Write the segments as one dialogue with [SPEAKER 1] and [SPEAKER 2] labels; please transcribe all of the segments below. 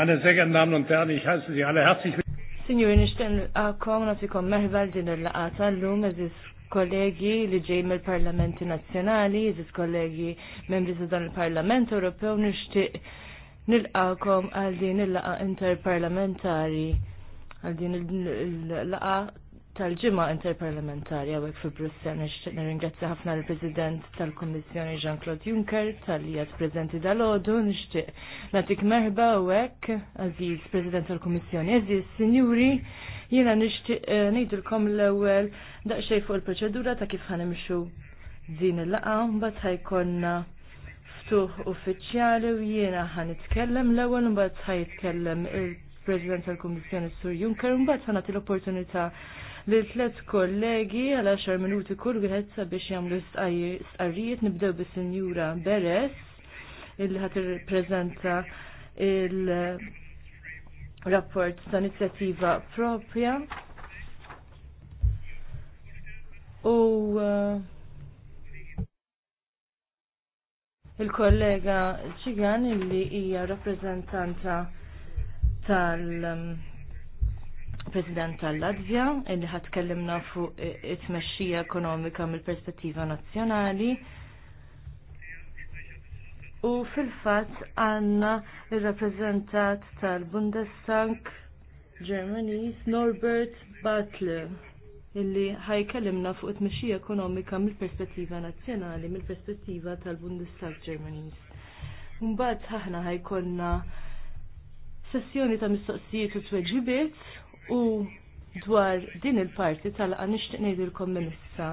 [SPEAKER 1] Meine sehr
[SPEAKER 2] geehrten Damen und Herren, ich heiße Sie alle herzlich willkommen. Signori, nishtan għakom nasikom merħba din il-laqata l es ist kollegi li ġej mill-Parlamenti Nazzjonali, jiżis kollegi membri ta' dan il-Parlament Ewropew, nixtieq nilqakom għal din il-laqa interparlamentari, għal din il-laqa tal-ġimgħa interparlamentarja għek fi Brussel. nixtieq nirringrazzja ħafna l-President tal-Kummissjoni Jean-Claude Juncker tal-li qed preżenti dal-għodu nishtiq natik merba għek, għaziz President tal-Kummissjoni għaziz Sinjuri jiena nixtieq eh, ngħidilkom l-ewwel daqsxejn fuq il-proċedura ta' kif ħanimxu din il-laqgħa mbagħad ħajkonna ftuħ uffiċjali u jiena ħanitkellem l-ewwel mbagħad ħajtkellem il-President tal-Kummissjoni Sur Juncker mbagħad ħanat l-opportunità lil tlet kollegi għal 10 minuti kull wieħed sabiex jagħmlu stqarrijiet nibdew bis-Sinjura Beres illi ħat irrepreżenta il-rapport ta' inizjattiva propja. U uh, il-kollega ċigan illi hija rappreżentanta tal- um, President tal-Latvja, illi ħatkellimna fuq it-tmexxija ekonomika mill-perspettiva nazzjonali. U fil-fatt għanna il-rappresentat tal-Bundestag Germany, Norbert Butler, illi ħajkellimna fuq it-tmexxija ekonomika mill-perspettiva nazzjonali, mill-perspettiva tal-Bundestag Germany. Mbagħad aħna ħajkollna sessjoni ta' mistoqsijiet u tweġibiet U dwar din il-parti tal-qa nixtieq ngħidilkom Minissa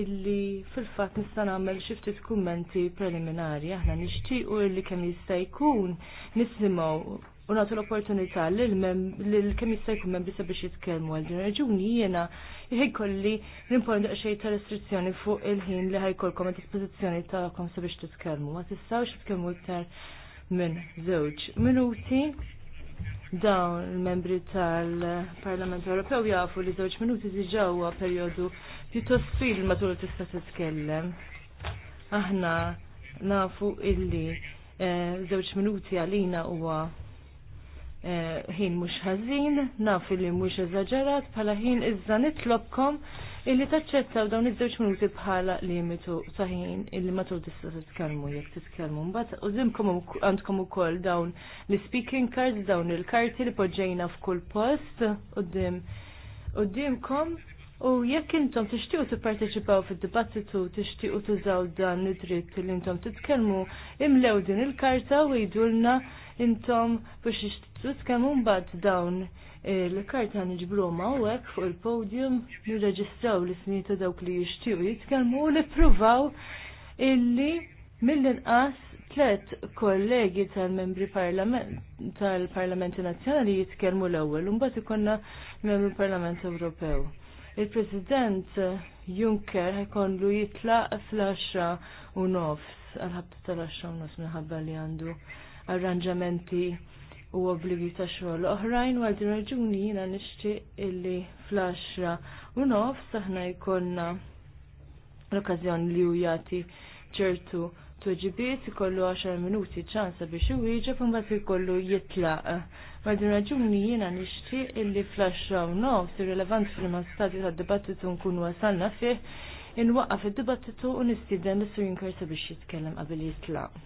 [SPEAKER 2] illi fil-fatt nista' nagħmel xi ftit kummenti preliminari aħna nixtiequ illi kemm jista' jkun nisimgħu u nagħtu l-opportunità lil kemm jista' jkun membri sabiex jitkellmu għal din raġuni jiena jħejkolli l-import xejn ta' restrizzjoni fuq il-ħin li ħajkolkom għad dispożizzjoni tagħkom sabiex titkellmu. Ma tistgħux titkellmu iktar minn żewġ minuti dawn il-membri tal-Parlament Ewropew jafu li żewġ minuti diġawa perjodu pjuttost twil matul tista' titkellem. Aħna nafu illi eh, żewġ minuti għalina huwa eh, ħin mhux ħażin, nafu li mhux eżaġerat bħala ħin iżda nitlobkom illi taċċettaw dawn iż-żewġ minuti bħala limitu sa'ħin illi matul tista' titkellmu jekk titkellmu. Mbagħad użimkom għandkom ukoll dawn l-speaking cards, dawn il-karti li poġġejna f'kull post qudiem qudiemkom. U jekk intom tixtiequ tipparteċipaw fid-dibattitu, tixtiequ tużaw dan id-dritt li intom titkellmu, imlew din il-karta u jidulna intom biex flus kemm mbagħad dawn il-karta niġbruhom hawnhekk fuq il-podium jirreġistraw l-ismi ta' dawk li jishtiju jitkellmu u nippruvaw illi mill-inqas tlet kollegi tal-membri tal-Parlamenti Nazzjonali jitkellmu l-ewwel u mbagħad ikollna membri Parlament Ewropew. Il-President Juncker lu jitlaq fl-10 u nofs għal-ħabta tal-10 u nofs minħabba li għandu arranġamenti u obbligi ta' xogħol oħrajn għal din raġuni jiena nixtieq illi fl u nofs aħna jkollna l-okkażjoni li hu jagħti ċertu tuġibiet ikollu 10 minuti ċansa biex iwieġeb imbagħad ikollu jitlaq. Ma raġuni jiena nishti illi flaxxa u nofs irrelevant fil-ma stadju tad-dibattitu nkun wasalna fih waqqa fil dibattitu u nistieden l-Sur sa sabiex jitkellem qabel jitlaq.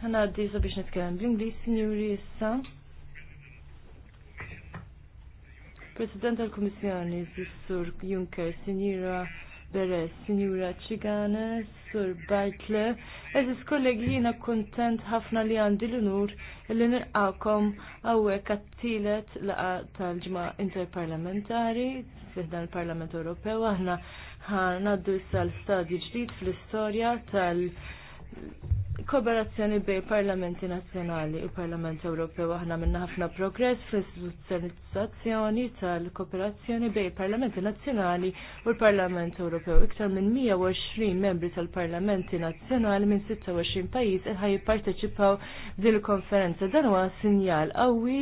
[SPEAKER 2] Għana għaddi sabiex nitkellem bl-Inglis, signori issa. President tal-Komissjoni, Sur Juncker, Sinjura Beres, Signora Ċigane, Sur Bartle. Eżis kollegi jina kontent ħafna li għandi l-unur li nirqakom għawek għattilet laqa tal-ġma interparlamentari, fiħdan il-Parlament Ewropew, aħna ħanaddu issa l-stadju ġdid fl-istoria tal- kooperazzjoni bej parlamenti nazzjonali u parlament Ewropew aħna minna ħafna progress fl-istituzzjonizzazzjoni tal-kooperazzjoni bej parlamenti nazzjonali u l-Parlament Ewropew. Iktar minn 120 membri tal-parlamenti nazzjonali minn 26 pajjiż ħaj jipparteċipaw din konferenza Dan huwa sinjal qawwi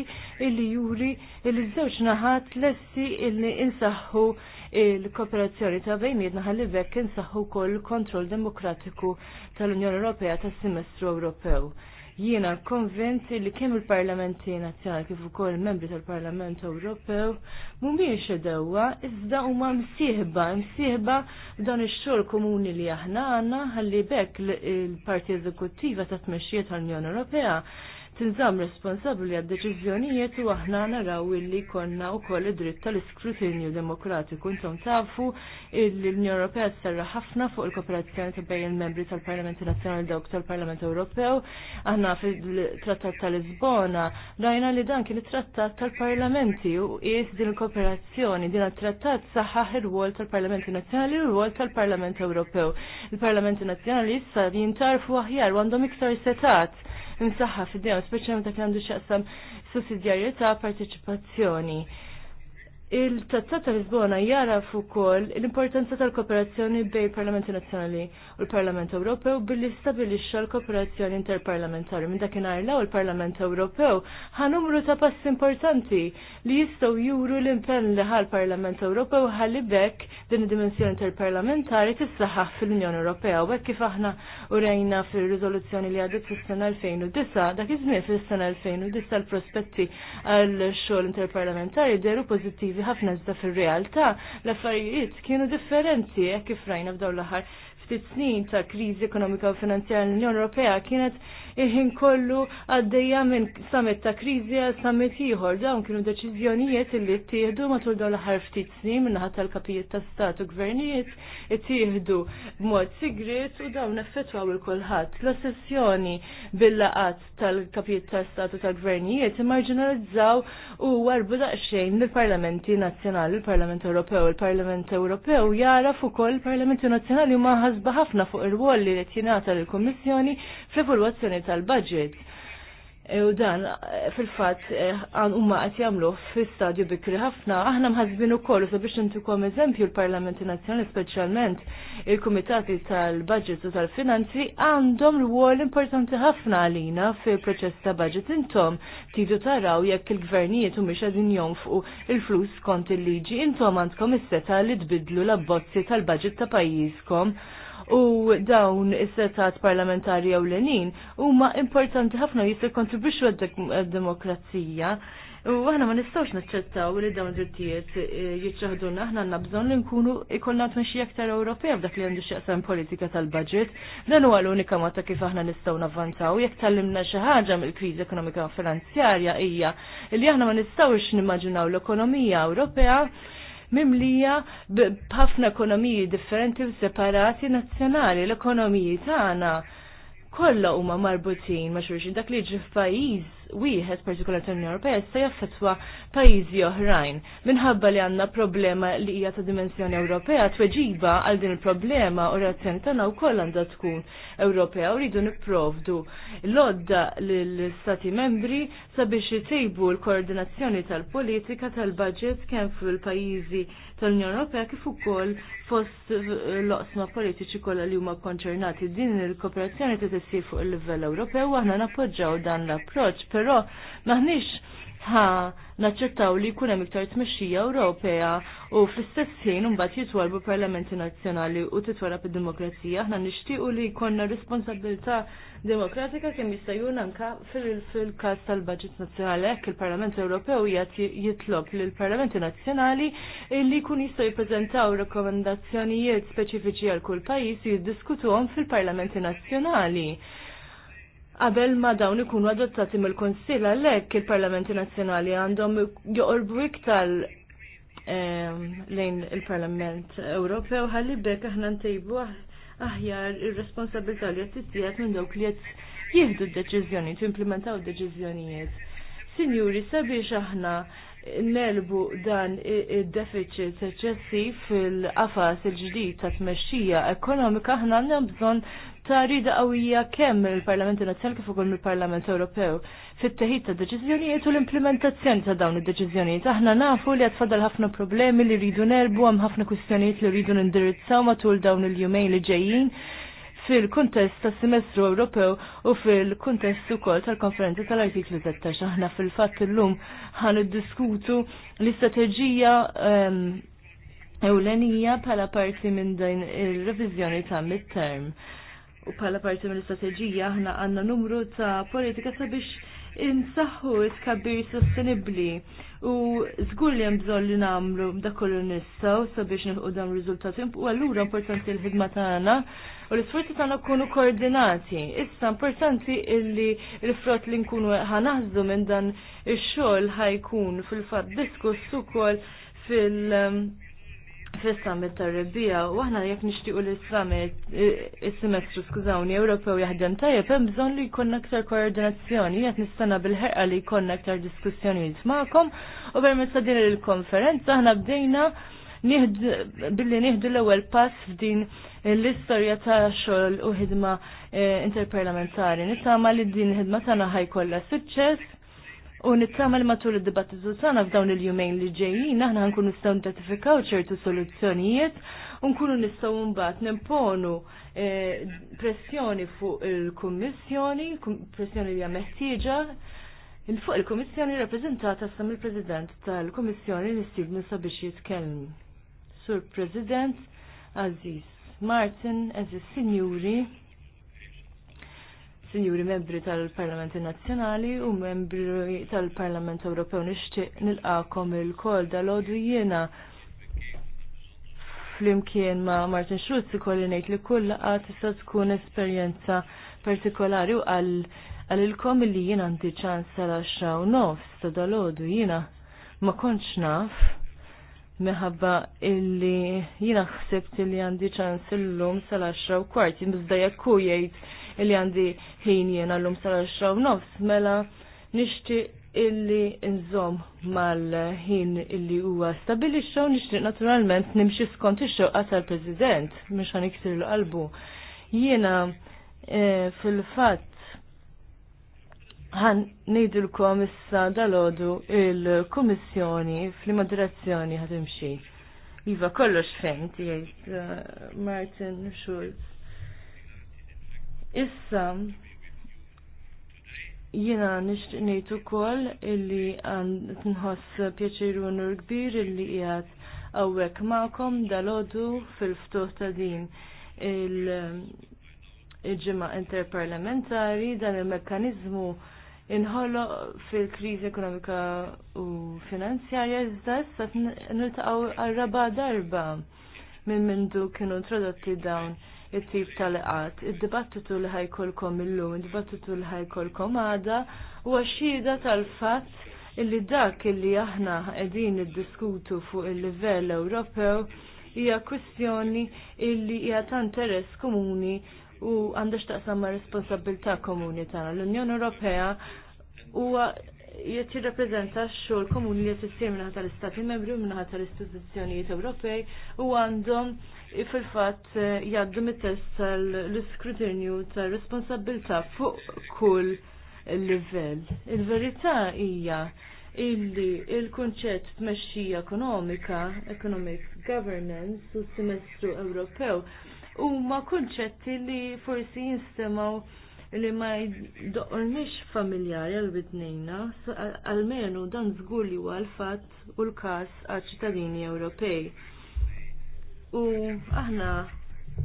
[SPEAKER 2] illi juri illi żewġ naħat lessi illi insaħħu il-kooperazzjoni ta' bejmietna ħalli bekk insaħħu wkoll kontroll demokratiku tal-Unjoni Ewropea tas-Semestru Ewropew. Jiena konvint li kemm il-Parlamenti Nazzjonali kif ukoll membri tal-Parlament Ewropew mhumiex idewwa iżda huma msieħba, msieħba dan ix-xogħol komuni li aħna għandna ħalli bekk il-Parti Eżekuttiva ta' Tmexxija tal-Unjoni Ewropea tinżam responsabli għad deċiżjonijiet u aħna naraw illi konna u koll id-dritt tal-iskrutinju demokratiku. Intom tafu l-Unjoni Ewropea tsarra ħafna fuq il-kooperazzjoni ta' bejn il-membri tal-Parlamenti Nazzjonali dawk tal-Parlament Ewropew. Aħna fil-Trattat tal-Lisbona rajna li dan kien it-Trattat tal-Parlamenti u qies din il-kooperazzjoni din it-Trattat saħħaħ ir wol tal-Parlamenti Nazzjonali u l-wol tal-Parlament Ewropew. Il-Parlamenti Nazzjonali issa jintarfu aħjar għandhom iktar setat imsaħħa fid dinja speċjalment dak li għandu x'jaqsam sussidjarjetà partiċipazzjoni il tazzat ta' Lisbona jaraf ukoll l-importanza tal-kooperazzjoni bej parlamenti Nazzjonali u l-Parlament Ewropew billi stabilixxa l-kooperazzjoni interparlamentari. Minn dakinhar u l parlament Ewropew ħa numru ta' pass importanti li jistgħu juru l-impenn li ħal parlament Ewropew ħalli bekk din id-dimensjoni interparlamentari tissaħħaħ fil-Unjoni Ewropea u hekk kif aħna urejna fir-riżoluzzjoni li għadet fis-sena 2009 dak iż-żmien fis-sena 2009 l-prospetti għal xogħol interparlamentari deru pożittivi ħafna iżda fir-realtà l-affarijiet kienu differenti hekk kif rajna f'dawn l-aħħar ftit snin ta' kriżi ekonomika u finanzjarja l-Unjoni Ewropea kienet il-ħin kollu għaddejja minn summit ta' kriżi għal summit ieħor. Dawn kienu deċiżjonijiet li ttieħdu matul dawn l-aħħar ftit snin minn naħat tal-kapijiet ta' stat u gvernijiet ittieħdu b'mod sigriet u dawn effettwaw il-kulħadd. L-ossessjoni bil-laqat tal-kapijiet ta' stat u tal-gvernijiet immarġinalizzaw u warbu daqsxejn lill-parlamenti nazzjonali, l parlament Ewropew, il-Parlament Ewropew jara fuq ukoll il-Parlamenti Nazzjonali huma imħazba ħafna fuq ir-wol li qed jingħata lill-Kummissjoni fl-evalwazzjoni tal-budget. E u dan eh, fil-fatt eh, għan umma qed jagħmluh fi-stadju bikri ħafna, aħna mħazbin ukoll sabiex intukom eżempju l-Parlamenti Nazzjonali speċjalment il-Kumitati tal-Budget u tal-Finanzi għandhom rwol importanti ħafna għalina fil-proċess ta' budget intom tidu taraw jekk il-gvernijiet u mhux qegħdin jonfqu il-flus kont il-liġi intom għandkom is-seta li tbidlu l-abbozzi tal-budget ta' pajjiżkom u dawn is-setat parlamentari ewlenin huma importanti ħafna jista' kontribwixxu għad-demokrazija. U aħna ma nistgħux naċċettaw li dawn drittijiet eh, jiċċaħduna aħna għandna bżonn li nkunu ikollat meċi aktar Ewropea f'dak li għandu x'jaqsam politika tal-budget. Dan huwa l-unika mata kif aħna nistgħu navvantaw. jekk tallimna xi ħaġa mill-kriżi ekonomika u finanzjarja hija li aħna ma nistgħux nimmaġinaw l-ekonomija Ewropea mimlija b'ħafna ekonomiji differenti u separati nazzjonali l-ekonomiji tagħna kollha huma marbutin ma' xurxin dak li ġif f'pajjiż wieħed partikolar tal-Unjoni Ewropea se jaffettwa pajjiżi oħrajn. Minħabba li għandna problema li hija ta' dimensjoni Ewropea tweġiba għal din il-problema u reazzjoni tagħna wkoll għandha tkun Ewropea u rridu nipprovdu l-odda lill-Stati membri sabiex jtejbu l-koordinazzjoni tal-politika tal-budget kemm fil-pajjiżi tal-Unjoni Ewropea kif ukoll fost l-oqsma politiċi kollha li huma konċernati din il-kooperazzjoni ta' tissir fuq il-livell Ewropew aħna nappoġġaw dan l-approċċ, però maħniex ha' naċċertaw li jkun hemm iktar tmexxija Ewropea u fl-istess ħin imbagħad jitwalbu parlamenti nazzjonali u titwarab id-demokrazija. Aħna nixtiequ li jkollna responsabilità demokratika kemm jista' jkun anke fil-każ tal-Baġit Nazzjonali hekk il-Parlament Ewropew jitlob lill parlamenti Nazzjonali li jkun jistgħu jippreżentaw rekomendazzjonijiet speċifiċi għal kull pajjiż jiddiskutuhom fil-Parlamenti Nazzjonali qabel ma dawn ikunu adottati mill-Konsil għalhekk il-Parlamenti Nazzjonali għandhom joqorbu iktar ehm, lejn il-Parlament Ewropew ħalli bekk aħna ntejbu ah-, aħjar ir-responsabilità li qed tittieħed minn dawk li qed jieħdu d-deċiżjoni, implementaw d-deċiżjonijiet. Sinjuri, sabiex aħna nelbu dan id-deficit eċċessiv fil-qafas il-ġdid ta' tmexxija ekonomika aħna għandna bżonn ta' rida qawwija kemm il-Parlament Nazzjonali kif ukoll mill-Parlament Ewropew fit-teħid ta' deċiżjonijiet u l-implementazzjoni ta' dawn id-deċiżjonijiet. Aħna nafu li għatfadal ħafna problemi li rridu nerbu hemm ħafna kwistjonijiet li rridu nindirizzaw matul dawn il-jumejn li ġejjin fil-kuntest tas semestru Ewropew u fil-kuntest ukoll tal-konferenza tal-artiklu 13 aħna fil-fatt illum ħan diskutu l-istrateġija ehm, ewlenija bħala parti minn dajn ir-reviżjoni ta' mid-term. U bħala parti minn l-istrateġija aħna għandna numru ta' politika sabiex insaħħu kabir sostenibli u zgur li jemżon li namlu da kollu u sabiex nħu dan rizultati u għallura importanti l-ħidma tagħna u l-isforzi tagħna jkunu koordinati. Issa importanti illi l-frott li nkunu ħanaħdu minn dan ix-xogħol ħajkun fil-fatt diskuss ukoll fil- um, fil-summit tar rebbija u aħna jekk nixtiequ lis summit eh, is-semestru skużawni Ewropew jaħdem tajjeb hemm bżonn li jkollna aktar koordinazzjoni qed nistenna bil-ħerqa li jkollna aktar diskussjonijiet magħkom u permezz ta' din il-konferenza aħna bdejna billi nieħdu l-ewwel pass f'din l-istorja ta' xogħol u ħidma eh, interparlamentari. Nittama li din ħidma ħaj kolla suċċess u nittama li matul id-dibattitu sana f'dawn il-jumejn li ġejjin aħna nkunu nistgħu tatifikaw ċertu soluzzjonijiet u nkunu nistgħu mbagħad nimponu eh, pressjoni fuq il-Kummissjoni, pressjoni li hija meħtieġa Il-fuq il-Komissjoni rappresentata sam il-President tal-Komissjoni li Stignusa biex jitkellem. Sur President, Aziz Martin, eżi sinjuri, sinjuri membri tal-Parlamenti Nazzjonali u membri tal-Parlament Ewropew nixtieq nilqakom il-kol dal-għodu jiena flimkien ma' Martin Schulz ikolli ngħid li kull laqgħa tista' tkun esperjenza partikolari u għal ilkom li jiena għandi ċans tal 10 u nofs ta' dal-għodu jiena ma kontx naf meħabba illi jina xsebt illi għandi ċans illum sal-10 u kwart, jimbizda jakku jgħid illi għandi ħin jena l-lum sal-10 u nofs, mela nishti illi nżom mal-ħin illi huwa stabili xew nishti naturalment nimxi skont ix għasal-prezident, president mhux ħaniksir l-qalbu. Jiena eh, fil-fatt ħan nejdilkom issa dal-ħodu il-Komissjoni fl direzzjoni direzzjoni ħatimxi. Iva, kollox fejn, jgħid eh, Martin Schulz. Issa, jina nishtiq nejtu kol illi għand nħoss pjaċiru nur kbir illi jgħat għawek maqom dal-ħodu fil-ftuħ ta' din il-ġimma interparlamentari dan il-mekkanizmu il mekanizmu il inħallu fil-kriżi ekonomika u finanzjarja iżda issa niltaqgħu għal raba darba minn mindu kienu introdotti dawn it-tip tal-qat, id-dibattitu li ħajkolkom illum, id-dibattitu li ħajkolkom għada, u għaxida tal-fat illi dak illi aħna qegħdin id-diskutu fuq il-livell Ewropew hija kwistjoni illi hija ta' interess komuni u għandax taqsam ma' responsabilta komuni tagħna. L-Unjoni Ewropea huwa jett jirrappreżenta x-xogħol komuni li qed issir tal-Istati Membri u minħata tal-istituzzjonijiet Ewropej u għandhom fil-fatt eh, jgħaddu mit-test tal-iskrutinju tal-responsabilta fuq kull livell. Il-verità hija illi il-konċett tmexxija ekonomika, economic governance u s-semestru Ewropew ma kunċetti li forsi jinstemaw li ma jdoqorniex familjari għal-bitnejna, għalmenu dan zgur li għal fat u l-kas għal-ċittadini Ewropej. U aħna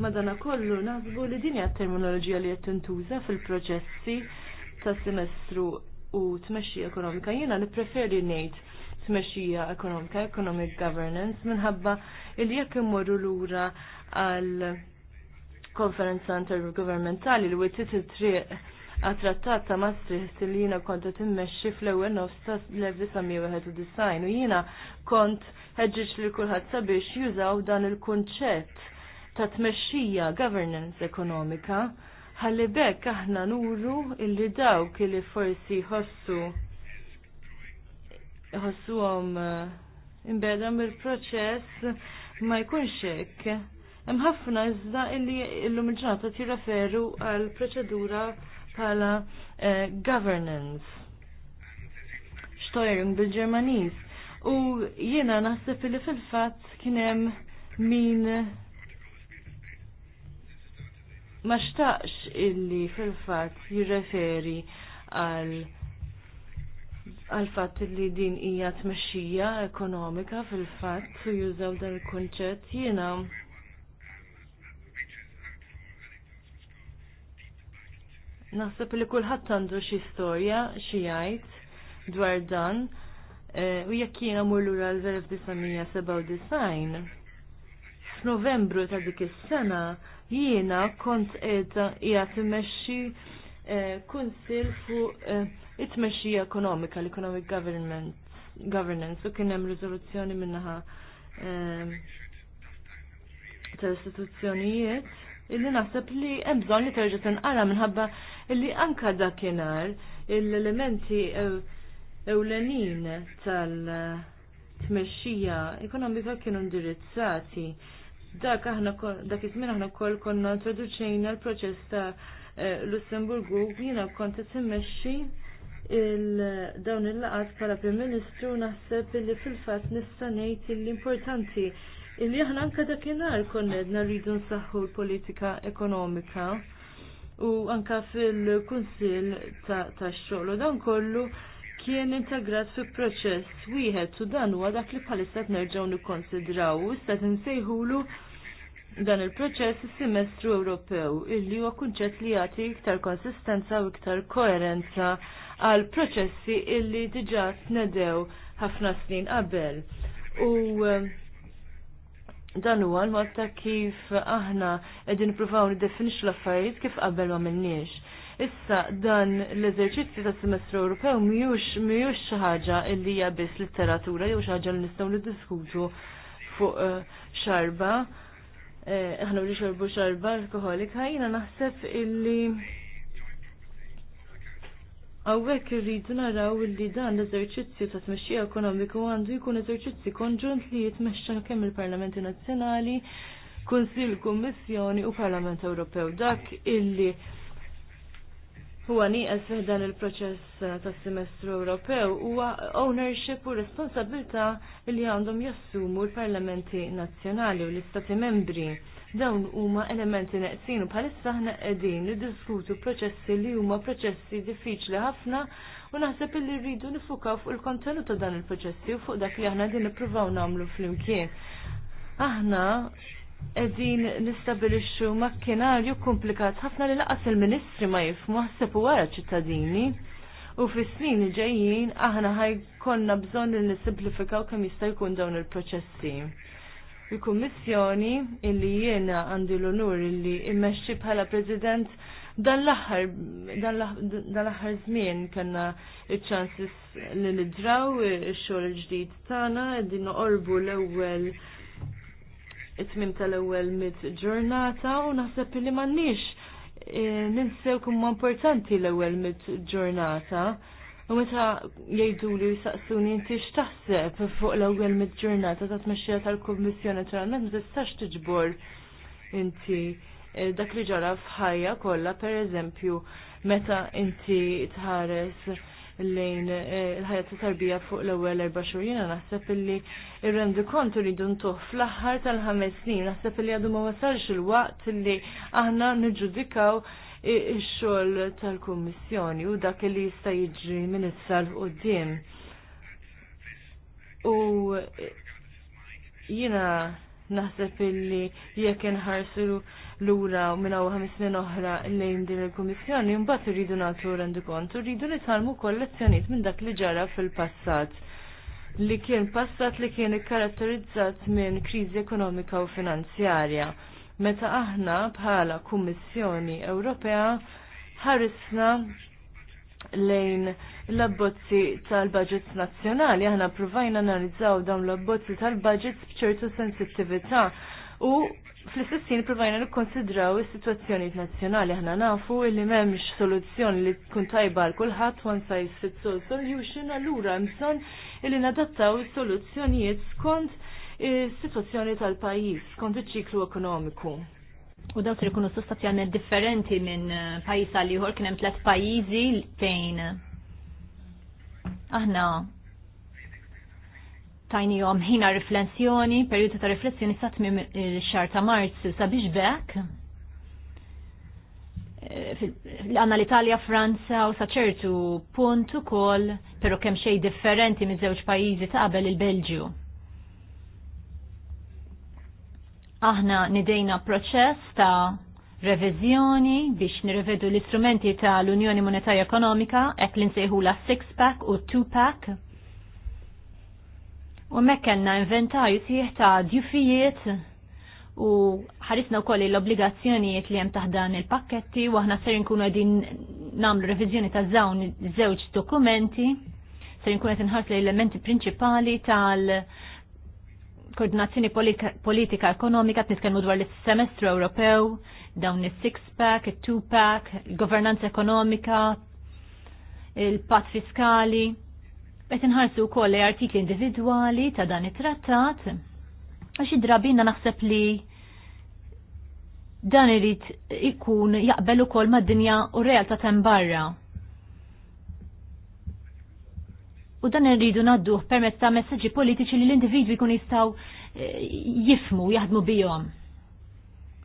[SPEAKER 2] madana kollu naħsbu li dinja terminoloġija li qed tintuża fil-proċessi ta' semestru u tmexxija ekonomika. Jiena nippreferi ngħid tmexxija ekonomika, economic governance, minħabba li jekk immorru lura għal konferenza intergovernmentali li wittit it-triq għat-trattat ta' Maastricht li jina konta timmexxi fl-ewwel nofs ta' l u jina kont ħeġġeġ li kulħadd sabiex jużaw dan il-kunċett ta' tmexxija governance ekonomika ħalli bekk aħna nuru illi dawk li forsi ħossu ħossuhom eh, imbeda mill-proċess ma jkunx hekk Hemm ħafna iżda illi illum il ġata tirreferu għal proċedura bħala eh, governance. Steuerung bil-Ġermaniż. U jiena naħseb li fil-fatt kien hemm min ma xtaqx illi fil-fatt jirreferi għal għal fatt li din hija tmexxija ekonomika fil-fatt u jużaw dan il-kunċett jiena Naħseb li kulħadd għandu xi storja xi jgħid dwar dan e, u jekk jiena mur lura l-1997 f'Novembru ta' dik is-sena jiena kont qiegħda qiegħed immexxi e, kunsil fuq e, it-tmexxija ekonomika, l-economic governance u kien hemm riżoluzzjoni minnaħa tal-istituzzjonijiet illi naħseb li hemm bżonn li terġa' tinqara minħabba illi anka dakinhar l-elementi ewlenin tal-tmexxija ekonomika kienu indirizzati. Dak aħna dak iż-żmien aħna wkoll konna introduċejna l-proċess ta' e, Lussemburgu jiena kont qed immexxi dawn il-laqat bħala Prim Ministru naħseb li fil-fatt nista' ngħid l-importanti illi aħna anka dakinhar konnedna rridu nsaħħu l-politika ekonomika u anka fil-Kunsill tax-xogħol u dan kollu kien integrat fi proċess wieħed u dan huwa dak li bħalissa nerġgħu nikkonsidraw u issa tinsejħulu dan il-proċess is-semestru Ewropew illi huwa kunċett li jagħti iktar konsistenza u iktar koerenza għal proċessi illi diġà tnedew ħafna snin qabel. U eh, Dan huwa l-mod kif aħna qegħdin nippruvaw niddefinix l-affarijiet kif qabel ma minniex. Issa dan l-eżerċizzju ta' semestru Ewropew mhijiex mhijiex xi ħaġa li hija biss litteratura jew xi ħaġa li nistgħu niddiskutu fuq eh, xarba. Eh, aħna li xorbu xarba alkoholika jiena naħseb illi Għawek rridu naraw li dan l-eżerċizzju ta' tmexxija ekonomiku għandu jkun eżerċizzju konġunt li jitmexxa kemm il-Parlamenti Nazzjonali, Kunsil, Kummissjoni u Parlament Ewropew. Dak illi huwa nieqes fih dan il-proċess tas semestru Ewropew huwa ownership u responsabilità li għandhom jassumu l-Parlamenti Nazzjonali u l-Istati Membri dawn huma elementi neqsin u bħalissa ħna qegħdin niddiskutu proċessi li huma proċessi diffiċli ħafna u naħseb illi rridu nifukaw fuq il-kontenut ta' dan il-proċessi u fuq dak li aħna qegħdin nippruvaw nagħmlu flimkien. Aħna qegħdin nistabilixxu makkinarju komplikat ħafna li laqas il-ministri ma jifhmu ħsepu wara ċittadini u fis-snin ġejjin aħna ħajkonna bżonn li nisimplifikaw kemm jista' jkun dawn il-proċessi il-Kummissjoni illi jiena għandi l-onur illi immexxi bħala President dan l-aħħar l-aħħar żmien kellna iċ-ċansis li nidraw ix-xogħol ġdid tagħna qegħdin noqorbu l-ewwel it-tmim tal-ewwel mit ġurnata u naħseb li m'għandniex eh, ninsew kumma importanti l-ewwel mit ġurnata U meta jgħidu li jisaqsuni inti x'taħseb fuq l-ewwel mid-ġurnata ta' tmexxija tal-Kummissjoni naturalment ma tistax tiġbor inti eh, dak li ġara f'ħajja kollha pereżempju meta inti tħares lejn il-ħajja eh, ta' tarbija fuq l-ewwel erba' xhur jiena naħseb illi rrendi kontu li iridu ntuħ fl-aħħar tal-ħames snin naħseb illi għadu ma wasalx il-waqt illi aħna niġġudikaw ix-xogħol tal-Kummissjoni u dak li jista' jiġri minn u d qudiem. U jiena naħseb illi jekk inħarsu lura minn hawn ħames snin oħra lejn din il-Kummissjoni mbagħad rridu nagħtu rendi kontu, u rridu nitħalmu kollezzjonijiet minn dak li ġara fil-passat li kien passat li kien ikkaratterizzat minn kriżi ekonomika u finanzjarja meta aħna bħala Kummissjoni Ewropea ħarisna lejn l-abbozzi tal-budgets nazzjonali, aħna provajna analizzaw dawn l-abbozzi tal-budgets bċertu sensittività u fl-istessin provajna nikkonsidraw is-sitwazzjoni nazzjonali aħna nafu li m'hemmx soluzzjoni li tkun tajba għal kulħadd one size fits all solution allura hemm bżonn li nadattaw is-soluzzjonijiet skont is-sitwazzjoni tal-pajjiż skont iċ-ċiklu ekonomiku. U dawn se jkunu sostanzjalment differenti minn eh, pajjiż għal ieħor kien hemm tliet
[SPEAKER 3] pajjiżi fejn eh, aħna jom ħina riflessjoni, periodu ta' riflessjoni sa' tmiem il-xar ta' marzu sabiex bekk eh, għanna l-Italja, Franza u saċertu punt ukoll, kol, pero kem xej differenti minn żewġ pajizi ta' qabel il-Belġju. Aħna nidejna proċess ta' revizjoni biex nirrevedu l-istrumenti ta' l-Unjoni Monetarja Ekonomika, ek li nsejħu la six pack u 2-pack. U mekkenna inventarju sieħ ta' djufijiet u ħarisna u koll l-obbligazzjonijiet li jem taħdan il-pakketti u aħna ser nkunu għedin namlu revizjoni ta' zawn zewġ dokumenti, ser nkunu għedin ħars l-elementi principali tal- ta koordinazzjoni politika ekonomika t dwar l-semestru Ewropew, dawn il-six-pack, il-two-pack, il-governanza ekonomika, il-pat fiskali. Bet nħarsu u koll artikli individuali ta' dan it-trattat, għax id-drabina naħseb li dan irid ikun jaqbel ukoll mad-dinja u realtà barra u dan irridu nadduh permezz ta' messaġġi politiċi li l-individwi kun jistgħu eh, jifmu jaħdmu bihom.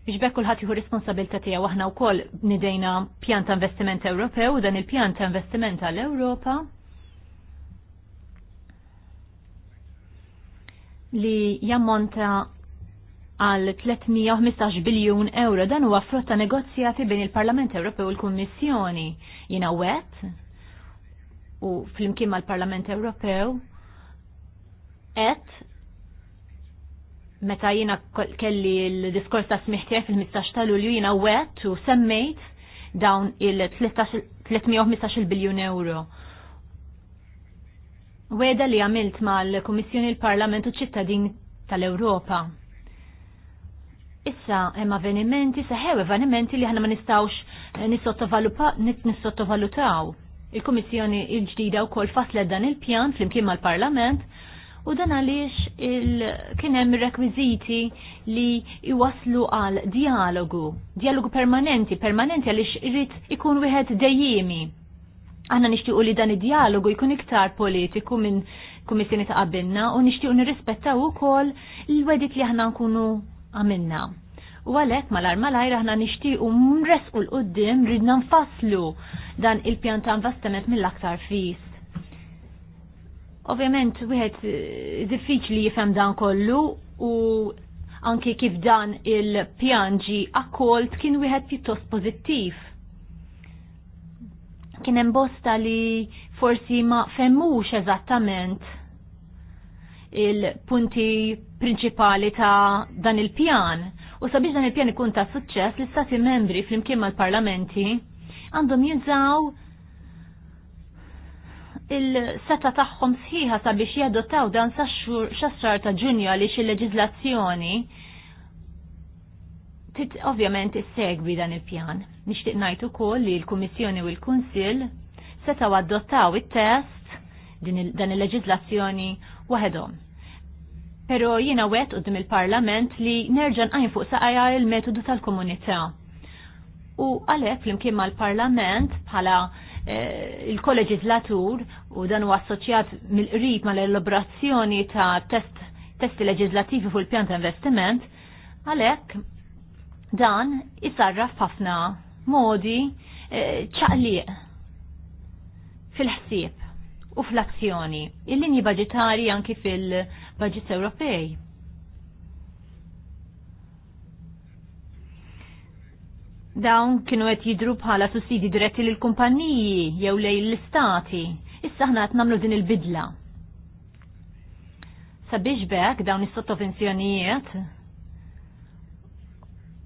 [SPEAKER 3] Biex bekk kulħadd jieħu responsabilità tiegħu aħna wkoll nidejna pjan ta' investiment Ewropew u dan il-pjan ta' investiment għall ewropa li jammonta għal 315 biljun euro dan huwa frotta negozjati bejn il-Parlament Ewropew u l-Kummissjoni. Jina wet, u flimkien mal-Parlament Ewropew qed meta jiena kelli l-diskors ta' smiħtijaj fil-15 ta' Lulju jiena wet u semmejt dawn il-315 biljun euro. Weda li għamilt mal-Komissjoni l-Parlament u ċittadin tal-Ewropa. Issa hemm avvenimenti, seħew avvenimenti li ħana ma nistawx eh, nissottovalutaw il komissjoni il-ġdida wkoll fasle dan il-pjan flimkien mal-Parlament u dan għaliex kien hemm rekwiżiti li iwaslu għal dialogu, dialogu permanenti, permanenti għaliex irrit ikun wieħed dejjimi. Aħna nixtiequ li dan id-dialogu jkun iktar politiku minn Komissjoni ta' qabilna u nixtiequ nirrispettaw ukoll l-wedit li aħna nkunu għamilna. U għalek malar malajr aħna nishtiqu mresqu l-qoddim ridna nfasslu dan il-pjan ta' investiment mill-aktar fis. Ovvjament, wieħed eh, diffiċli jifhem dan kollu u anki kif dan il-pjan ġi akkolt kien wieħed pjuttost pożittiv. Kien hemm bosta li forsi ma femmux eżattament il-punti prinċipali ta' dan il-pjan. U sabiex dan il-pjan ikun ta' suċċess l-istati membri fl-imkien mal-parlamenti għandhom jinżaw il-seta tagħhom sħiħa sabiex jadottaw dan sa xasrar ta' ġunju għaliex il leġizlazzjoni tit ovvjament segwi dan il-pjan. Nixtieq ngħid ukoll li l-Kummissjoni u l-Kunsill seta' adottaw it-test dan il-leġiżlazzjoni waħedhom. Pero jiena wet u il-parlament li nerġan għajn fuq saqajja il-metodu tal-komunità. U għalek flimkien mal parlament bħala eh, il-kolleġizlatur u dan u assoċjat mill-qrib mal-elaborazzjoni ta' test, testi leġizlativi fuq il-pjan ta' investiment, għalek dan jisarraf ħafna modi eh, ċaqliq fil-ħsieb u fl-azzjoni, il-linji budgetari anki fil budget Ewropej. Dawn kienu qed jidru bħala sussidi diretti lil kumpaniji jew lejn l-istati. Issa ħna qed nagħmlu din il-bidla. Sabiex bekk dawn is-sottovenzjonijiet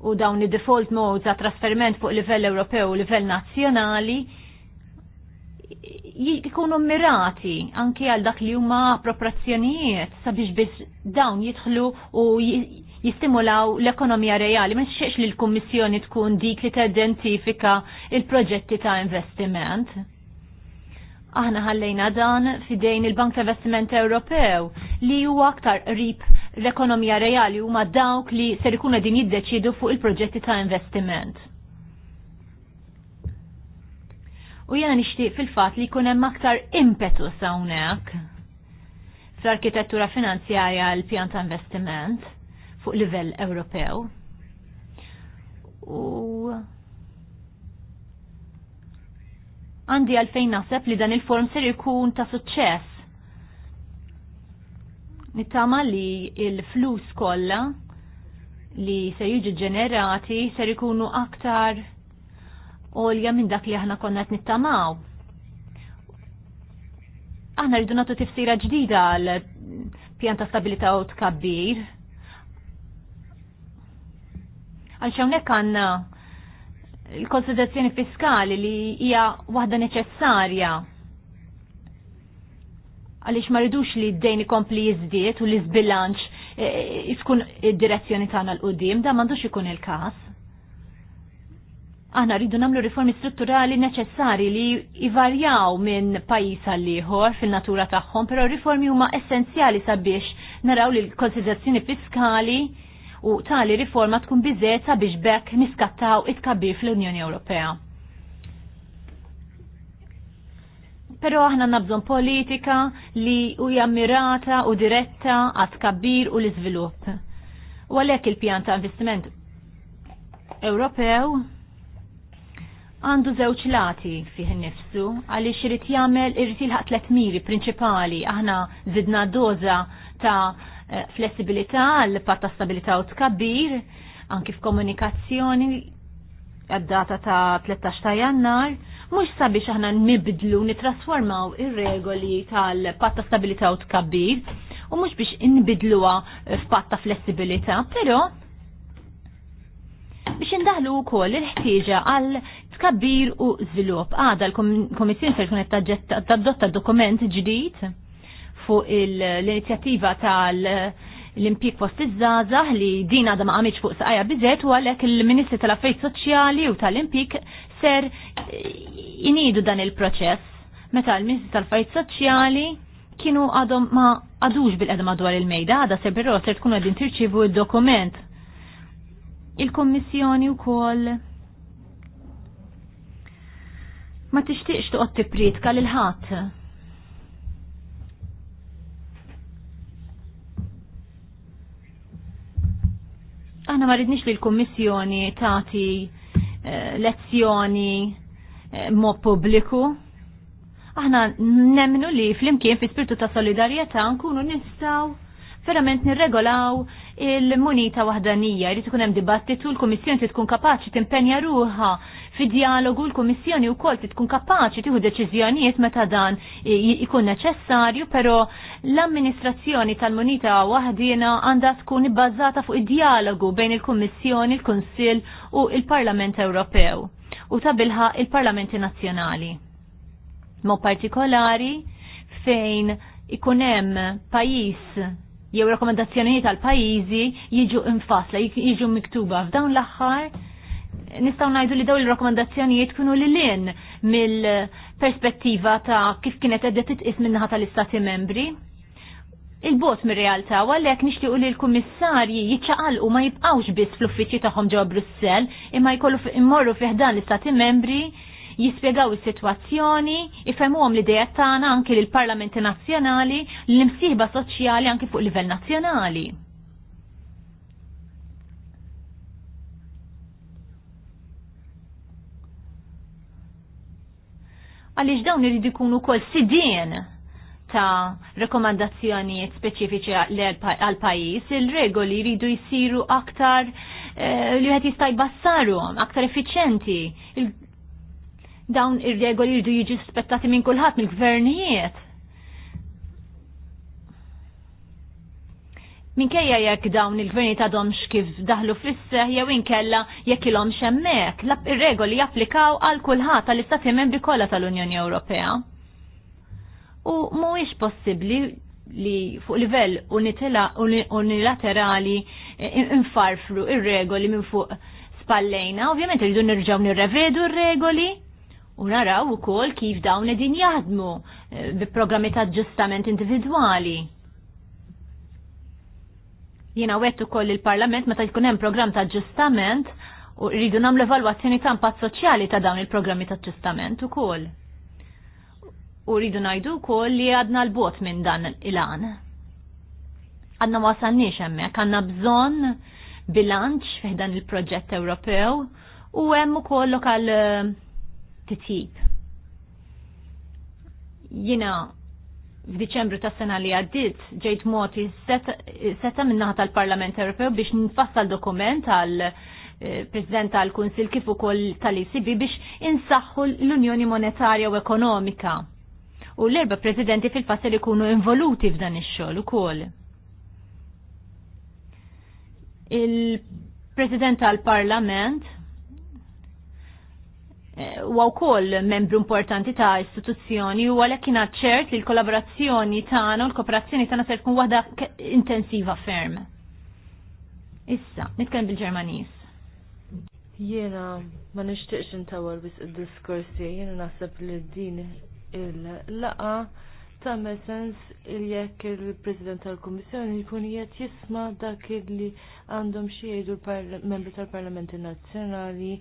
[SPEAKER 3] u dawn id-default modes għat trasferiment fuq livell Ewropew u livell nazzjonali jikunu mirati anki għal dak li huma proprazzjonijiet sabiex biss dawn jidħlu u jistimulaw l-ekonomija reali. Ma xiex li l-Kummissjoni tkun dik li t-identifika il-proġetti ta' investiment. Aħna ħallejna dan fidejn il-Bank ta' Investiment Ewropew li huwa aktar rip l-ekonomija reali huma dawk li ser ikunu din jiddeċidu fuq il-proġetti ta' investiment u jena nishtiq fil-fat li kunem aktar impetus hawnhekk fl-arkitettura finanzjarja l-pjan ta' investiment fuq livell Ewropew. U għandi għalfejn naħseb li dan il-form ser ikun ta' suċċess. Nittama li il-flus kollha li se jiġu ġenerati ser ikunu aktar olja minn dak li aħna konna qed nittamaw. Aħna rridu nagħtu tifsira ġdida għal pjan ta' stabilità u tkabbir. Għal hawnhekk għandna l konsiderazzjoni fiskali li hija waħda neċessarja għaliex ma rridux li d-dejn ikompli jizdiet u li zbilanċ jiskun eh, eh, id-direzzjoni tagħna l-qudiem, da m'għandux ikun il-każ. Aħna rridu nagħmlu riformi strutturali neċessari li ivarjaw minn pajjiż għalliħor fil-natura tagħhom, però riformi huma essenzjali sabiex naraw li l-konsiderazzjoni fiskali u tali riforma tkun biżejt sabiex bekk niskattaw it-kabbir fl-Unjoni Ewropea. pero aħna nabżon politika li u jammirata u diretta għat kabbir u l izvilup U għalek il-pjan ta' investiment Ewropew għandu żewġ lati fih nifsu għaliex irid jagħmel irid jilħaq tliet miri prinċipali aħna zidna doza ta' eh, flessibilità għal patta stabilità u tkabbir anki f'komunikazzjoni għad-data ta' 13 ta' jannar mhux sabiex aħna nibdlu nitrasformaw ir-regoli tal-patta stabilità u tkabbir u mhux biex inbidluha f'patta flessibilità, però biex indaħlu wkoll il-ħtieġa għal tkabbir u żvilupp. Għada l-Komissjoni se tkun tadotta dokument ġdid fuq l-inizjattiva tal- l-impjeg fost iż-żgħażagħ li din għadha ma qamilx fuq saqajja biżgħet u għalhekk il-Ministri tal affejt Soċjali u tal-impjeg ser inidu dan il-proċess. Meta l-Ministri tal affejt Soċjali kienu għadhom ma għadux bil-qedem madwar il-mejda, għadha ser birro ser tkun għedin tirċivu il-dokument. Il-Kommissjoni u koll ma tixtieqx toqgħod tipritka lil ħadd. Aħna ma ridniex li l-Kummissjoni tagħti eh, lezzjoni eh, mod pubbliku. Aħna nemnu li flimkien fi spirtu ta' solidarjetà nkunu nistgħu verament nirregolaw il-munita wahdanija, jrid ikun hemm dibattitu l-Kummissjoni tkun kapaċi timpenja ruha. Fi dialogu l-Kummissjoni wkoll kol tkun kapaċi tiħu deċiżjonijiet meta dan ikun neċessarju, però l-amministrazzjoni tal-munita waħdina għandha tkun ibbażata fuq id-dialogu bejn il-Kummissjoni, il-Kunsill u il-Parlament Ewropew u tabilħa il-Parlamenti Nazzjonali. Mo partikolari fejn ikun hemm pajjiż jew rekomendazzjonijiet tal pajjiżi jiġu infasla, jiġu miktuba f'dawn l-aħħar nistaw najdu li daw il-rakkomandazzjonijiet kunu li lin mill-perspettiva ta' kif kienet edha titqis minnaħa tal-istati membri. Il-bot mir realtà għalhekk nixtiequ li l-kummissarji jiċċaqalqu ma jibqgħux biss fl uffiċi tagħhom ġo Brussell, imma jkollu immorru fih dan l-istati membri jispjegaw is-sitwazzjoni, ifhemuhom l li tagħna anki lill-Parlamenti Nazzjonali, l-imsieħba soċjali anke fuq livell nazjonali. għaliex dawn irid ikunu wkoll sidien ta' rekomandazzjonijiet speċifiċi għal pajjiż, il-regoli jridu jsiru aktar eh, li għet jista' bassaru, aktar effiċenti. Dawn ir-regoli jridu jiġi spettati minn kulħadd mill-gvernijiet. Minkejja jekk dawn il-gverni ta' domx kif daħlu fisseħ jew inkella jekk il-om xemmek, ir-regoli japplikaw għal kulħadd tal-istati membri kollha tal-Unjoni Ewropea. U mhuwiex possibbli li fuq livell unilaterali eh, infarfru il regoli minn fuq spallejna, ovvjament rridu nirġgħu nirrevedu r-regoli u naraw ukoll kif dawn qegħdin jaħdmu eh, bi programmi ta' ġustament individwali Jiena wettu koll il-Parlament meta jkun hemm programm ta' ġustament u rridu nagħmlu evalwazzjoni ta' impatt soċjali ta' dawn il-programmi ta' ġustament ukoll. U rridu ngħidu wkoll li għadna l-bot minn dan il-għan. Għadna wasanniex hemmhekk, għandna bżonn bilanċ fih dan il-proġett Ewropew u hemm ukoll lokal eh, titjib. Jiena f'Diċembru ta' sena li għaddit ġejt moti seta minnaħat tal-Parlament Ewropew biex nfassal dokument għal eh, President tal-Kunsil kif ukoll tal isibi biex insaħħu l-Unjoni Monetarja u Ekonomika. U l-erba' presidenti fil-fassel ikunu involuti f'dan ix-xogħol ukoll. Il-President tal-Parlament U wkoll membru importanti ta' istituzzjoni u għalek kien ċert li l-kollaborazzjoni tagħna u l-kooperazzjoni tagħna se tkun waħda intensiva ferm. Issa, nitkellem bil-Ġermaniż.
[SPEAKER 2] Jiena ma nixtieqx intawal bis id-diskorsi, jiena naħseb li din il-laqa ta' sens il jekk il-President tal-Kummissjoni jkun jiet jisma' dak li għandhom xi jgħidu l membru tal-Parlamenti Nazzjonali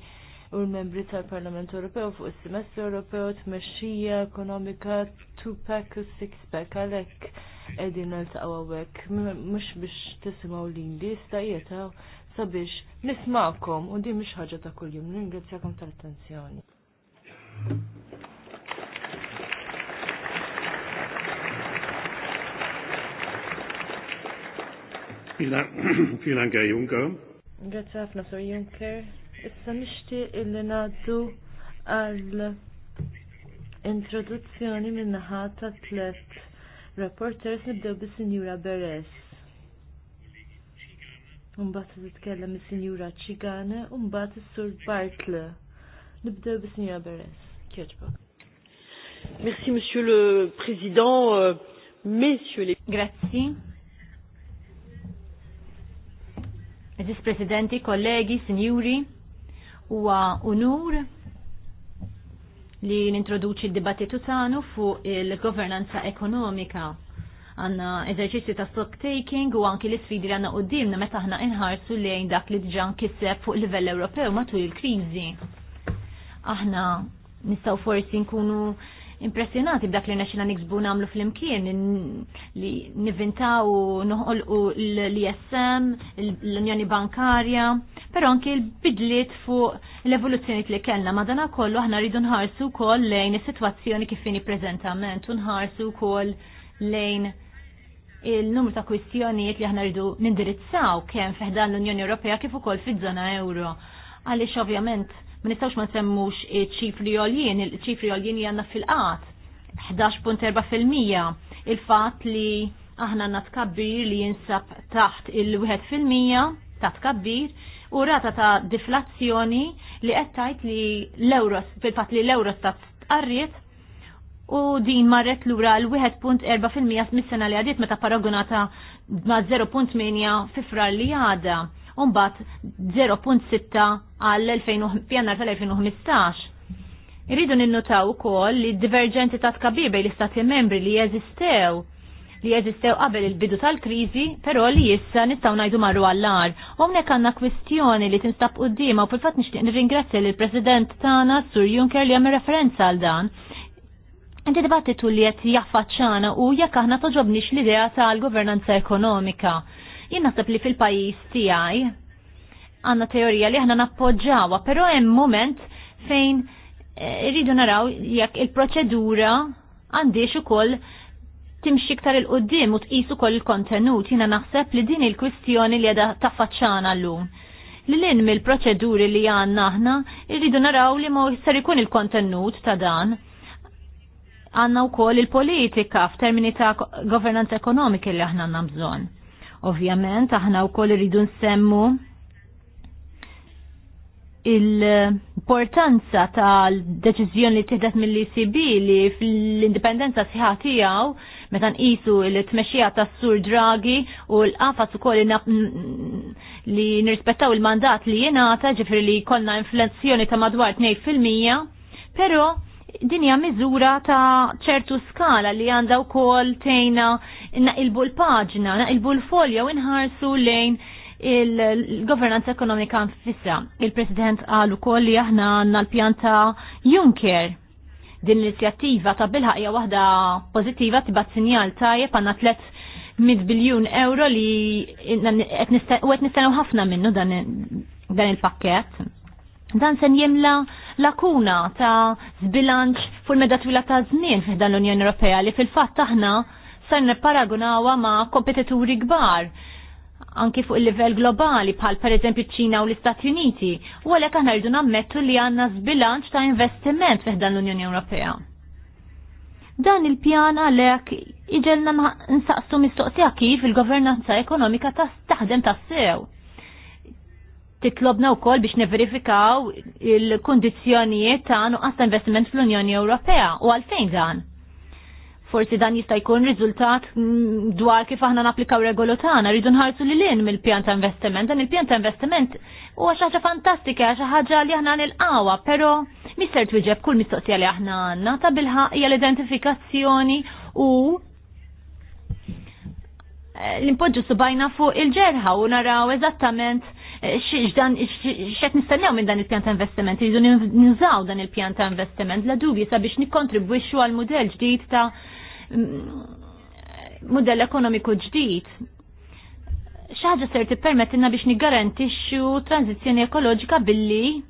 [SPEAKER 2] u l-membri tal-Parlament Ewropew fuq is-Semestru Ewropew tmexxija ekonomika two-pack u six-pack għalhekk qegħdin niltaqgħu hawnhekk mhux biex tisimgħu lili sta jietaw sabiex nismakom u din mhix ħaġa ta' kuljum. Ningrazzjakom tal-attenzjoni.
[SPEAKER 4] Vielen Dank, Herr Juncker.
[SPEAKER 2] Grazie, Herr Juncker. Issa nixtieq illi naddu għal introduzzjoni minnaħa ta' tlet reporters nibdew bi sinjura Beres. Mbagħad titkellem is-Sinjura Ċigane u mbagħad is-Sur Bartle. Nibdew bi sinjura Beres. Kieġbok. Merci, Monsieur le Président. Euh, messieurs les... Grazie.
[SPEAKER 3] Mrs. Presidenti, kollegi, signori huwa unur li nintroduċi d-dibattitu tagħnu fuq il-governanza ekonomika. Għanna eżerċizzju ta' stock taking u anki l sfidi li għanna qoddimna meta aħna inħarsu lejn dak li diġan kiseb fuq livell Ewropew matul il-kriżi. Aħna nistgħu forsi nkunu impressionati b'dak li nexina niksbu namlu fl-imkien li nivintaw noħolqu l-ISM, l-Unjoni Bankarja, però anki l-bidliet fuq l-evoluzzjoni li kellna madana kollu aħna rridu nħarsu wkoll lejn is-sitwazzjoni kif kifini preżentament u nħarsu wkoll lejn il-numru ta' kwistjonijiet li aħna rridu nindirizzaw kemm fiħdan l-Unjoni Ewropea kif ukoll fiż-żona euro. Għaliex ovvjament ma nistgħux ma nsemmux ċifri għoljien, il-ċifri għoljien għandna fil-qat 11.4% il-fatt li aħna għandna tkabbir li jinsab taħt il-1% ta' tkabbir u rata ta' deflazzjoni li qed tgħid li l-euros fil-fatt li l ta' tqarriet u din marret lura l-1.4% mis-sena li għadiet meta paragonata ma' 0.8 fi li għada. Umbat 0.6 għal pjannar tal-2015. Irridu ninnotaw ukoll li divergenti ta' tkabir bejn l-istati membri li jeżistew li jeżistew qabel il-bidu tal-krizi, però li jissa nistaw najdu marru għallar. Omnek għanna kwistjoni li tinstab u d-dima u pil fat nishtiq nirringrazzja li l-President tana Sur Juncker li għamil referenza għal dan. Inti dibattitu li jett jaffaċċana u jekk aħna toġobnix l-idea tal-governanza ekonomika Jien naħseb li fil-pajjiż tiegħi għandna teorija li aħna nappoġġawha, però hemm moment fejn eh, irridu naraw jekk il-proċedura għandix ukoll timxi iktar il-qoddim u tqis koll il-kontenut, jina naħseb li din il-kwistjoni li għada taffaċċana l Li l mill-proċeduri li għandna aħna, irridu naraw li ma jistar ikun il-kontenut ta' dan. Għanna u koll il-politika f'termini ta' governanza ekonomika li aħna għanna bżon. Ovvjament, aħna wkoll iridu nsemmu il importanza tal-deċizjoni li tiħdet mill icb li fl-indipendenza sħiħa tiegħu meta nqisu il tmexxija tas-Sur Draghi u l-qafas ukoll li nirrispettaw il-mandat li jingħata ġifieri li jkollna inflazzjoni ta' madwar 2 fil-mija, però dinja miżura ta' ċertu skala li għanda u kol tejna naqilbu l-pagġna, naqilbu l-folja u nħarsu lejn il-governanza ekonomika nfissa. Il-President għal u kol li aħna għanna l-pjanta Juncker din l-inizjattiva ta' bilħaqja waħda pozittiva tibat sinjal tajjeb għanna 300 biljun euro li għet nistennu ħafna minnu dan il-pakket. Dan sen jimla lakuna ta' zbilanċ l meda twila ta' żmien dan l-Unjoni Ewropea li fil-fatt aħna sen nipparagunawa ma' kompetituri kbar anki fuq il-livell globali bħal per eżempju ċina u l-Istati Uniti, u għalhekk aħna rridu nammettu li għandna zbilanċ ta' investiment dan l-Unjoni Ewropea. Dan il-pjan għalhekk iġelna nsaqsu mistoqsija kif il-governanza ekonomika ta' taħdem ta' sew titlobna wkoll biex neverifikaw il-kondizzjonijiet ta' nuqqas ta' investiment fl-Unjoni Ewropea u għalfejn dan. Forsi dan jista' jkun riżultat mm, dwar kif aħna napplikaw regolu tagħna, rridu nħarsu lil hinn mill-pjan ta' investiment. Dan il-pjan ta' investiment huwa xi ħaġa fantastika, xi ħaġa li aħna nilqawha, però mister twiġeb kull mistoqsija li aħna għandna ta' bilħaq hija l-identifikazzjoni u eh, l-impoġġu subajna fuq il-ġerħa u naraw eżattament x'dan x'qed minn dan il-pjan ta' investiment, jizu ninżaw dan il-pjan ta' investiment la dubi sabiex nikkontribwixxu għal model ġdid ta' mudell ekonomiku ġdid Xaġa ser permettina biex nigarantixxu tranzizzjoni ekoloġika billi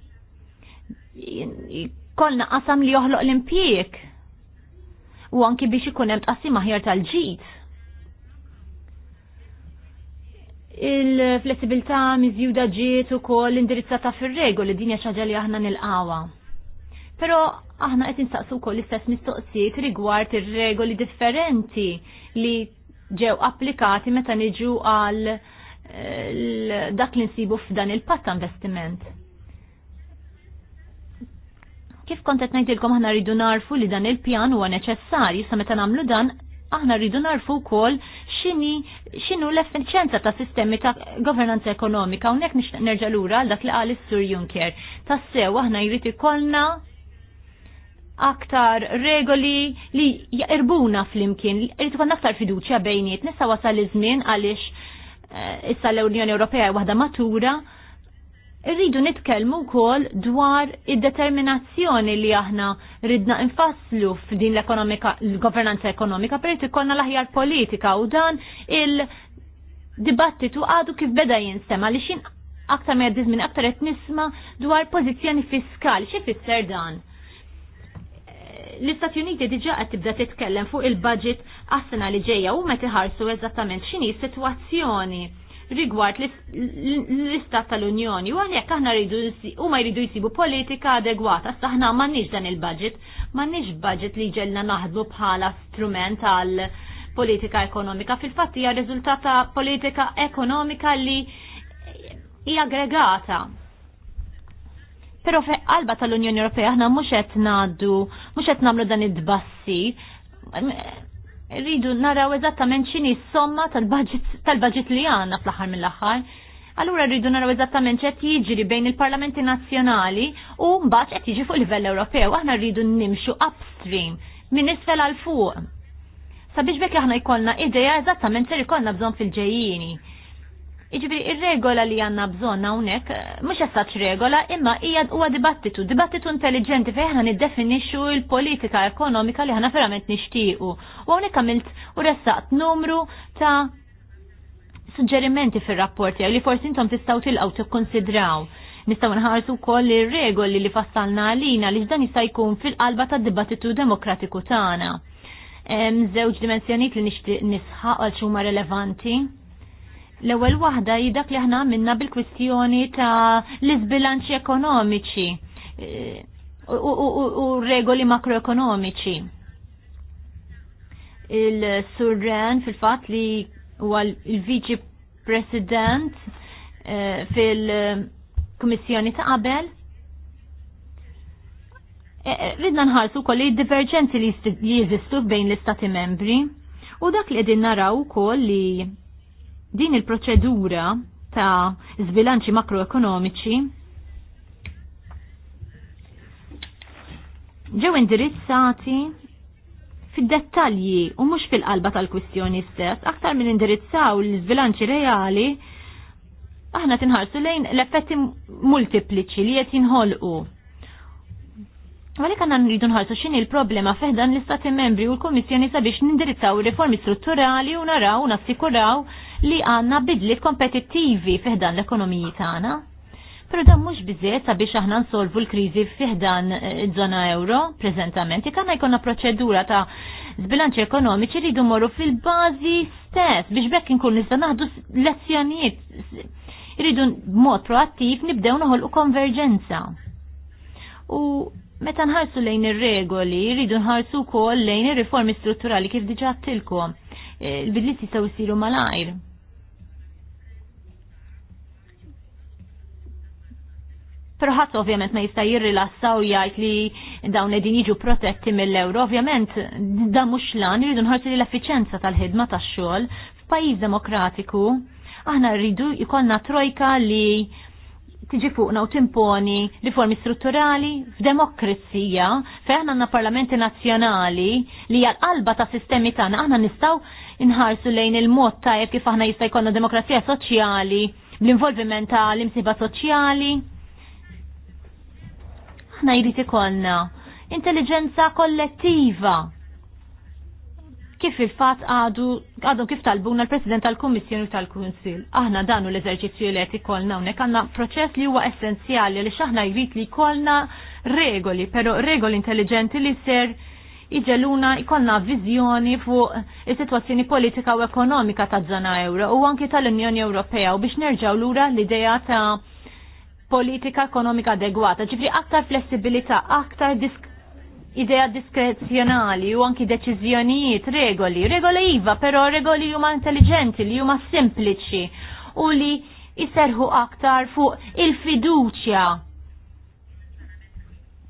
[SPEAKER 3] kolna qasam li joħloq l impijek u anki biex ikun hemm tqassim aħjar tal-ġid. il-flessibilità miżjuda ġiet ukoll indirizzata fir-regoli din hija xi li aħna nilqawha. Pero aħna qed nistaqsu wkoll l-istess mistoqsijiet rigward ir-regoli differenti li ġew applikati meta niġu għal eh, dak li nsibu f'dan il-patt investiment. Kif kont qed ngħidilkom aħna rridu narfu li dan il-pjan huwa neċessarju sa meta nagħmlu dan aħna rridu narfu wkoll xini xinu l-effiċenza ta' sistemi ta' governanza ekonomika unnek nix nerġa' lura dak li għalis sur Juncker. Tassew aħna jrid ikollna aktar regoli li jirbuna fl-imkien, jrid ikollna aktar fiduċja bejniet, nista' wasal iż-żmien għaliex eh, issa l-Unjoni Ewropea waħda matura Irridu nitkellmu wkoll dwar id-determinazzjoni li aħna ridna infasslu f'din l-ekonomika, l-governanza ekonomika, perit ikollna l-aħjar politika u dan il-dibattitu għadu kif beda jinstema li xin aktar me jaddiz minn aktar qed nisma dwar pożizzjoni fiskali. Xi fisser dan? L-Istati Uniti diġa qed tibda titkellem fuq il-budget għas-sena li ġejja u meta ħarsu eżattament x'inhi s-sitwazzjoni rigward l-istat tal-Unjoni. U għalhekk aħna rridu huma jridu jsibu politika adegwata, saħna m'għandniex dan il-budget, m'għandniex budget li ġellna naħdmu bħala strument għal politika ekonomika. Fil-fatt hija riżultata politika ekonomika li hija aggregata. Pero fe qalba tal-Unjoni Ewropea aħna mhux qed ngħaddu, mhux qed nagħmlu dan id-dbassi rridu naraw eżattament x'inhi s-somma tal-budget li għandna fl-aħħar mill-aħħar. Allura rridu naraw eżattament qed jiġri bejn il-parlamenti nazzjonali u mbagħad qed jiġi fuq livell Ewropew. Aħna rridu nimxu upstream minn isfel għal fuq. Sabiex bekk aħna jkollna idea eżattament ser ikollna bżonn fil-ġejjini Iġbiri, ir-regola li għanna bżonna unek, eh, mux jessaċ regola, imma ijad huwa dibattitu, dibattitu intelligenti fej id-definixu il-politika ekonomika li ħana verament nixtiequ. U hawnhekk għamilt u ressaqt numru ta' suġġerimenti fir-rapport li forsi intom tistaw tilqgħu tikkonsidraw. Nistgħu nħarsu wkoll ir-regoli li fassalna għalina li ġdan jista' jkun fil-qalba tad-dibattitu demokratiku tagħna. Żewġ dimensjonijiet li nixtieq nisħaq għal relevanti L-ewwel waħda hi dak li aħna minna bil-kwistjoni ta' l-iżbilanċi ekonomiċi eh, u regoli makroekonomiċi. Il-Surren fil-fatt li huwa l-Viċi President eh, fil-Kummissjoni ta' qabel eh, ridna nħarsu kolli divergenzi li jeżistu bejn l-istati membri u dak li qegħdin naraw ukoll li Din il-proċedura ta' zbilanċi makroekonomiċi ġew indirizzati fid-dettalji u mhux fil-qalba tal-kwistjoni stess, aktar minn indirizzaw l-żbilanċi reali, aħna tinħarsu lejn l-effetti multipliċi li qed jinħolqu. Għalek għanna nridu nħarsu xini l-problema feħdan l-istati membri u l-Komissjoni sabiex nindirizzaw riformi strutturali u naraw, nassikuraw li għanna bidlit kompetittivi fiħdan l-ekonomiji tagħna. Pero dan mhux bizzet sabiex aħna nsolvu l-kriżi fiħdan eh, zona żona euro preżentament, ikanna jkollna proċedura ta' zbilanċi ekonomiċi li morru fil-bażi stess biex bekk nkun nista' naħdu lezzjonijiet. Irridu mod proattiv nibdew noħolqu konverġenza. U meta nħarsu lejn ir-regoli, rridu nħarsu wkoll lejn ir-riformi strutturali kif diġà għattilkom. Eh, il-bidliet jistgħu jsiru malajr. Pero ħadd ovvjament ma jista' jirrilassaw jgħid li dawn qegħdin jiġu protetti mill-ewro, ovvjament da mhux lan jridu nħarsu li l-effiċenza tal-ħidma tax-xogħol f'pajjiż demokratiku aħna rridu jkollna trojka li tiġi fuqna u timponi riformi strutturali f'demokrazija fejn għandna parlamenti nazzjonali li hija l-qalba ta' sistemi tagħna aħna nistgħu nħarsu lejn il-mod tajjeb kif aħna jista' jkollna demokrazija soċjali bl-involviment ta' l-imsiba soċjali aħna jrid ikollna intelligenza kollettiva. Kif il-fat għadu, għadu kif talbuna l-President tal-Kommissjoni tal-Kunsil. Aħna danu l-eżerċizzju li qed ikollna hawnhekk għandna proċess li huwa essenzjali li x'aħna jrid li jkollna regoli, però regoli intelligenti li ser iġeluna jkollna viżjoni fuq is-sitwazzjoni politika u ekonomika ta' żona euro u anki tal-Unjoni Ewropea u biex l lura l-idea ta' politika ekonomika adegwata, ġifri aktar flessibilità, aktar disk idea diskrezjonali u anki deċiżjonijiet, regoli, regoli iva, però regoli huma intelligenti, li huma sempliċi u li jiserħu aktar fuq il-fiduċja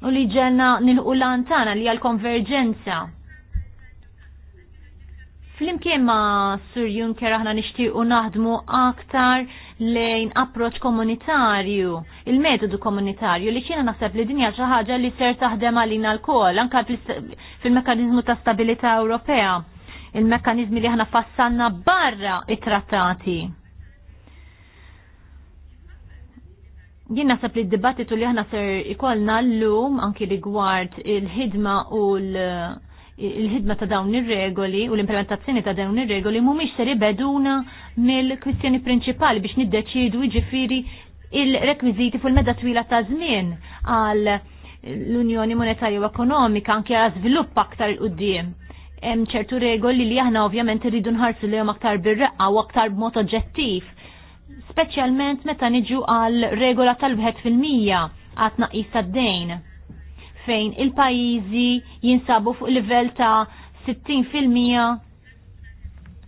[SPEAKER 3] u li ġenna nil-ulantana li għal-konverġenza. Flimkien ma' Sur Juncker aħna nixtiequ naħdmu aktar lejn approċ komunitarju, il-metodu komunitarju li xiena naħseb li dinja xi ħaġa li ser taħdem għalina l-kol, anka fil-mekanizmu ta' stabilità Ewropea, il-mekanizmi li aħna fassanna barra it-trattati. Jien naħseb li d-dibattitu li aħna ser ikollna l-lum anki rigward il-ħidma u l- il-ħidma ta' dawn ir-regoli u l-implementazzjoni ta' dawn ir-regoli mhumiex ser ibeduna mill-kwistjoni prinċipali biex niddeċidu jiġifieri il-rekwiżiti fuq il-meda twila ta' żmien għal l-Unjoni u Ekonomika anke għal żvilupp aktar il-qudiem. Hemm ċertu regoli li aħna ovvjament irridu nħarsu lihom aktar bir-reqqa u aktar b'mod oġġettiv, speċjalment meta niġu għal regola tal-1 fil-mija għat naqis tad-dejn fejn il-pajizi jinsabu fuq livell ta' 60%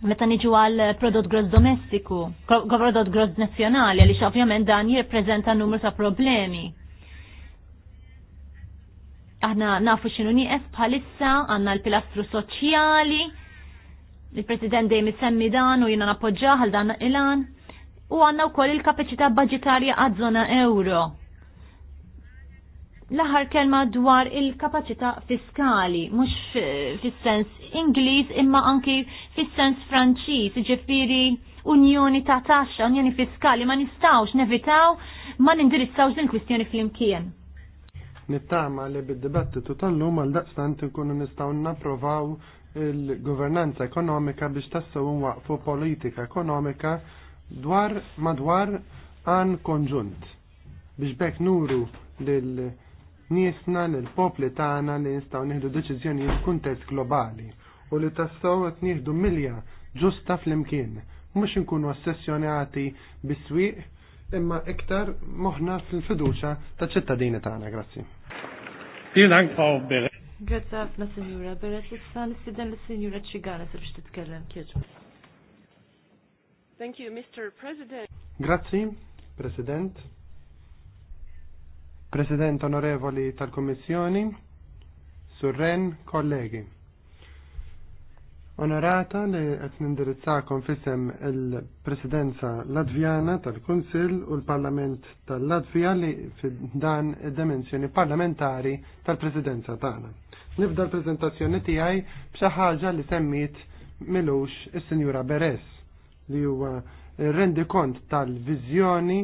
[SPEAKER 3] meta niġu għal prodott gross domestiku, prodott gross nazjonali, għaliex ovvjament dan jirreprezenta numru ta' problemi. Aħna nafu xinu nieqes bħalissa għandna l-pilastru soċjali, il-President dejjem isemmi dan u jiena nappoġġaħ għal dan ilan, u għandna wkoll il-kapaċità baġitarja għad-żona euro L-aħar kelma dwar il-kapacità fiskali, mux eh, fis-sens Ingliż imma anki fis-sens Franċiż, ġifiri unjoni ta' taxxa, unjoni fiskali, ma nistawx nevitaw, ma nindirizzawx din kwistjoni fl-imkien.
[SPEAKER 4] Nittama li bid-dibattitu tal-lum għal daqstant nkunu nistaw napprovaw il-governanza ekonomika biex tassew waqfu politika ekonomika dwar madwar għan konġunt biex bekk nuru lil niesna l-popli tagħna li nistgħu nieħdu deċiżjonijiet f'kuntest globali u li tassaw qed nieħdu milja ġusta fl-imkien, mhux inkunu ossessjonati bis-swieq imma iktar moħna fil-fiduċa ta' ċittadini tagħna, grazzi.
[SPEAKER 2] Grazzi ħafna Sinjura Beret, issa nistieden lis-Sinjura Ċigana sabiex titkellem kieġu. Thank you, Mr. President.
[SPEAKER 4] Grazzi, President. President onorevoli tal-Kommissjoni, Surren, kollegi. Onorata li qed nindirizzakom fisem il-Presidenza Latvjana tal-Kunsill u l-Parlament tal-Latvija li dan id-dimensjoni parlamentari tal-Presidenza tagħna. Nibda l-preżentazzjoni tiegħi bċaħħaġa ħaġa li semmit milux is-Sinjura Beres li huwa rendi kont tal vizjoni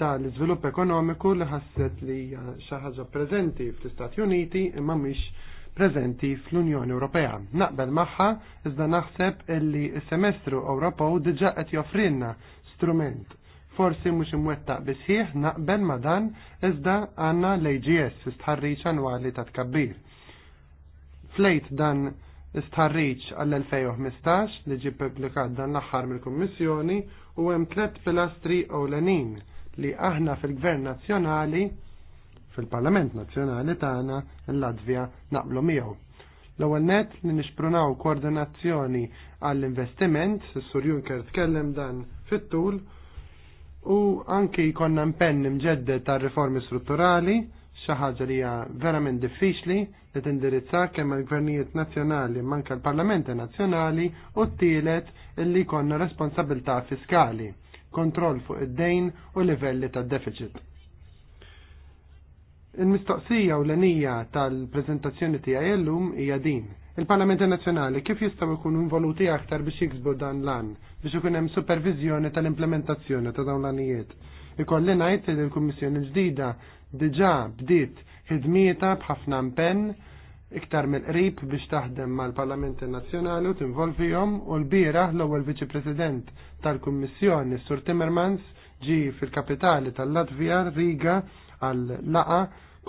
[SPEAKER 4] tal-iżvilupp ekonomiku li ħasset li xi ħaġa preżenti fl-Istati Uniti imma mhix preżenti fl-Unjoni Ewropea. Naqbel magħha iżda naħseb li s-semestru Ewropew diġà qed joffrilna strument forsi mhux imwettaq bisħieħ naqbel ma dan iżda għandna l-AGS istħarriċ annwali ta' tkabbir. Flejt dan istħarriċ għall-2015 li ġi publikat dan l-aħħar mill-Kummissjoni u hemm tliet pilastri ewlenin li aħna fil-Gvern Nazzjonali, fil-Parlament Nazzjonali tagħna l-Latvja naqblu miegħu. L-ewwel net li nixprunaw koordinazzjoni għall-investiment, s sur Juncker tkellem dan fit-tul, u anki jkollna impenn imġeddet tar-riformi strutturali, xi ħaġa li hija verament diffiċli li tindirizza kemm il-gvernijiet nazzjonali manka l-parlamenti nazzjonali u t-tielet illi jkollna responsabilità fiskali kontroll fuq id-dejn u livelli ta' deficit. Il-mistoqsija u l enija tal-prezentazzjoni tiegħi llum hija din. Il-Parlamenti Nazzjonali kif jistgħu jkunu involuti aktar biex jiksbu dan l-an biex ikun hemm supervizjoni tal-implementazzjoni ta' dawn l-anijiet. Ikolli ngħid li l-Kummissjoni ġdida diġà bdiet ħidmieta b'ħafna impenn iktar mill qrib biex taħdem mal-Parlamenti Nazzjonali u tinvolvihom u l-bira l-ewwel Viċi President tal-Kummissjoni Sur Timmermans ġi fil-kapitali tal-Latvija Riga għal laqa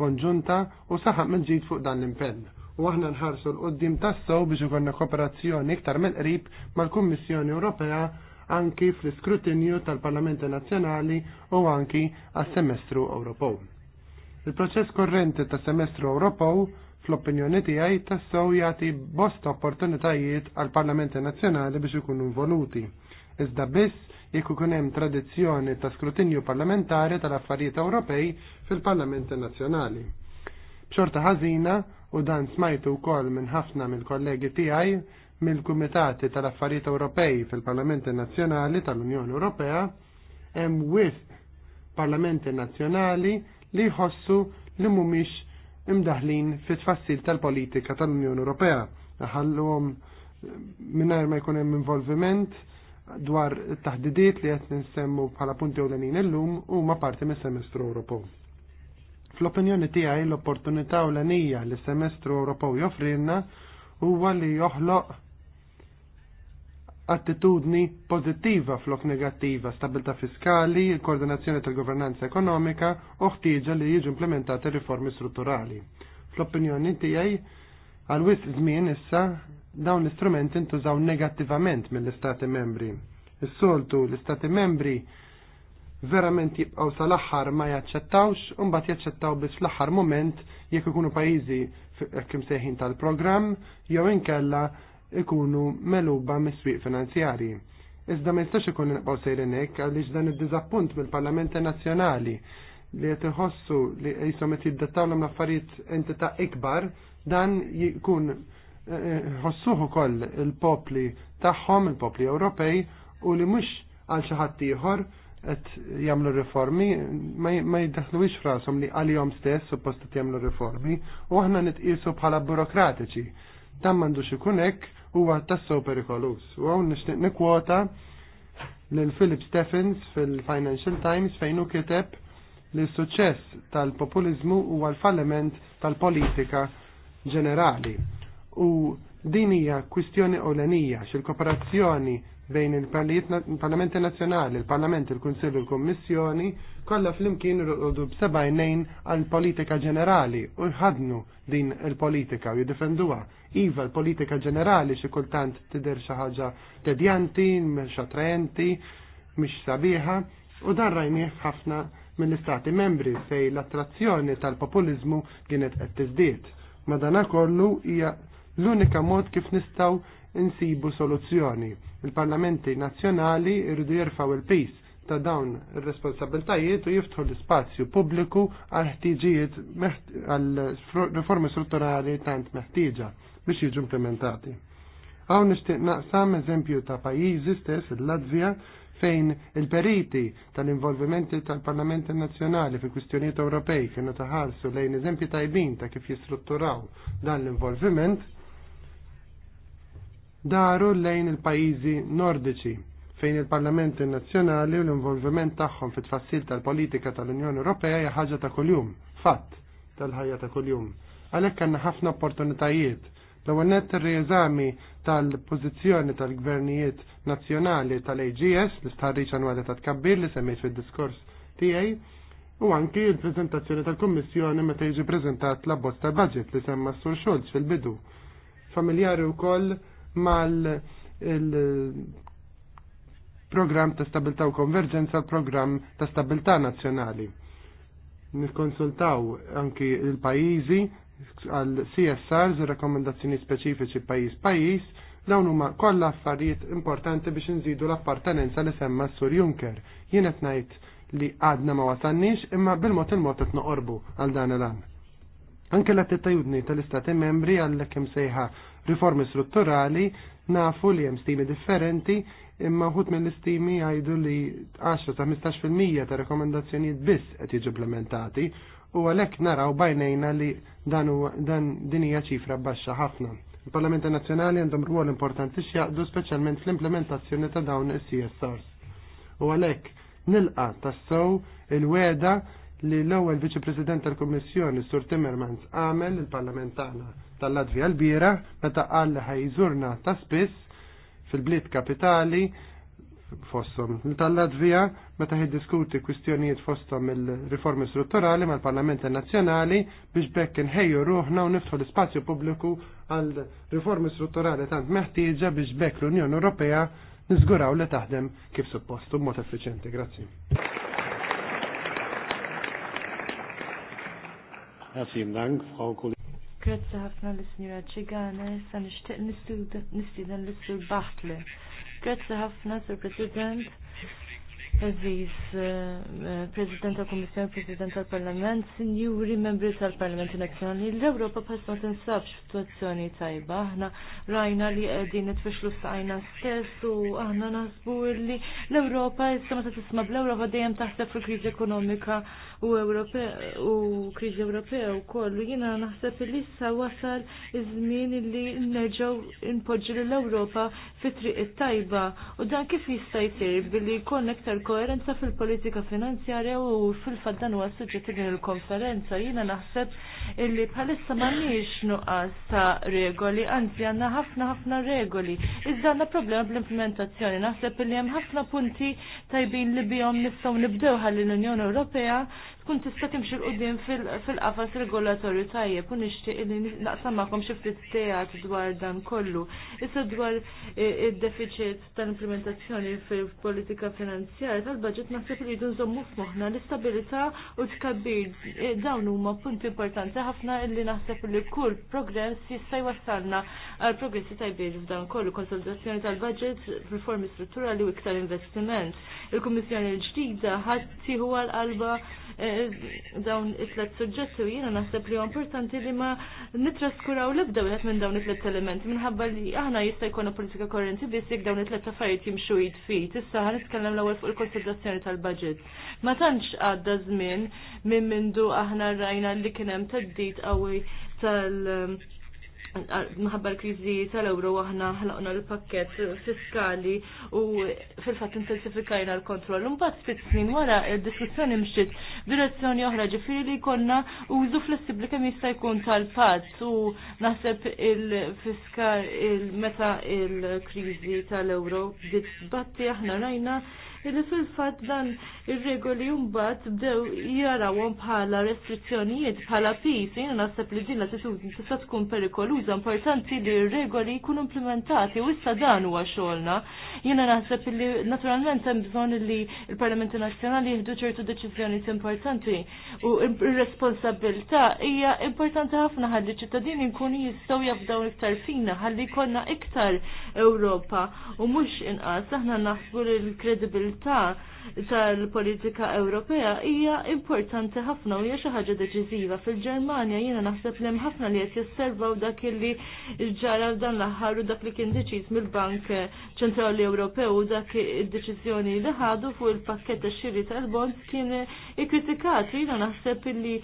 [SPEAKER 4] konġunta u saħaq minn ġid fuq dan l-impenn. U aħna nħarsu l-qoddim tassew biex ikonna kooperazzjoni iktar mill qrib mal-Kummissjoni Ewropea anki fl-iskrutinju tal-Parlamenti Nazzjonali u anki għas-Semestru Ewropew. Il-proċess korrenti tas-Semestru Ewropew fl-opinjoni tiegħi tassew jagħti bosta opportunitajiet għal parlamenti nazzjonali biex ikunu involuti. Iżda biss jekk ikun hemm tradizzjoni ta' skrutinju parlamentari tal-affarijiet Ewropej fil-Parlamenti Nazzjonali. B'xorta ħażina u dan smajtu wkoll minn ħafna mill-kollegi tiegħi mill-Kumitati tal-Affarijiet Ewropej fil-Parlamenti Nazzjonali tal-Unjoni Ewropea hemm wisq parlamenti nazzjonali li jħossu li mhumiex imdaħlin fit tfassil tal-politika tal-Unjoni Ewropea. Ħalluhom minnajr ma jkun hemm involviment dwar it-taħdidiet li qed nsemmu bħala punti ewlenin illum huma parti mis-semestru Ewropew. Fl-opinjoni tiegħi l-opportunità ewlenija li semestru Ewropew joffrilna huwa li joħloq attitudni pozittiva flok negattiva, stabilta fiskali, koordinazzjoni tal-governanza ekonomika u ħtieġa li jiġu implementati riformi strutturali. Fl-opinjoni tiegħi għal wis żmien issa dawn l-istrumenti intużaw negattivament mill-Istati membri. Is-soltu l-Istati membri verament jibqaw sal aħħar ma jaċċettawx, mbagħad jaċċettaw biex l aħħar moment jekk ikunu pajizi kim seħin tal-program, jew inkella ikunu meluba mis-swieq finanzjarji. Iżda ma jistax ikun naqgħu sejrin hekk għaliex dan id-diżappunt mill parlamenti Nazzjonali li qed iħossu li qishom qed jiddettawlhom l-affarijiet entità ikbar dan jkun eh, ħossuh ukoll il-popli tagħhom, il-popli Ewropej u li mhux għal xi ħadd ieħor qed jagħmlu riformi ma jiddaħluwix f'rashom li għalihom stess suppost qed jagħmlu riformi u aħna nitqisu bħala burokratiċi. Dan m'għandux ikun hekk huwa tassu perikolus. U hawn nixtieq nikwota lil Philip Stephens fil-Financial Times fejnu kiteb li s-suċċess tal-populizmu huwa l-falliment tal-politika ġenerali. U din hija kwistjoni olenija x'il-kooperazzjoni bejn il-Parlamenti Nazzjonali, il-Parlament, il-Kunsill u l-Kommissjoni kollha flimkien b'seba' jnejn għal politika ġenerali u jħadnu din il-politika u jiddefenduha. Iva l-politika ġenerali xi kultant tidher xi ħaġa tedjanti, mhux attraenti, mhix sabiħa u dan rajnieh ħafna mill-istati membri fej l-attrazzjoni tal-populizmu kienet qed tiżdied. Madanakollu hija l-unika mod kif nistgħu insibu soluzzjoni. Il-parlamenti nazzjonali irridu jirfaw il-pis ta' dawn ir-responsabiltajiet u jiftħu l-spazju pubbliku għal ħtiġijiet għal riformi strutturali tant meħtieġa biex jiġu implementati. Għaw nishtiq naqsam eżempju ta' pajizi stess, il-Latvija, fejn il-periti tal-involvimenti tal-Parlamenti Nazzjonali fi kwistjonijiet Ewropej kienu taħarsu lejn eżempju tajbin ta' kif jistrutturaw dan l-involviment daru lejn il-pajjiżi nordiċi fejn il-parlamenti nazzjonali u l-involviment tagħhom fit tfassil tal-politika tal-Unjoni Ewropea hija ħaġa ta' kuljum, fatt tal-ħajja ta' kuljum. Għalhekk għandna ħafna opportunitajiet. L-ewwel nett ir reżami tal-pożizzjoni tal-gvernijiet nazzjonali tal-AGS l-istħarriġ annwali ta' tkabbir li semmejt fid-diskors tiegħi u anki l-preżentazzjoni tal-Kummissjoni meta jiġi preżentat l-abbozz tal-budget li semma s-Sur Schulz fil-bidu. Familjari wkoll koll mal il-program ta' stabilta' u konverġenza program ta' stabilta' nazjonali. Nikonsultaw anki il-pajizi għal CSRs, rekomendazzjoni speċifiċi pajis pajis, dawn huma kollha affarijiet importanti biex nżidu l-appartenenza li semma Sur Juncker. Jien qed ngħid li għadna ma wasanniex imma bil-mod il-mod qed noqorbu għal dan il-għan. Anke l-attitajudni tal-istati membri għallek sejħa riformi strutturali nafu li hemm stimi differenti imma wħud mill-istimi għajdu li 10 ta' 15% ta' rekomendazzjonijiet biss qed jiġu implementati u għalhekk naraw bajnejna li danu, dan din hija ċifra baxxa ħafna. Il-Parlamenti Nazzjonali għandhom rwol importanti x'jaqdu speċjalment fl-implementazzjoni ta' dawn is-CSRs. U għalhekk nilqa tassew il-weda li l-ewwel Viċi President tal-Kummissjoni Sur Timmermans għamel il-parlamentana tal-Latvija l-bira meta qal li ħajżurna ta' spiss fil-bliet kapitali fossom tal-Latvija meta ħiddiskuti kwistjonijiet fostom il-riformi strutturali mal parlamenti Nazzjonali biex bekk inħejju ruħna u niftħu l-ispazju pubbliku għal riformi strutturali tant meħtieġa biex bekk l-Unjoni Ewropea niżguraw li taħdem kif suppost u mod effiċjenti. Grazzi. Herzlichen Dank, Frau Kollegin.
[SPEAKER 2] Grazzi ħafna l-Sinjura Ċigana, issa nixtieq nistieden l-Sur Baħtli. Grazzi ħafna, Sur President. Eżiz, eh, President tal-Komissjoni, President tal-Parlament, Sinjuri, Membri tal-Parlamenti Nazjonali, l-Europa ma tinsabx situazzjoni tajba. Aħna rajna li għedin nitfixlu sajna stess u aħna nasbu li l-Europa, issa ma tisma bl-Europa dejjem taħseb fil kriżi ekonomika u u kriżi Ewropea u kollu. Jina naħseb li issa wasal iż-żmien li nerġgħu inpoġġu l-Europa fit-triq it-tajba u dan kif jista' jsir billi jkun iktar koerenza fil-politika finanzjarja u fil-fat dan huwa sujġet din il-konferenza. Jiena naħseb illi bħalissa m'a m'għandniex nuqqas ta' regoli, anzi għandna ħafna ħafna regoli. Iżda għandna problema bl-implementazzjoni. Naħseb illi hemm ħafna punti tajbin li bihom nistaw nibdew ħalli l-Unjoni Ewropea kun tista' timxi l qoddim fil-qafas regolatorju tajjeb u nixtieq li naqsam magħkom xi ftit teat dwar dan kollu. Issa dwar e, id-deficit tal-implementazzjoni fil-politika finanzjarja tal budget naħseb li jdu f f'moħħna l-istabilità u tkabbir e, dawn huma punti importanti ħafna illi naħseb li kull progress jista' jwassalna għal progressi tajbir f'dan kollu konsolidazzjoni tal-budget, riformi strutturali u iktar investiment. Il-Kummissjoni l-ġdida ħadd tieħu għal alba e, dawn it-tlet suġġetti u jiena naħseb li huwa importanti li ma nitraskuraw l-ebda wieħed minn dawn it-tlet elementi minħabba li aħna jista' jkollna politika korrenti biss jekk dawn it-tlet affarijiet jimxu jitfit. Issa ħa nitkellem l-ewwel fuq il-konsiderazzjoni tal-budget. Ma tantx għadda żmien minn mindu aħna rajna li kien hemm teddid qawwi tal- Minħabba l-kriżi tal-euro aħna ħlaqna l-pakket fiskali u fil-fatt intensifikajna l-kontroll. Mbagħad ftit snin wara il diskussjoni mxiet direzzjoni oħra ġifiri li konna użu flessibbli kemm jista' jkun tal-patt u naħseb il-fiskal il meta il-kriżi tal-euro bdiet tbatti aħna rajna illi fil-fatt dan ir-regoli mbagħad bdew jarawhom bħala restrizzjonijiet bħala pis, jiena naħseb li din l-attitudni tista' tkun perikoluża importanti li r-regoli jkunu implementati u issa dan huwa xogħolna. Jiena naħseb li naturalment hemm bżonn li l-Parlamenti Nazzjonali jieħdu ċertu deċiżjonijiet importanti u r-responsabilità hija importanti ħafna ħalli ċittadini nkunu jistgħu jafdaw iktar fina ħalli jkollna iktar Ewropa u mhux inqas aħna naħsbu li l-kredibil l-opportunità tal-politika Ewropea hija importanti ħafna u hija xi ħaġa deċiżiva. Fil-Ġermanja jiena naħseb li hemm ħafna li qed jisservaw dak illi ġara dan l-aħħar u dak li kien deċiż mill-Bank Ċentrali Ewropew u dak id-deċiżjoni li ħadu fuq il-pakket tax-xiri tal-bonds kien ikkritikat. Jiena naħseb illi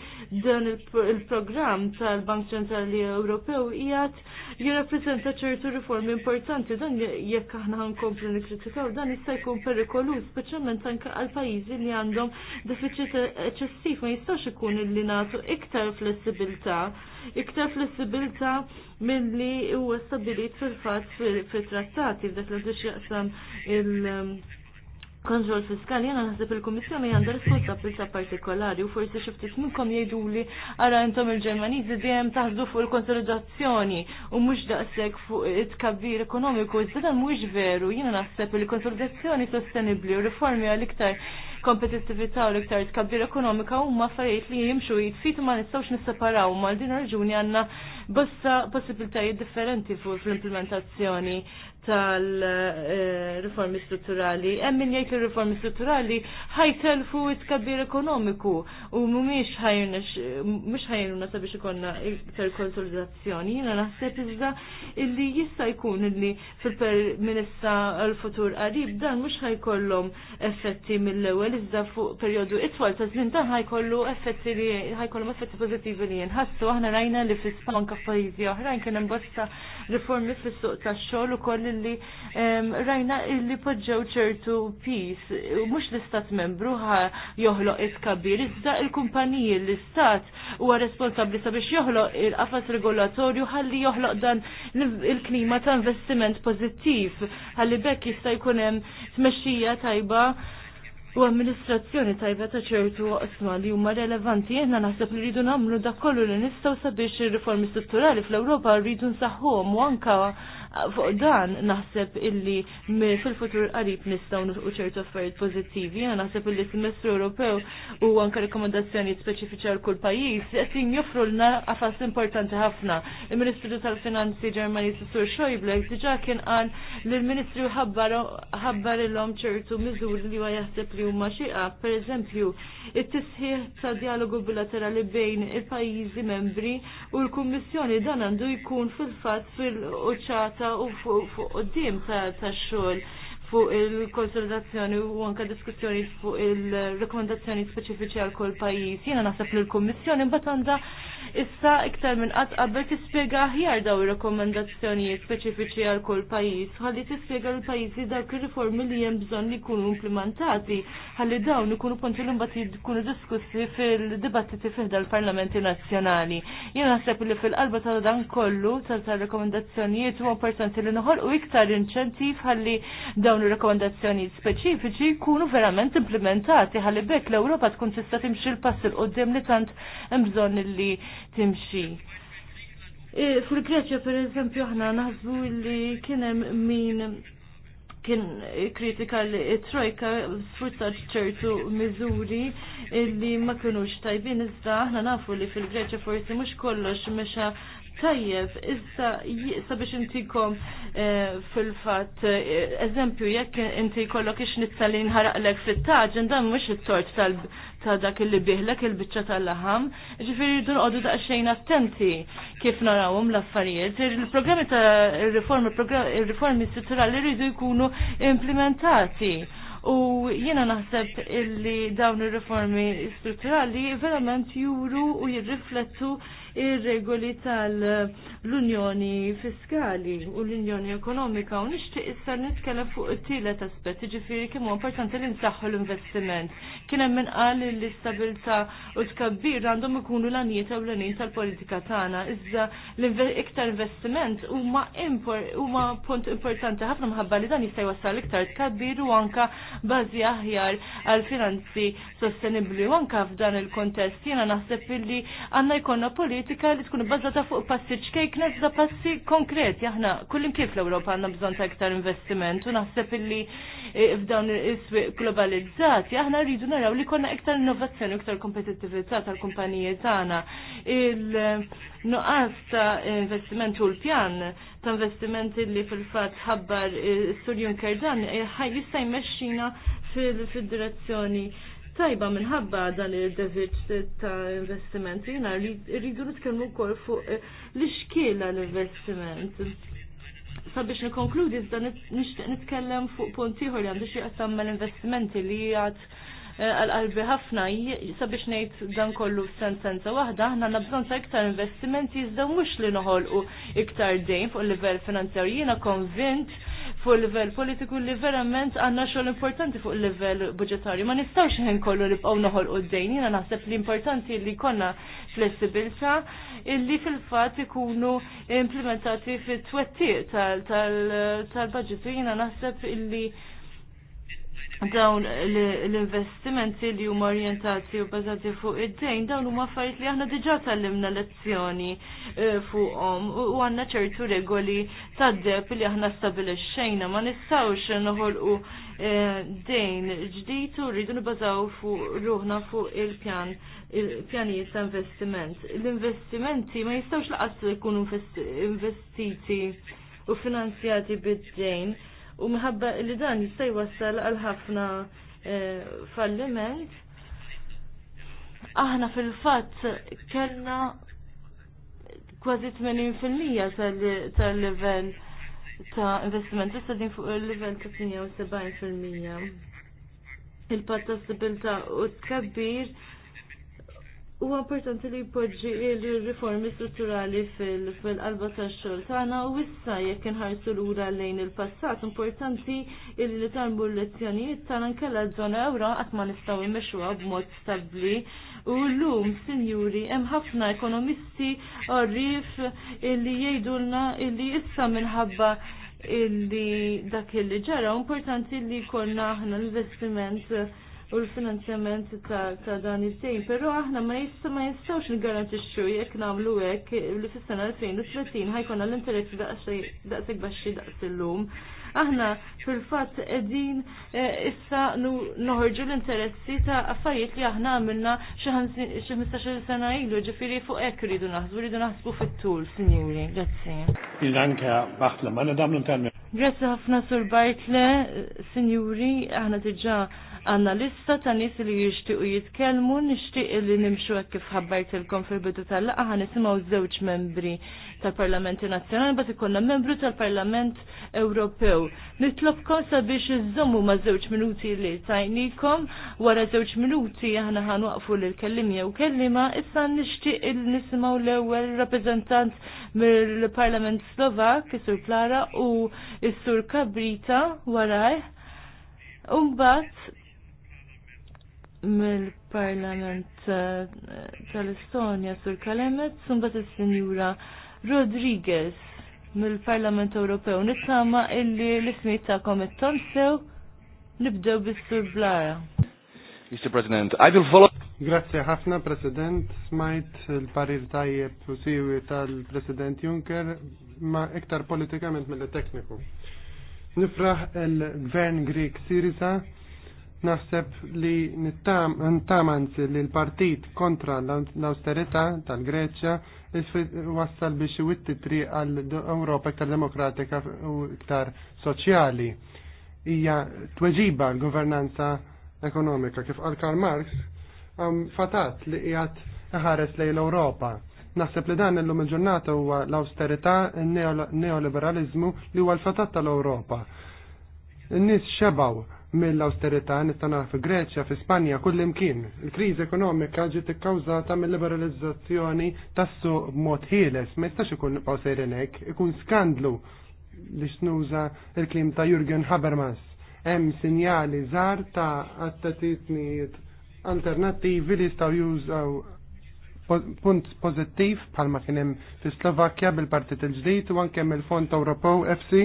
[SPEAKER 2] dan il-programm tal-Bank Ċentrali Ewropew hija jirrappreżenta ċertu riformi importanti dan jekk aħna nkomplu nikkritikaw dan jista' jkun perikolus speċjalment anka għal pajjiżi li għandhom deficit eċessif ma jistax ikun illi nagħtu iktar flessibilità, iktar flessibilità milli huwa stabilit fil-fatt fil trattati dak li x'jaqsam il- kontrol fiskali jena naħseb il-Komissjoni għandha responsabilta partikolari u forsi xi ftit minnkom jgħiduli ara intom il-Ġermaniżi dejjem taħdu fuq il-konsolidazzjoni u mhux daqshekk fuq it-kabbir ekonomiku iżda dan mhuwiex veru jiena naħseb il-konsolidazzjoni sostenibbli u riformi għal iktar kompetittività u l-iktar tkabbir ekonomika huma affarijiet li jimxu jitfit ma nistgħux nisseparaw mal din raġuni għandna bossa possibiltajiet differenti fuq fl-implementazzjoni tal-riformi strutturali. Hemm min jgħid reformi riformi strutturali ħajtelfu it-kabbir ekonomiku u mhumiex mhux ħajruna sabiex ikollna iktar konsolidazzjoni. Jiena naħseb iżda illi jista' jkun illi fil-perminista għal-futur qarib dan mhux ħajkollhom effetti mill-ewwel iżda fuq perjodu itwal ta' żmien dan ħajkollu effetti li ħajkollhom effetti pozitivi li jinħassu aħna rajna li fil Spanja f'pajjiżi oħrajn kien hemm bosta riformi fis-suq tax-xogħol ukoll illi rajna illi podġew ċertu pis. Mux l-istat membru ħa joħloq kabir iżda il-kumpaniji l-istat huwa responsabli sabiex joħloq il-qafas regolatorju ħalli joħloq dan il-klima ta' investiment pozittiv. Ħalli bekk jista' jkun hemm tmexxija tajba u amministrazzjoni tajba ta' ċertu osma li huma relevanti jena naħseb li rridu nagħmlu dak kollu li nistgħu sabiex il riformi strutturali fl-Ewropa rridu nsaħħuhom u anka fuq dan naħseb illi fil-futur qarib nistgħu nilqu ċertu affarijiet pożittivi. Jiena naħseb illi semestru Ewropew u anke rekomendazzjonijiet speċifiċi għal kull pajjiż qed joffru lna importanti ħafna. Il-Ministru tal-Finanzi Ġermaniż Sur Xojble diġà kien qal li l-Ministru ħabbar ilhom ċertu miżuri li huwa jaħseb li huma xieqa, pereżempju, it-tisħiħ ta' dialogu bilaterali bejn il-pajjiżi membri u l-Kummissjoni dan għandu jkun fil-fatt fil-oċat ta' u fuq qudiem ta' xogħol fuq il-konsolidazzjoni u anka diskussjoni fuq il-rekomendazzjoni speċifiċi għal kull pajjiż. Jiena naħseb li l-Kummissjoni mbagħad għandha issa iktar minn qatt qabel tispjega aħjar daw ir-rekomendazzjonijiet speċifiċi għal kull pajjiż ħalli tispjega l-pajjiżi dawk ir-riformi li hemm bżonn li jkunu implementati ħalli dawn ikunu punti li mbagħad jkunu diskussi fil-dibattiti fiħda l-Parlamenti Nazzjonali. Jien naħseb li fil-qalba ta' dan kollu tal-rekomendazzjonijiet huwa importanti li noħolqu iktar inċentiv ħalli dawn ir-rekomendazzjonijiet speċifiċi jkunu verament implementati ħalli bekk l-Ewropa tkun tista' timxi l-pass il qoddim li tant hemm bżonn li timxi. E, Fil-Greċja, per eżempju, aħna naħsbu li kienem min kien kritika li trojka sfruttat ċertu miżuri li ma kienux tajbin iżda aħna nafu li fil-Greċja forsi mhux kollox mexa Tajjeb, issa biex intikom eh, fil-fat, eh, eżempju, jekk inti kollok ix nizzalin ħaraqlek fit-taġen, dan mux il-tort ta' dak li biħlek il-bicċa tal-laħam, ġifiri dun għodu da' xejn attenti kif narawum l-affarijiet. Il-programmi ta' il-reformi strutturali rridu jkunu implementati. U jiena naħseb illi dawn ir-reformi strutturali verament juru u jirriflettu ir-regoli tal-Unjoni Fiskali u l-Unjoni Ekonomika u nixtieq issa nitkellem fuq it-tielet aspett, jiġifieri kemm huwa importanti li nsaħħu l-investiment. Kien hemm minqal li l-istabilità u tkabbir għandhom ikunu l-anijiet u l-għanin tal-politika tagħna, iżda l-iktar investiment huma huma punt importanti ħafna mħabba li dan jista' jwassal iktar tkabbir u anka bażi aħjar għal finanzi sostenibbli u anka f'dan il-kontest jiena naħseb illi għandna jkollna politika politika li tkun bazzata fuq passi kejk nezza passi konkret. Aħna kullim kif l-Ewropa għandna bżonn ta' iktar investiment u naħseb illi e, f'dawn is-swieq globalizzati aħna rridu naraw li konna iktar innovazzjoni u iktar kompetittività tal-kumpaniji tagħna. Il-nuqqas ta' investiment u l-pjan ta' investimenti li fil-fat ħabbar e, Sur Juncker dan e, jista' jmexxina fil-direzzjoni tajba minħabba dan il-deviċ ta' investiment. Jena rridu nitkellmu wkoll fuq eh, l-iskela l-investiment. Sabiex nikonkludi, iżda nixtieq nitkellem fuq punt ieħor li għandu xi qasam mal-investimenti li jgħat eh, għal-qalbi ħafna sabiex nejt dan kollu sentenza wahda, ħna nabżon ta' iktar investimenti iżda mux li noħolqu iktar dejn fuq il-level finanzjarji, jina konvint fuq il-livell politiku li verament għandna xogħol importanti fuq il-livell budgetarju. Ma nistawx ħen kollu nibqgħu noħolqu d-dejn, jiena naħseb li importanti li konna flessibilità illi fil-fatt ikunu implementati fit-twettiq tal budgetu Jiena naħseb illi dawn l-investimenti li huma orientati u bażati fuq id-dejn dawn huma affarijiet li aħna diġà tallimna lezzjoni eh, fuqhom u għandna ċertu regoli tad-deb li aħna stabilixxejna ma nistgħux noħolqu eh, dejn ġdid u rridu nibbażaw fuq ruħna fuq il-pjan il-pjanijiet ta' investiment. L-investimenti ma jistgħux laqas ikunu investiti u finanzjati bid-dejn u minħabba li dan jista' wassal għal ħafna eh, falliment. Aħna fil-fatt kellna kważi 80% tal-level ta' investiment, issa din fuq il-level ta' 78%. Il-patta stabilta u t tkabbir U importanti li jpoġġi il-riformi strutturali fil-qalba ta' xogħol tagħna u issa jekk inħarsu lura lejn il-passat importanti li tarbu l-lezzjonijiet tagħna nkella żona ewra qatt ma nistgħu jmexxuha b'mod stabbli. U llum, sinjuri, hemm ħafna ekonomisti orrif illi jgħidulna illi issa minħabba illi dak illi ġara importanti li jkollna aħna investiment u l-finanzjament ta' dan il-tejn, pero aħna ma jista ma jistawx ngarantixxu jekk nagħmlu hekk li fis-sena 2030 ħajkonna l-interess daqseg baxxi daqs illum. Aħna fil-fatt qegħdin eh, issa noħorġu l-interessi ta' affarijiet li aħna għamilna xi 15 sena ilu, ġifiri fuq hekk rridu naħsbu, rridu naħsbu fit-tul, sinjuri. Grazie.
[SPEAKER 1] Il-anka baħtla, ma nadamlu
[SPEAKER 2] Grazzi ħafna sur Bartle, sinjuri, aħna t-ġa għanna lista ta' nis li jishtiqu jitkelmu, nishtiq li nimxu għak kif il-kom fil-bidu tal-laqa għan nisimaw zewċ membri tal-Parlamenti Nazjonali, bat ikonna membru tal-Parlament Ewropew. Nitlobkom sabiex iżommu ma' zewċ minuti li tajnikom, wara zewċ minuti għana għan waqfu li l-kellim jew kellima, issa nishtiq li nisimaw l-ewel rappresentant mill-Parlament Slovak, Sur Klara, u Sur Kabrita, waraj. Umbat, mill-Parlament eh, tal estonia sur Kalemet, sumbat il-Sinjura Rodriguez mill-Parlament Ewropew. Nittama illi l-ismijiet ta' komet sew nibdew bis-sur Blara.
[SPEAKER 4] Mr. President, I will follow. Grazie ħafna, President. Smajt il-parir tajjeb u siwi tal-President Juncker ma iktar politikament mill tekniku Nifraħ il-Gvern Greek Sirisa Naħseb li nittam anzi li l-partit kontra l austerita tal-Greċja wassal biex iwitti Titri għal Ewropa iktar demokratika u iktar soċjali. Hija tweġiba l-governanza ekonomika kif għal Karl Marx fatat li qiegħed ħares lejn l-Ewropa. Naħseb li dan illum il-ġurnata huwa l austerita il-neoliberalizmu li huwa l-fatat tal-Ewropa. Nis nies xebaw mill-austerità nista' fi Greċja, fi Spanja, kull imkien. Il-kriżi ekonomika ġiet ikkawżata mill-liberalizzazzjoni tas-suq b'mod ħieles, ma jistax ikun nibqgħu sejrin hekk, ikun skandlu li snuża il-klim ta' Jurgen Habermas. Hemm sinjali żgħar ta' attatitnijiet alternattivi li jistgħu jużaw punt pozittiv bħalma kien hemm fis-Slovakkja bil-Partit il-ġdid u anke il-Fond Ewropew FC,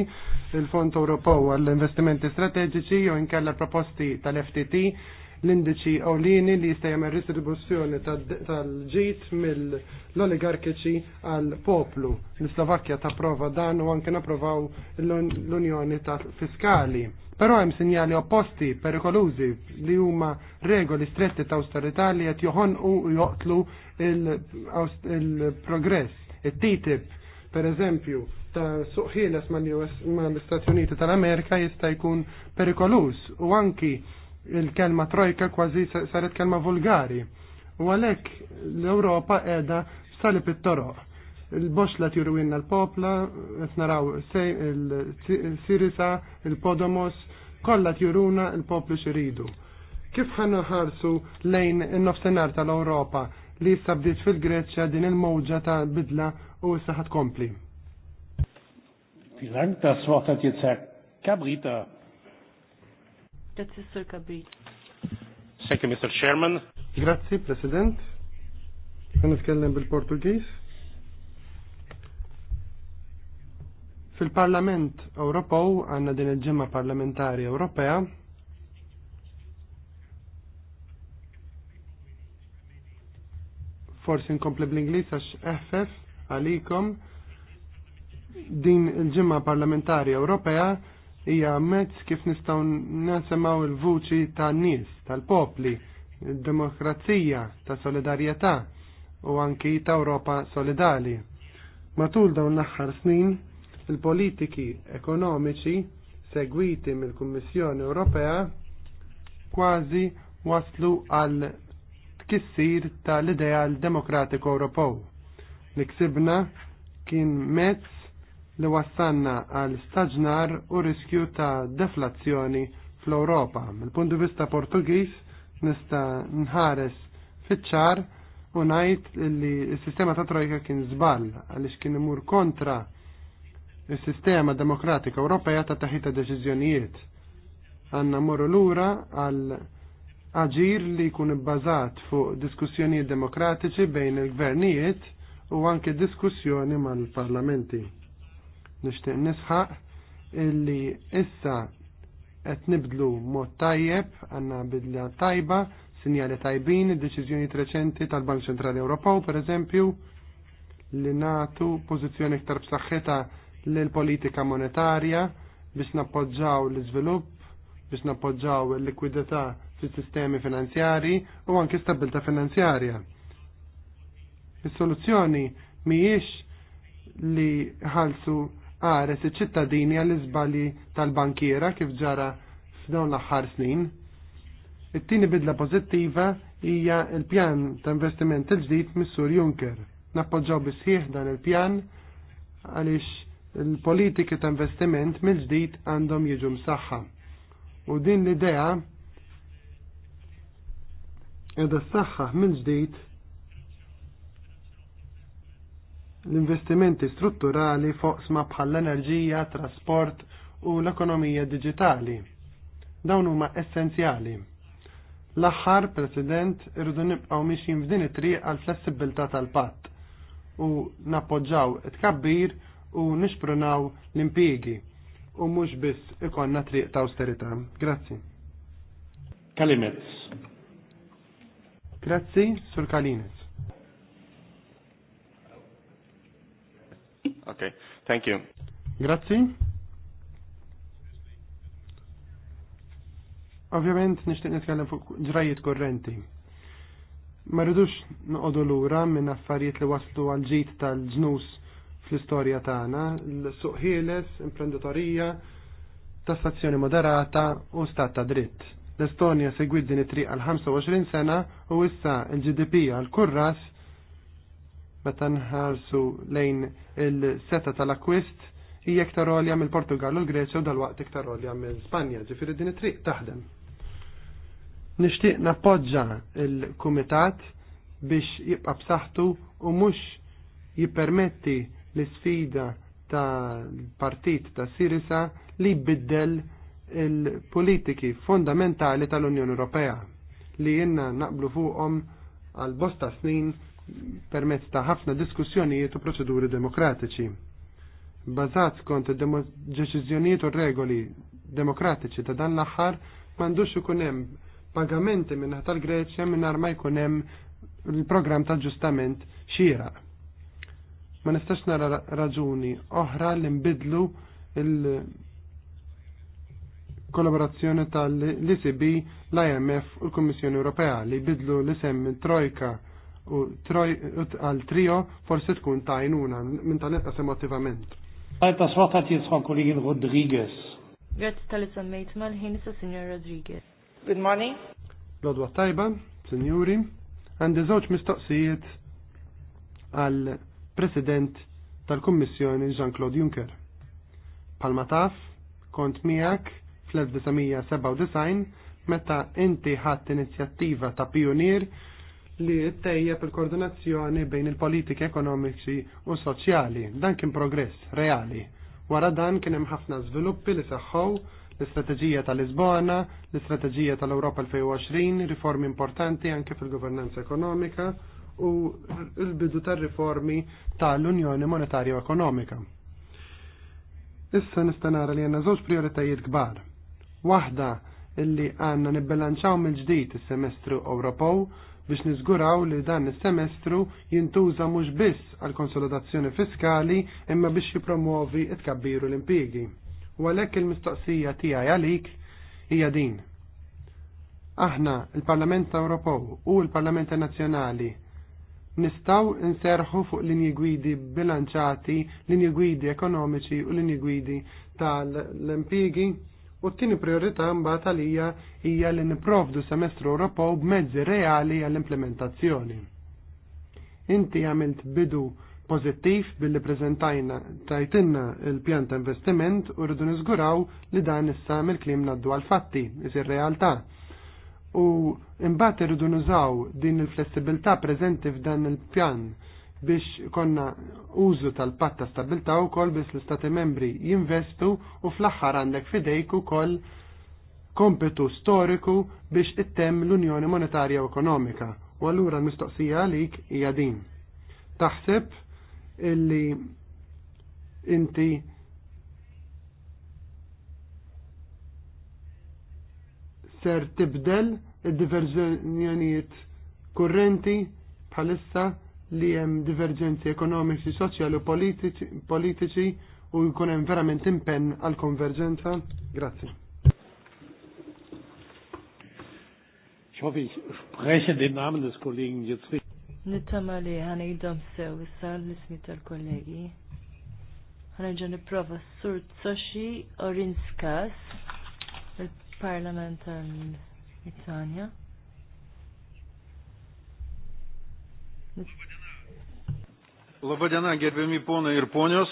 [SPEAKER 4] il-Fond Ewropew għall-investimenti strateġiċi u nkella proposti tal-FTT l-indiċi ewlieni li jista' jagħmel distribuzzjoni tal-ġid mill-oligarkiċi għal poplu. L-Slovakkja tapprova dan u anke napprovaw l-Unjoni ta' fiskali Però hemm sinjali opposti perikolużi li huma regoli stretti ta' austerità li qed joħonqu u joqtlu il-progress. It-TTIP, per eżempju, ta' suqħieles mal-Istati Uniti tal-Amerika jista' jkun perikolus u anki il-kelma trojka kważi saret kelma vulgari. U għalek l-Europa edha sali pit-toroq. Il-boxla tirwinna l-popla, naraw il-Sirisa, il-Podomos, kolla tjuruna il-poplu xiridu. Kif ħanna ħarsu lejn il-nofsenar tal-Europa li jissa bdiet fil-Greċja din il-mowġa ta' bidla u saħat kompli? fil Dank, das Wort hat jetzt
[SPEAKER 2] Grazie, Sir Kabri.
[SPEAKER 4] Thank you, Mr. Chairman. Grazie, President. Għan nitkellem bil-Portugis. Fil-Parlament Ewropew għandna din il-ġimgħa parlamentari Ewropea forsi nkompli bl-Inglis għax eħfef għalikom din il-ġimma parlamentari Ewropea hija mezz kif nistgħu nasemgħu il-vuċi tan-nies, tal-popli, demokrazija, ta' solidarjetà u anki ta' Ewropa solidali. Matul dawn l-aħħar snin, il-politiki ekonomiċi segwiti mill-Kummissjoni Ewropea kważi waslu għal tkissir tal-ideal demokratiku Ewropew. Li ksibna kien mezz li wassanna għal staġnar u riskju ta' deflazzjoni fl-Europa. Mill-punt di vista Portugiż nista nħares fiċ-ċar u ngħid li s-sistema ta' trojka kien żball għaliex kien imur kontra s-sistema demokratika Ewropea ta' taħita deċiżjonijiet. Għanna l lura għal aġir li kun bbażat fuq diskussjonijiet demokratiċi bejn il-gvernijiet u anke diskussjoni mal-parlamenti. Nixtieq nisħaq illi issa qed nibdlu mod tajjeb għandna bidla tajba, sinjali tajbin, id-deċiżjonijiet reċenti tal-Bank Ċentrali Ewropew pereżempju li natu pożizzjoni iktar b'saħħitha lil politika monetarja biex nappoġġaw l-iżvilupp, biex nappoġġaw il likwidità fis-sistemi finanzjari u anke stabilta finanzjarja. Is-soluzzjoni mhijiex li ħalsu għares iċ-ċittadini għall izbali tal-bankiera kif ġara f'dawn l-aħħar snin. It-tieni bidla pożittiva hija l-pjan ta' investiment il-ġdid mis-Sur Juncker. Nappoġġaw bisħieħ dan il-pjan għaliex il-politiki ta' investiment mill-ġdid għandhom jiġu msaħħa. U din l-idea edha s-saħħa mill-ġdid l-investimenti strutturali foqsma bħal l-enerġija, trasport u l-ekonomija digitali. Dawn huma essenzjali. L-aħħar, President, irridu nibqgħu mixjin f'din it-triq għal flessibilità tal-patt u nappoġġaw it-kabbir u nixprunaw l-impjiegi u mhux biss ikonna triq ta' austerità. Grazzi. Kalimets. Grazzi, Sur Kalimets.
[SPEAKER 1] Okay, thank you.
[SPEAKER 4] Grazzi. Ovvjament nixtieq nitkellem fuq ġrajiet korrenti. Ma rridux noqogħdu lura minn affarijiet li waslu għal ġid tal-ġnus fl-istorja tagħna, l-suq ħieles, imprenditorija, tassazzjoni moderata u stat ta' dritt. L-Estonja segwit din it-triq għal 25 sena u issa l-GDP għal kurras meta nħarsu lejn il-seta tal-akwist hija iktar għolja mill-Portugal u l-Greċja u dal-waqt iktar għolja mill-Spanja, ġifieri din it-triq taħdem. Nixtieq nappoġġa il-Kumitat biex jibqa' b'saħħtu u mhux jippermetti l-isfida tal-partit ta' Sirisa li jbiddel il-politiki fondamentali tal-Unjoni Ewropea li jenna naqblu fuqhom għal bosta snin permezz ta' ħafna diskussjonijiet u proċeduri demokratiċi. Bazat kont deċiżjonijiet u regoli demokratiċi ta' dan l-aħħar m'għandux ikun hemm pagamenti minna tal-Greċja mingħajr ma jkun hemm il-programm ta' ġustament xieraq. Ma nistax nara raġuni oħra li nbidlu il-kollaborazzjoni tal-ICB, l-IMF u l-Kommissjoni Ewropea li bidlu l-isem Trojka u għal trio forsi tkun tajnuna minn tal-inqas emotivament. Għajta s-swata tisħan kollegin Rodriguez.
[SPEAKER 2] Grazzi tal-isammejt mal-ħin sa' Signor Rodriguez. Good morning.
[SPEAKER 4] Lodwa tajba, Signori, għandi żewġ mistoqsijiet għal President tal-Kummissjoni Jean-Claude Juncker. Palma taf, kont miegħek fl-1997 meta inti ħadd inizjattiva ta' pionier li ttejjeb il-koordinazzjoni bejn il-politiki ekonomiċi u soċjali. Dan kien progress reali. Wara dan kien hemm ħafna żviluppi li seħħu l-istrateġija tal-Lisbona, l-istrateġija tal-Europa 2020, riformi importanti anke fil-governanza ekonomika u l-bidu tal-riformi tal-Unjoni Monetarja Ekonomika. Issa nistanara li għanna zoċ prioritajiet kbar. Waħda illi għanna nibbilanċaw mill-ġdijt il-semestru Ewropew biex niżguraw li dan is-semestru jintuża mhux biss għal konsolidazzjoni fiskali imma biex jipromuovi it-kabbiru l-impjiegi. U għalhekk il-mistoqsija tiegħi għalik hija din. Aħna il-Parlament Ewropew u l-Parlament Nazzjonali nistaw inserħu fuq linji gwidi bilanċati, linji gwidi ekonomiċi u linji gwidi tal-impjiegi U t-tieni priorità mbagħad għalija hija li nipprovdu semestru Ewropew b'mezzi reali għall-implementazzjoni. Inti għamilt bidu pożittiv billi preżentajna tajtinna il-pjan ta' investiment u rridu niżguraw li dan issa mill-klim naddu għal fatti, isir realtà. U imbagħad irridu nużaw din il-flessibilità preżenti f'dan il-pjan biex konna użu tal-patta stabilta u kol biex l-istati membri jinvestu u fl-axħar għandek fidejk u kol kompetu storiku biex ittem l-Unjoni Monetarja u Ekonomika. U allura l-mistoqsija għalik hija din. Taħseb illi inti ser tibdel id-diverżjonijiet kurrenti bħalissa li hemm diverġenzi ekonomiċi, soċjali u politiċi u jkun hemm verament impenn għal konverġenza. Grazie. Ich hoffe, ich spreche den Namen des Kollegen jetzt richtig.
[SPEAKER 2] Nittama li ħana jidom sew issa l-ismi tal-kollegi. Ħana ġan niprofa Sur Tsoshi Orinskas, il-Parlament tal-Italja.
[SPEAKER 4] Labadiena, gerbiami ponai ir ponios.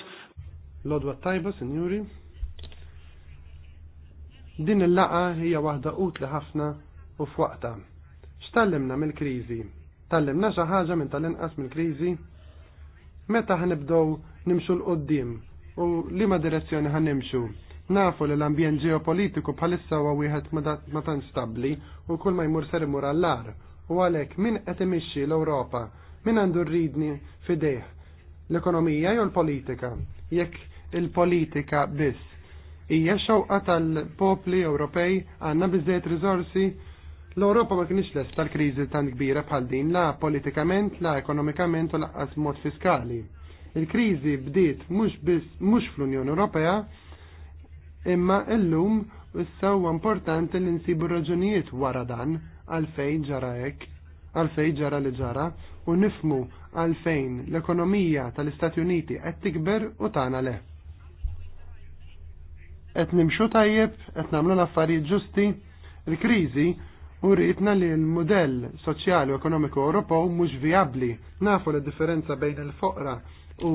[SPEAKER 4] Lodva tajba, senjuri. Din il-laqa hija waħda utli ħafna u f'waqta. X'tallimna mill-kriżi? Tallimna xi ħaġa minn tal-inqas mill-kriżi? Meta ħnibdew nimxu l qoddim u liema direzzjoni ħanimxu? Nafu li l-ambjent ġeopolitiku bħalissa huwa wieħed ma tantx stabbli u kull ma jmur ser imur għall-ar. U għalhekk min qed imixxi l-Ewropa? Min għandu rridni fidejh? l-ekonomija jew l-politika. Jekk il-politika biss hija xewqa tal-popli Ewropej għandna biżejjed riżorsi l-Ewropa ma kienx lest tal-kriżi tan kbira bħal din la politikament, la ekonomikament u laqqas mod fiskali. Il-kriżi bdiet mhux biss mhux fl-Unjoni Ewropea, imma llum issa huwa importanti li nsibu raġunijiet wara dan għalfejn ġara hekk għalfej ġara li ġara u nifmu għalfejn l-ekonomija tal-Istati Uniti qed tikber u tagħna le. Qed nimxu tajjeb, qed nagħmlu l-affarijiet ġusti, l-kriżi u rritna li l-modell soċjali u ekonomiku Ewropew mhux viabbli. Nafu li differenza bejn il-foqra u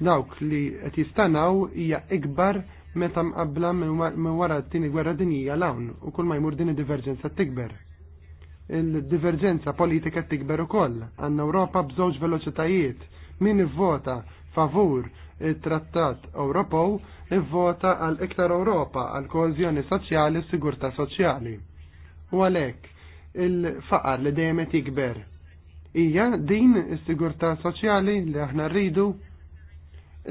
[SPEAKER 4] dawk li qed jistanaw hija ikbar meta mqabbla minn wara t-tieni gwerra dinjija l-hawn u kull ma jmur din id-diverġenza tikber il-diverġenza politika tikber ukoll. Għandna Ewropa bżewġ veloċitajiet. Min ivvota favur it-Trattat Ewropew ivvota għal iktar Ewropa għal kohezjoni soċjali u sigurtà soċjali. U għalhekk il-faqar li dejjem qed jikber. Hija din is-sigurtà soċjali li aħna rridu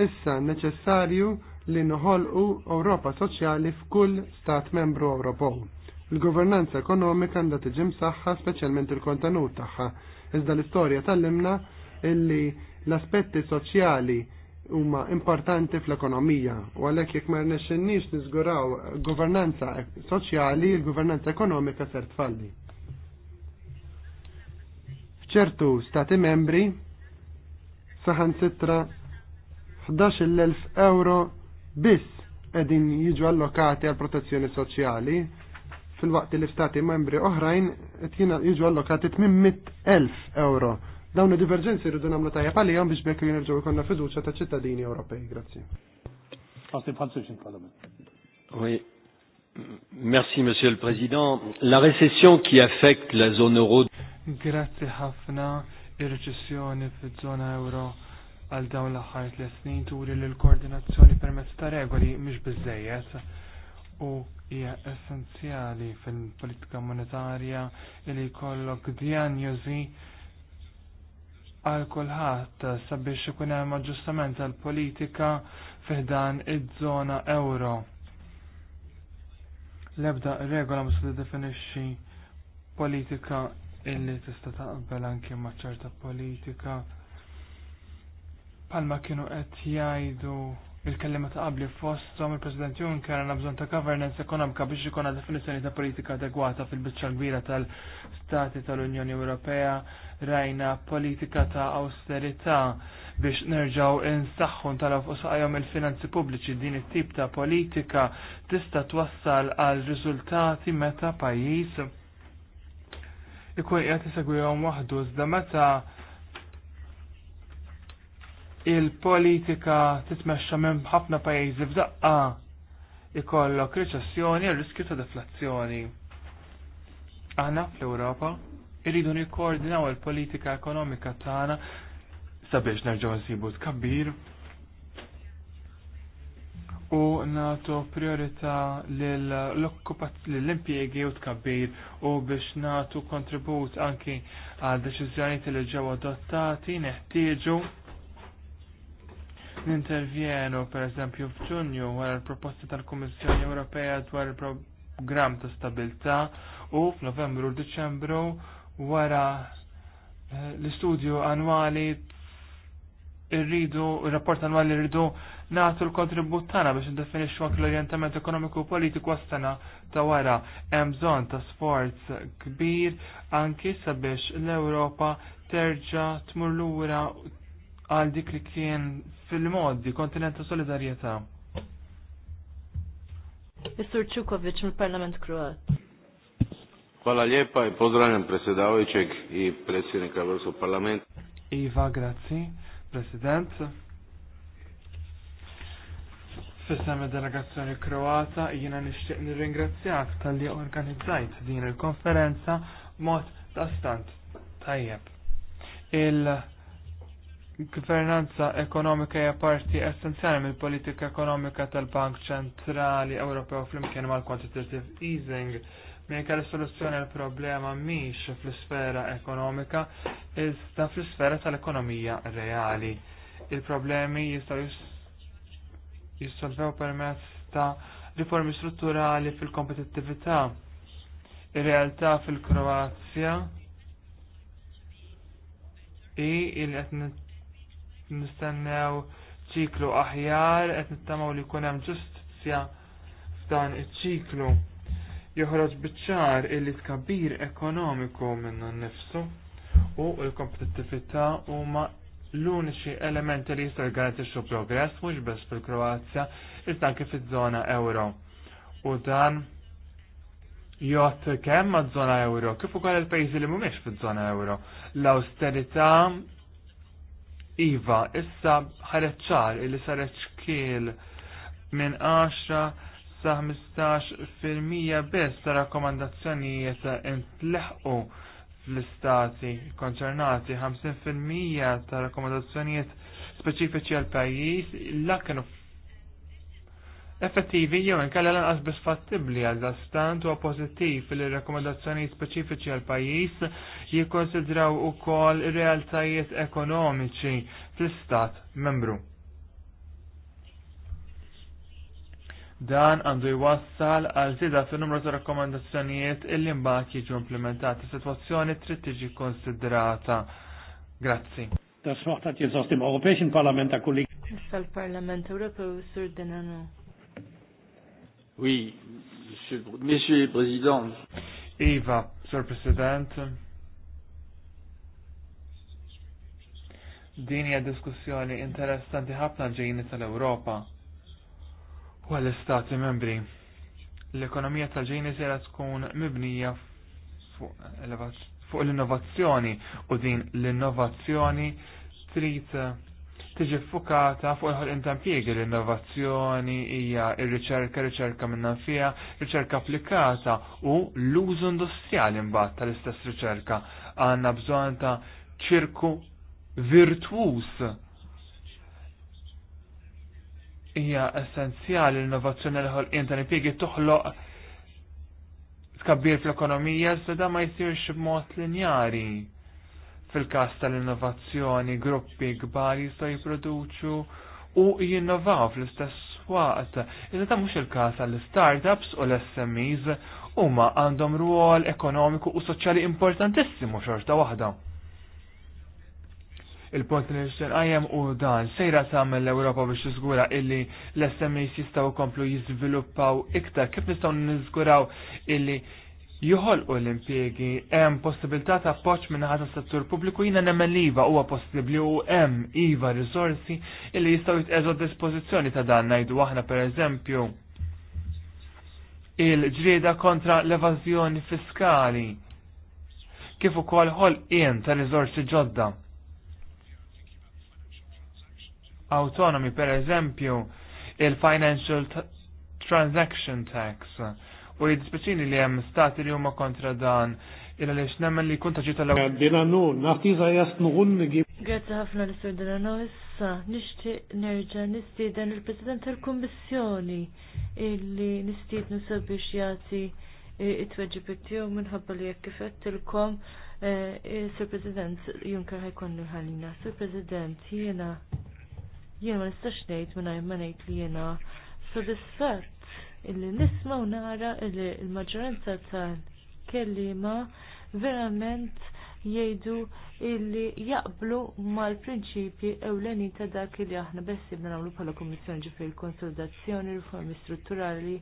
[SPEAKER 4] issa neċessarju li nħolqu Ewropa soċjali f'kull stat membru Ewropew Il-governanza ekonomika għandha tiġim saħħa, speċjalment il-kontenut tagħha. Iżda l-istorja tal-limna illi l-aspetti soċjali huma importanti fl-ekonomija u għalhekk jekk ma rnexxinniex niżguraw governanza soċjali, il-governanza ekonomika ser tfalli. F'ċertu stati membri saħan sitra 11.000 euro biss edin jiġu allokati għal protezzjoni soċjali fil-waqt li stati membri oħrajn qed jiġu allokati 800,000 euro. Dawn id-diverġenzi rridu nagħmlu tajjeb għalihom biex bekk jinerġgħu jkollna fiduċja ta' ċittadini Ewropej. Grazzi.
[SPEAKER 2] Oui. Merci, Monsieur le Président. La récession qui affecte la zone euro.
[SPEAKER 1] Grazie ħafna ir-reċessjoni fiż zona euro għal dawn l-aħħar tliet snin turi l-koordinazzjoni permezz ta' regoli mhix biżejjed u hija essenzjali fil-politika monetarja li jkollok dijanjosi għal kulħadd sabiex ikun hemm aġġustament għall politika fiħdan iż-żona euro. L-ebda regola mhux tiddefinixxi politika illi tista' taqbel anke ma' ċerta politika palma kienu qed jgħidu il-kellima ta' qabli fostom il-President Juncker għanna bżon ta' governance ekonomika biex ikona definizjoni ta' politika adegwata fil-bicċa kbira tal-Stati tal-Unjoni Ewropea rajna politika ta' austerità biex nerġaw insaxħu tal fuq saqajhom il-finanzi pubbliċi din it-tip ta' politika tista' twassal għal riżultati meta pajjiż ikun qed isegwihom waħdu iżda meta il-politika titmexxa minn ħafna pajjiżi f'daqqa ikollok riċessjoni u riskju ta' deflazzjoni. Aħna fl-Ewropa irridu nikkoordinaw il-politika ekonomika tagħna sabiex nerġgħu nsibu tkabbir u nagħtu priorità lill-impjiegi u tkabbir u biex nagħtu kontribut anki għal deċiżjonijiet li ġew adottati neħtieġu Nintervjenu per eżempju f'Ġunju wara l-proposta tal-Kummissjoni Ewropea dwar il-programm ta' stabilità u f'Novembru u Diċembru wara eh, l-istudju annwali irridu, il-rapport annwali irridu natu l-kontribut tana biex ndefinixxu għak l-orientament ekonomiku u politiku għas ta' wara hemm bżonn ta' sforz kbir anki sabiex l-Ewropa terġa' tmur lura għal dik li kien fil-modi kontinent ta' solidarieta.
[SPEAKER 2] Mr. Čukovic, mil parlament Kroat. Hvala lijepa i pozdravljam predsjedavajućeg i predsjednika Evropskog parlamenta.
[SPEAKER 1] Iva, grazie, president. Fisame delegazzjoni Kroata jiena nixtieq nirringrazzjak tal-li organizzajt din il-konferenza mod ta' stant tajjeb. Il- -konferenza. Gvernanza ekonomika hija parti essenzjali mill-politika ekonomika tal-Bank Ċentrali Ewropew flimkien mal-quantitative easing. Mejka kelli soluzzjoni għal problema mhix fl-isfera ekonomika, iżda fl-isfera tal-ekonomija reali. Il-problemi jistgħu jissolvew permezz ta' riformi strutturali fil-kompetittività. Ir-realtà fil-Kroazja i il-qed nistennew ċiklu aħjar qed nittamaw li jkun hemm ġustizzja f'dan iċ-ċiklu. Joħroġ biċ-ċar illi tkabbir ekonomiku minnu nnifsu u l-kompetittività huma l-uniċi elementi li jistgħu jgarantixxu progress mhux biss fil-Kroazja iżda anke fiż-żona euro. U dan jott kemm ma' żona euro, kif ukoll il-pajjiżi li mhumiex fiż-żona euro. l austerità Iva, issa ħareċċar illi sareċ kiel minn 10 sa 15% biss ta' rakkomandazzjonijiet intleħqu fl-istati konċernati, 50% ta' rakkomandazzjonijiet speċifiċi għal pajjiż la kienu effettivi jew inkella lanqas biss fattibbli għal stant huwa pożittiv li rakkomandazzjonijiet speċifiċi għal pajjiż jikkonsidraw ukoll ir-realtajiet ekonomiċi fl-istat membru. Dan għandu jwassal għal zida fil numru ta' rakkomandazzjonijiet illi mbagħad jiġu implementati. Sitwazzjoni trid tiġi konsidrata. Grazzi. Das macht
[SPEAKER 3] hat jetzt aus dem Europäischen Parlament der Kollege.
[SPEAKER 2] Das Parlament
[SPEAKER 1] Oui, monsieur, monsieur le Président. Iva, Sir President. Din hija diskussjoni interessanti ħafna ġejni tal-Ewropa u għall-Istati membri. L-ekonomija tal ġejni sera tkun mibnija fuq l-innovazzjoni u din l-innovazzjoni trid tiġi fukata fuq il-ħolqien ta' impjiegi l-innovazzjoni hija r-riċerka, riċerka minna fija, riċerka applikata u l-użu industrijali mbagħad tal-istess riċerka. Għandna bżonn ta' ċirku virtuż hija essenzjali l-innovazzjoni l-ħolqien tal toħloq tkabbir fl-ekonomija, iżda ma jsirx b'mod linjari fil-kas tal-innovazzjoni gruppi kbar jistgħu jipproduċu u jinnovaw fl-istess waqt. Iżda ta' mhux il-każ għall-startups u l-SMEs huma għandhom ruol ekonomiku u soċjali importantissimu xorta waħda. Il-punt li nixtieq għajem u dan sejra tagħmel l-Ewropa biex tiżgura illi l-SMEs jistgħu jkomplu jiżviluppaw iktar kif nistgħu niżguraw illi u l impiegi hemm possibilità ta' appoġġ minn ħadd settur pubbliku jiena nemmen li iva huwa possibbli u hemm iva risorsi li jistgħu jitqeżu dispożizzjoni ta' dan ngħidu aħna pereżempju il-ġrieda kontra l-evażjoni fiskali kif ukoll ħolqien ta' risorsi ġodda. Autonomi pereżempju il-Financial Transaction Tax u jiddispeċini li hemm stati li huma kontra dan illa li x'nemmen li kunta ġita l-ewwel. Eh, Dilanu, naftiża jasnu għib. Grazzi ħafna li
[SPEAKER 2] sur nu, issa nixtieq nerġa' nistieden il-President tal-Kummissjoni illi dnu sabiex jagħti eh, it tweġi tiegħu minħabba li jekk il-kom eh, il President Junker ħajkun ħalina. Sur President, jiena jiena ma nistax ngħid mingħajr ma ngħid li jiena sodisfatt illi nisma u nara illi l-maġġoranza tal-kellima verament jgħidu illi jaqblu mal-prinċipji ewleni ta' dak li aħna bessi nagħmlu bħala Kummissjoni ġifir il-konsolidazzjoni, riformi strutturali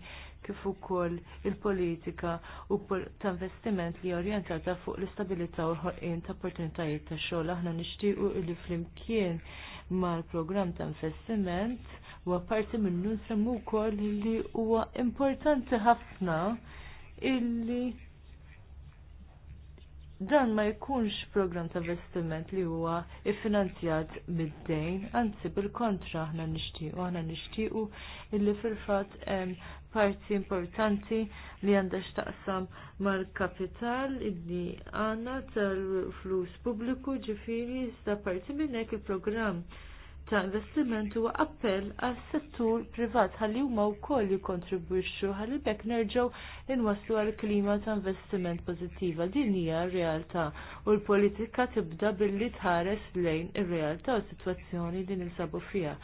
[SPEAKER 2] kif ukoll il-politika u ta' investiment li orjentata fuq l-istabilità u l-ħolqien ta' opportunitajiet ta' xogħol aħna nixtiequ illi flimkien mal-programm ta' investiment U parti minnu semmu wkoll li huwa importanti ħafna illi dan ma jkunx program ta' investiment li huwa iffinanzjat mid-dejn, anzi bil-kontra aħna nixtiequ, aħna nixtiequ illi fil-fatt hemm parti importanti li għandha x'taqsam mal-kapital illi għandna tal-flus pubbliku ġifieri sta parti minn hekk il-programm ta' investiment huwa appell għas settur privat ħalli huma wkoll jikkontribwixxu ħalli bekk nerġgħu inwasslu għal klima ta' investiment pożittiva. Din hija r-realtà u l-politika tibda billi tħares lejn ir-realtà u s-sitwazzjoni din insabu fiha.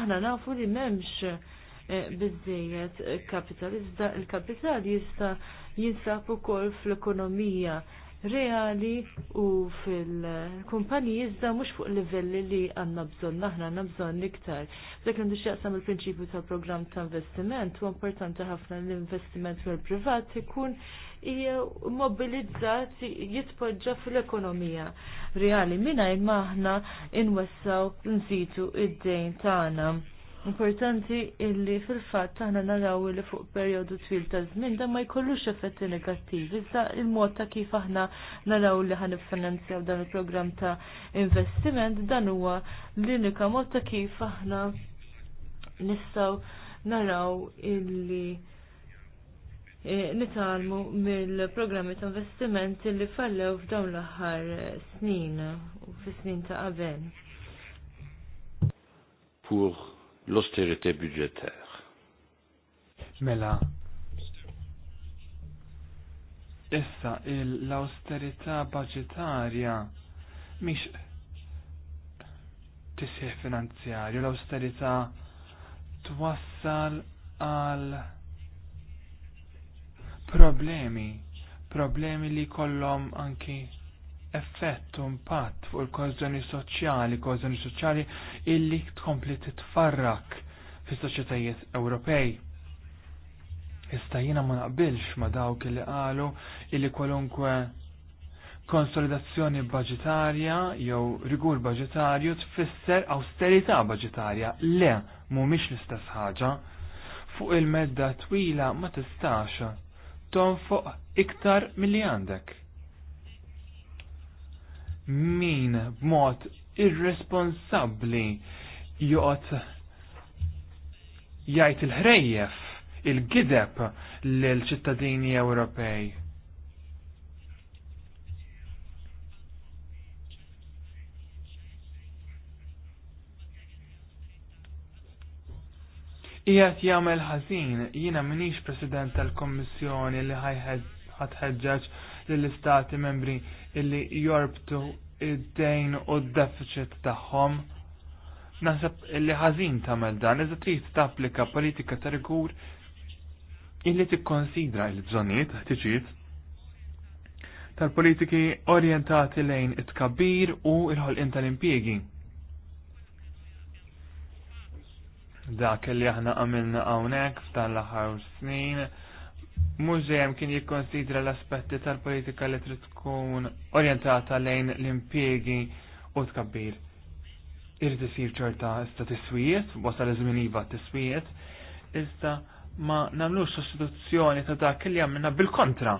[SPEAKER 2] Aħna nafu li m'hemmx eh, biżejjed kapital, il kapital jista' jinsab ukoll fl-ekonomija reali u fil-kumpaniji da mhux fuq livelli li għandna bżonn aħna għandna bżonn iktar. Dak għandu xieqsam il-prinċipju tal-programm ta' investiment u importanti ħafna l-investiment mill-privat ikun mobilizzat jitpoġġa fil-ekonomija reali minna imma aħna inwessaw nżitu id-dejn tagħna Importanti illi fil-fatt aħna naraw li fuq perjodu twil ta' żmien dan ma jkollux effetti negattivi. Iżda il-mod ta' kif aħna naraw li ħan finanzjaw dan il-programm ta' investiment dan huwa l-unika mod ta' kif aħna nistgħu naraw illi e, nitalmu mill-programmi ta' investiment li fallew f'dawn l-aħħar snin u fis-snin ta' qabel. Pour l'austérité budgétaire.
[SPEAKER 1] Mela, issa l-austerità budgetarja miex tisih finanzjarju, l-austerità twassal għal problemi, problemi li kollom anki effett u impatt fuq il-kozzjoni soċjali, kozzjoni soċjali illi tkompli titfarrak fis-soċjetajiet Ewropej. Issa jiena ma naqbilx ma dawk illi qalu illi kwalunkwe konsolidazzjoni budgetarja jew rigur budgetarju tfisser austerità budgetarja. Le, mhumiex l-istess ħaġa. Fuq il-medda twila ma tistax tonfoq iktar milli għandek min b'mod irresponsabbli joqgħod jgħid il-ħrejjef il-gideb l-ċittadini Ewropej. Ijat jagħmel ħażin, jiena minix President tal-Kommissjoni li ħatħeġġeġ lill-Istati membri illi jorbtu id-dejn u d-deficit tagħhom. Nasab illi ħazin tagħmel dan iżda trid tapplika politika ta' rigur illi tikkonsidra l-bżonnijiet ħtiġijiet tal-politiki orjentati lejn it kabir u l-ħolqien tal-impjiegi. Dak li aħna għamilna hawnhekk f'dan l-aħħar snin Mużejem kien jikkonsidra l-aspetti tal-politika li trid tkun orjentata lejn l-impjegi u tkabbir. Irid isir ċerta sta tiswijiet, wasal iż-żmien iva tiswijiet, iżda ma nagħmlux sostituzzjoni ta' dak li għamilna bil-kontra.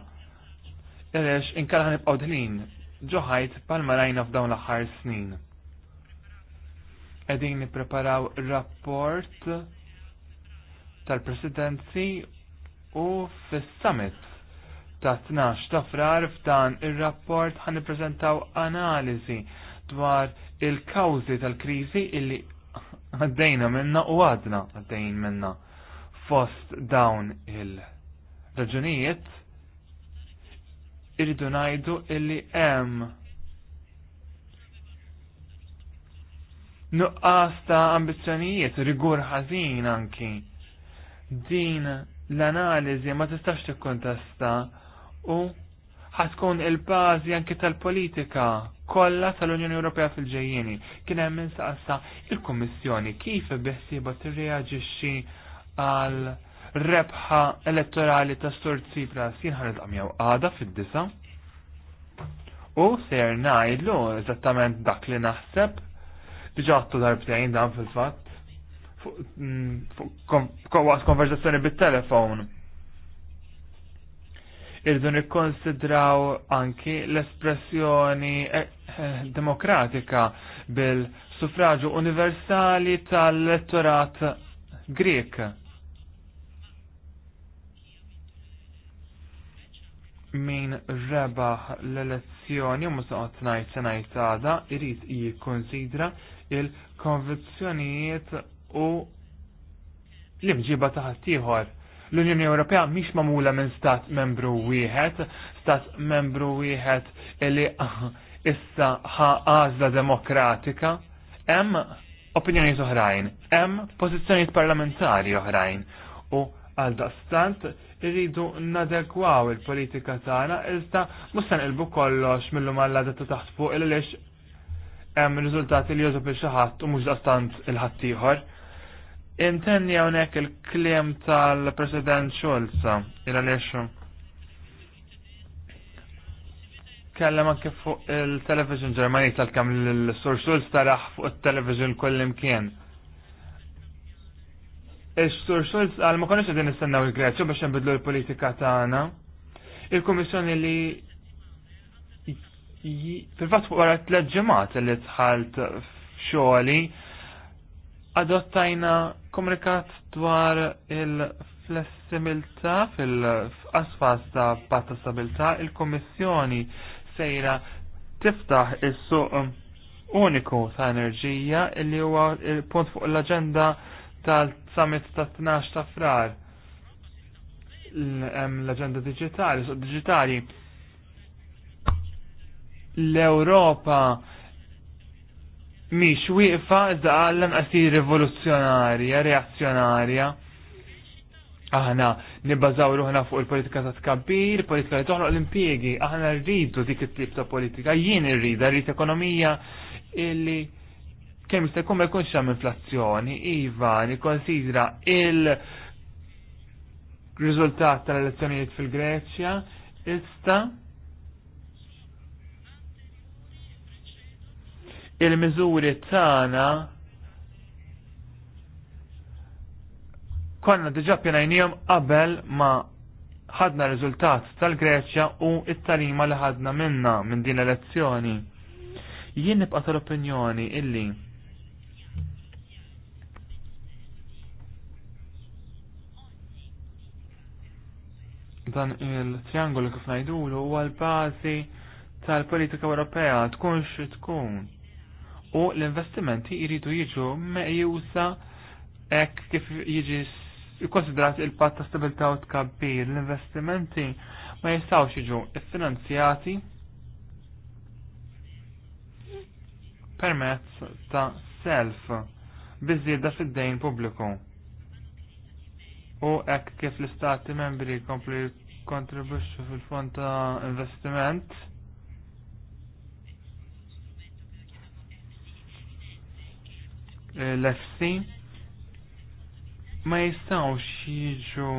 [SPEAKER 1] Għaliex inkara ħanibqgħu ġo ġoħajt palma rajna f'dawn l-aħħar snin. Qegħdin nippreparaw rapport tal-presidenzi u fis-summit ta' 12 ta' frar f'dan ir-rapport ħan prezentaw analiżi dwar il-kawżi tal-kriżi illi għaddejna minna u għadna għaddejn minna fost dawn il-raġunijiet irridu najdu illi hemm nuqqas ta' ambizzjonijiet, rigur ħażin anki. Din l-analiżi ma tistax tikkontesta u ħatkun il-bażi anke tal-politika kollha tal-Unjoni Ewropea fil-ġejjieni. Kien hemm instaqsa il-Kummissjoni kif biħsieba tirreaġixxi għal rebħa elettorali ta' Sur Tsipras jien ħanet qamjaw għada fid-disa. U ser ngħidlu eżattament dak li naħseb diġa għattu darbtejn dan fil-fatt. Mm, waqt konverzazzjoni bit-telefon. Irdu nikkonsidraw anki l-espressjoni eh, eh, demokratika bil-suffraġu universali tal-elettorat Grek. Min rebaħ l-elezzjoni, u musa najt senajt għada, irrit jikonsidra il-konvenzjonijiet u l-imġiba taħtiħor. L-Unjoni Ewropea mhix magħmula minn stat membru wieħed, stat membru wieħed li ah, issa ħaqażla demokratika, hemm opinjonijiet oħrajn, hemm pożizzjonijiet parlamentari oħrajn u għal daqstant irridu nadegwaw il-politika tagħna iżda mhux se nqilbu kollox millum għal għadetta taħt fuq il hemm riżultati li jużu bil xi ħadd u mhux daqstant il-ħaddieħor. Intenni hawnhekk il-kliem tal-President Schulz il għaliex kellem anke fuq il-television Ġermani tal-kam l-Sur Schulz taraħ fuq il-television kollim kien il sur Schulz għal ma konniex għedin istennaw il greċu biex nbidlu l-politika taħna il komissjoni li fil fat fuq għarat l-ġemat li tħalt f'xogħli adottajna komunikat dwar il-flessibilità fil asfas ta' patta il-Komissjoni sejra tiftaħ il-suq uniku ta' enerġija li huwa il-punt fuq l-agenda tal-summit ta' 12 ta' frar l-agenda digitali, suq digitali l-Europa miex wieqfa iżda għallan qasi rivoluzzjonarja, reazzjonarja. Aħna nibbażaw ruħna fuq il-politika ta' tkabbir, politika li toħloq l-impjegi, aħna rridu dik it-tip ta' politika, jien irrida, rrid ekonomija illi kemm se jkun ma jkunx hemm inflazzjoni, iva nikkonsidra il riżultat tal-elezzjonijiet fil-Greċja, ista' il t-tana konna diġa pjenajnijom qabel ma ħadna riżultat tal-Greċja u it-talima li ħadna minna minn din elezzjoni. Jien nibqa' tal-opinjoni illi dan il-triangolu kif najdulu huwa l-bażi tal-politika Ewropea tkunx tkun u l-investimenti jridu jiġu meqjusa hekk kif jiġi konsidrat il-patt ta' stabilità u tkabbir. L-investimenti ma jistgħux jiġu iffinanzjati permezz ta' self biżieda fid-dejn pubbliku. U hekk kif l-istati membri kompli kontribuċu fil-fond ta' investiment l-FC ma jistawx jiġu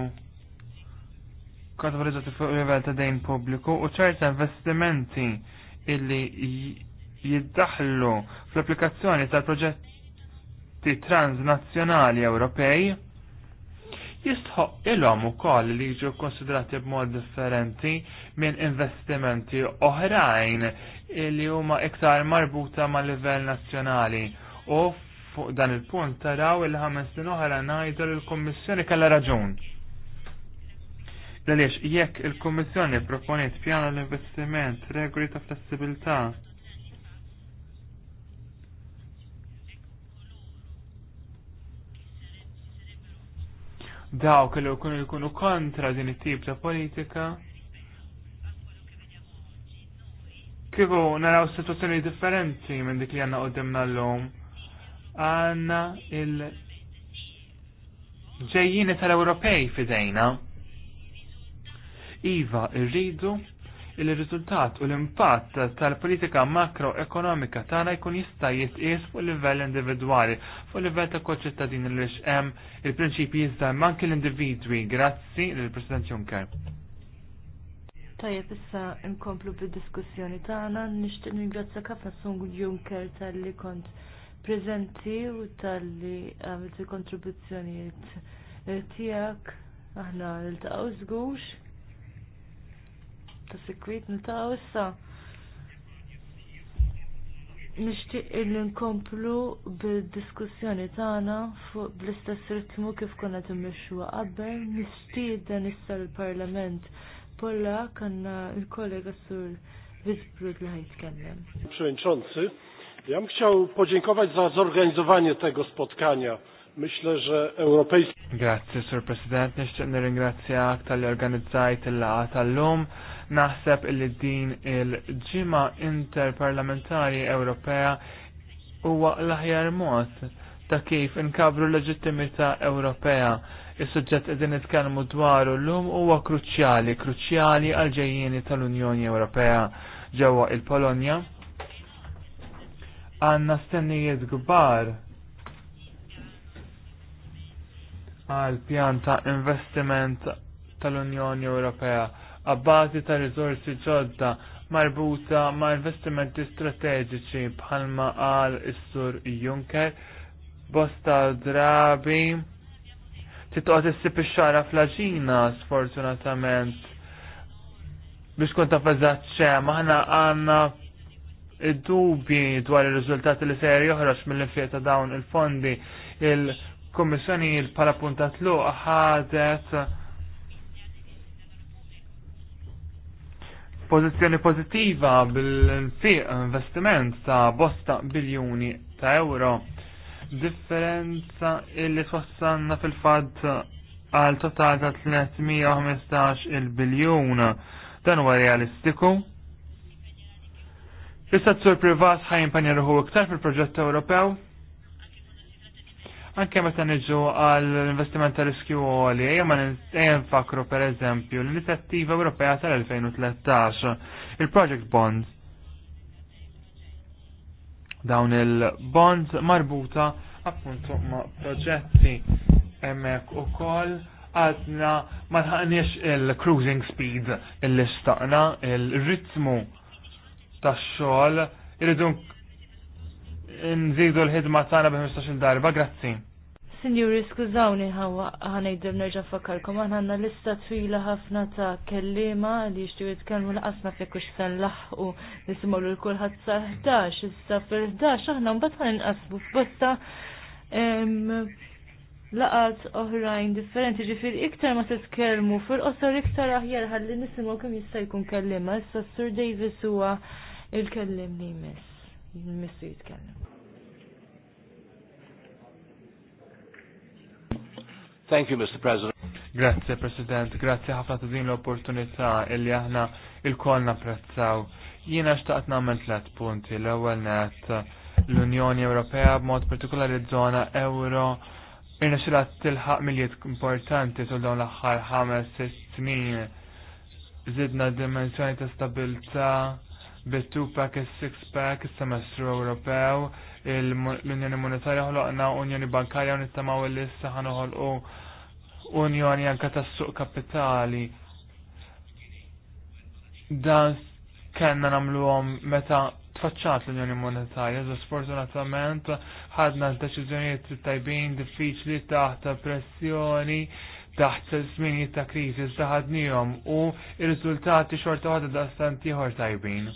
[SPEAKER 1] kategorizzati fuq livell ta' dejn pubbliku u ċerta investimenti illi jiddaħlu fl-applikazzjoni tal-proġetti transnazzjonali Ewropej jistħoq ilhom ukoll li jiġu konsidrati b'mod differenti minn investimenti oħrajn li huma iktar marbuta ma' livell nazzjonali u fuq dan il-punt taraw il-ħames din oħra najdu l kommissjoni kalla raġun. Għaliex jekk il kommissjoni proponiet pjana l-investiment, regoli ta' flessibilità, daw kellu jkunu jkunu kontra din it-tip ta' politika. Kifu naraw situazzjoni differenti minn dik li għanna qoddimna l-lum għanna il-ġejjini tal-Ewropej fidejna. Iva, irridu il-riżultat u l-impatt tal-politika makroekonomika tagħna jkun jista' jitqies fuq livell individwali, fuq livell ta' kol ċittadini li hemm il-prinċipji iżda anke l-individwi. Grazzi lill-President Juncker.
[SPEAKER 2] Tajjeb issa nkomplu bid-diskussjoni tagħna, nixtieq ningrazzjak ħafna Sung Juncker tal-li kont prezenti u tal-li għamilt il-kontribuzzjonijiet eh, tijak. Aħna nil-taqaw zgux. Ta' sekwit nil-taqaw issa. Nishtiq li nkomplu bil-diskussjoni tagħna fuq bl-istess ritmu kif konna timmexxuha qabel, dan issa l-Parlament Polla kanna l-kollega sur
[SPEAKER 4] Vizbrud li ħajtkellem. Przewodniczący, Ja bym chciał podziękować za zorganizowanie tego spotkania. Myślę, że europejski.
[SPEAKER 1] Grazie, Sir President. Nixtieq nirringrazzjak tal-li organizzajt il-laqa tal-lum. Naħseb li din il-ġimgħa interparlamentari Ewropea huwa l-aħjar mod ta' kif inkabru l-leġittimità Ewropea. Is-suġġett qegħdin nitkellmu dwaru llum huwa kruċjali, kruċjali għal ġejjieni tal-Unjoni Ewropea ġewwa il-Polonja għanna stennijiet gbar għal pjan ta' investiment tal-Unjoni Ewropea għabbażi ta' rizorsi ġodda marbuta ma' investimenti strateġiċi bħalma għal is-sur Juncker bosta drabi titqot issib ix-xara flaġina sfortunatament biex kun ta' feżat ċem aħna għandna id-dubji dwar ir-riżultati li ser joħroġ mill infiet ta' dawn il-fondi il-Kommissjoni bħala puntat luq ħadet pożizzjoni pożittiva bil-infiq investiment ta' bosta biljuni ta' euro. Differenza illi twassanna fil-fatt għal total ta' 315 il-biljun. Dan huwa realistiku Is-settur privat ħajjimpanja ruħu iktar fil-proġett Ewropew? Anke meta niġu għal investiment ta' riskju għoli, jemma fakru per eżempju l-inizjattiva Ewropea tal-2013, il-Project Bonds. Dawn il-bonds marbuta appuntu ma' proġetti emmek u koll għadna ma il-cruising speed il-listaqna il-ritmu tax-xogħol irridu nżidu l-ħidma tagħna bi 15-il darba, grazzi.
[SPEAKER 2] Sinjuri, skużawni ħanajdem nerġa' fakkarkom, aħna għandna lista twila ħafna ta' kellima li jixtiew jitkellmu l-qasna fekk hux se nlaħqu nisimgħu l kulħadd sa 11, issa fil-11 aħna mbagħad ħaninqasbu f'bosta laqat oħrajn differenti ġifir iktar ma titkellmu fil-qosor iktar aħjar ħalli nisimgħu kemm jista' jkun kellima, issa Sur Davis huwa il kellimni li jmiss, jitkellim. jitkellem.
[SPEAKER 1] Thank you, Mr. President. Grazie, President. Grazie ħafna ta' din l-opportunità illi aħna il-koll napprezzaw. Jiena xtaqt nagħmel tliet punti. L-ewwel net l-Unjoni Ewropea b'mod partikolari żona euro Irna xila tilħaq miljiet importanti tul dawn l-axħar ħames snin zidna dimensjoni ta' stabilta' bit-2-pack, il six pack il-semestru Ewropew, l-Unjoni Monetarja ħloqna Unjoni Bankarja u nittamaw lissa issa ħanoħolqu Unjoni anka tas-suq kapitali. Dan kellna nagħmluhom meta tfaċċat l-Unjoni Monetarja, iżda sfortunatament ħadna deċiżjonijiet tajbin diffiċli taħt pressjoni taħt żminijiet ta' kriżi żdaħadnihom u r-riżultati xorta waħda daqstan ieħor tajbin.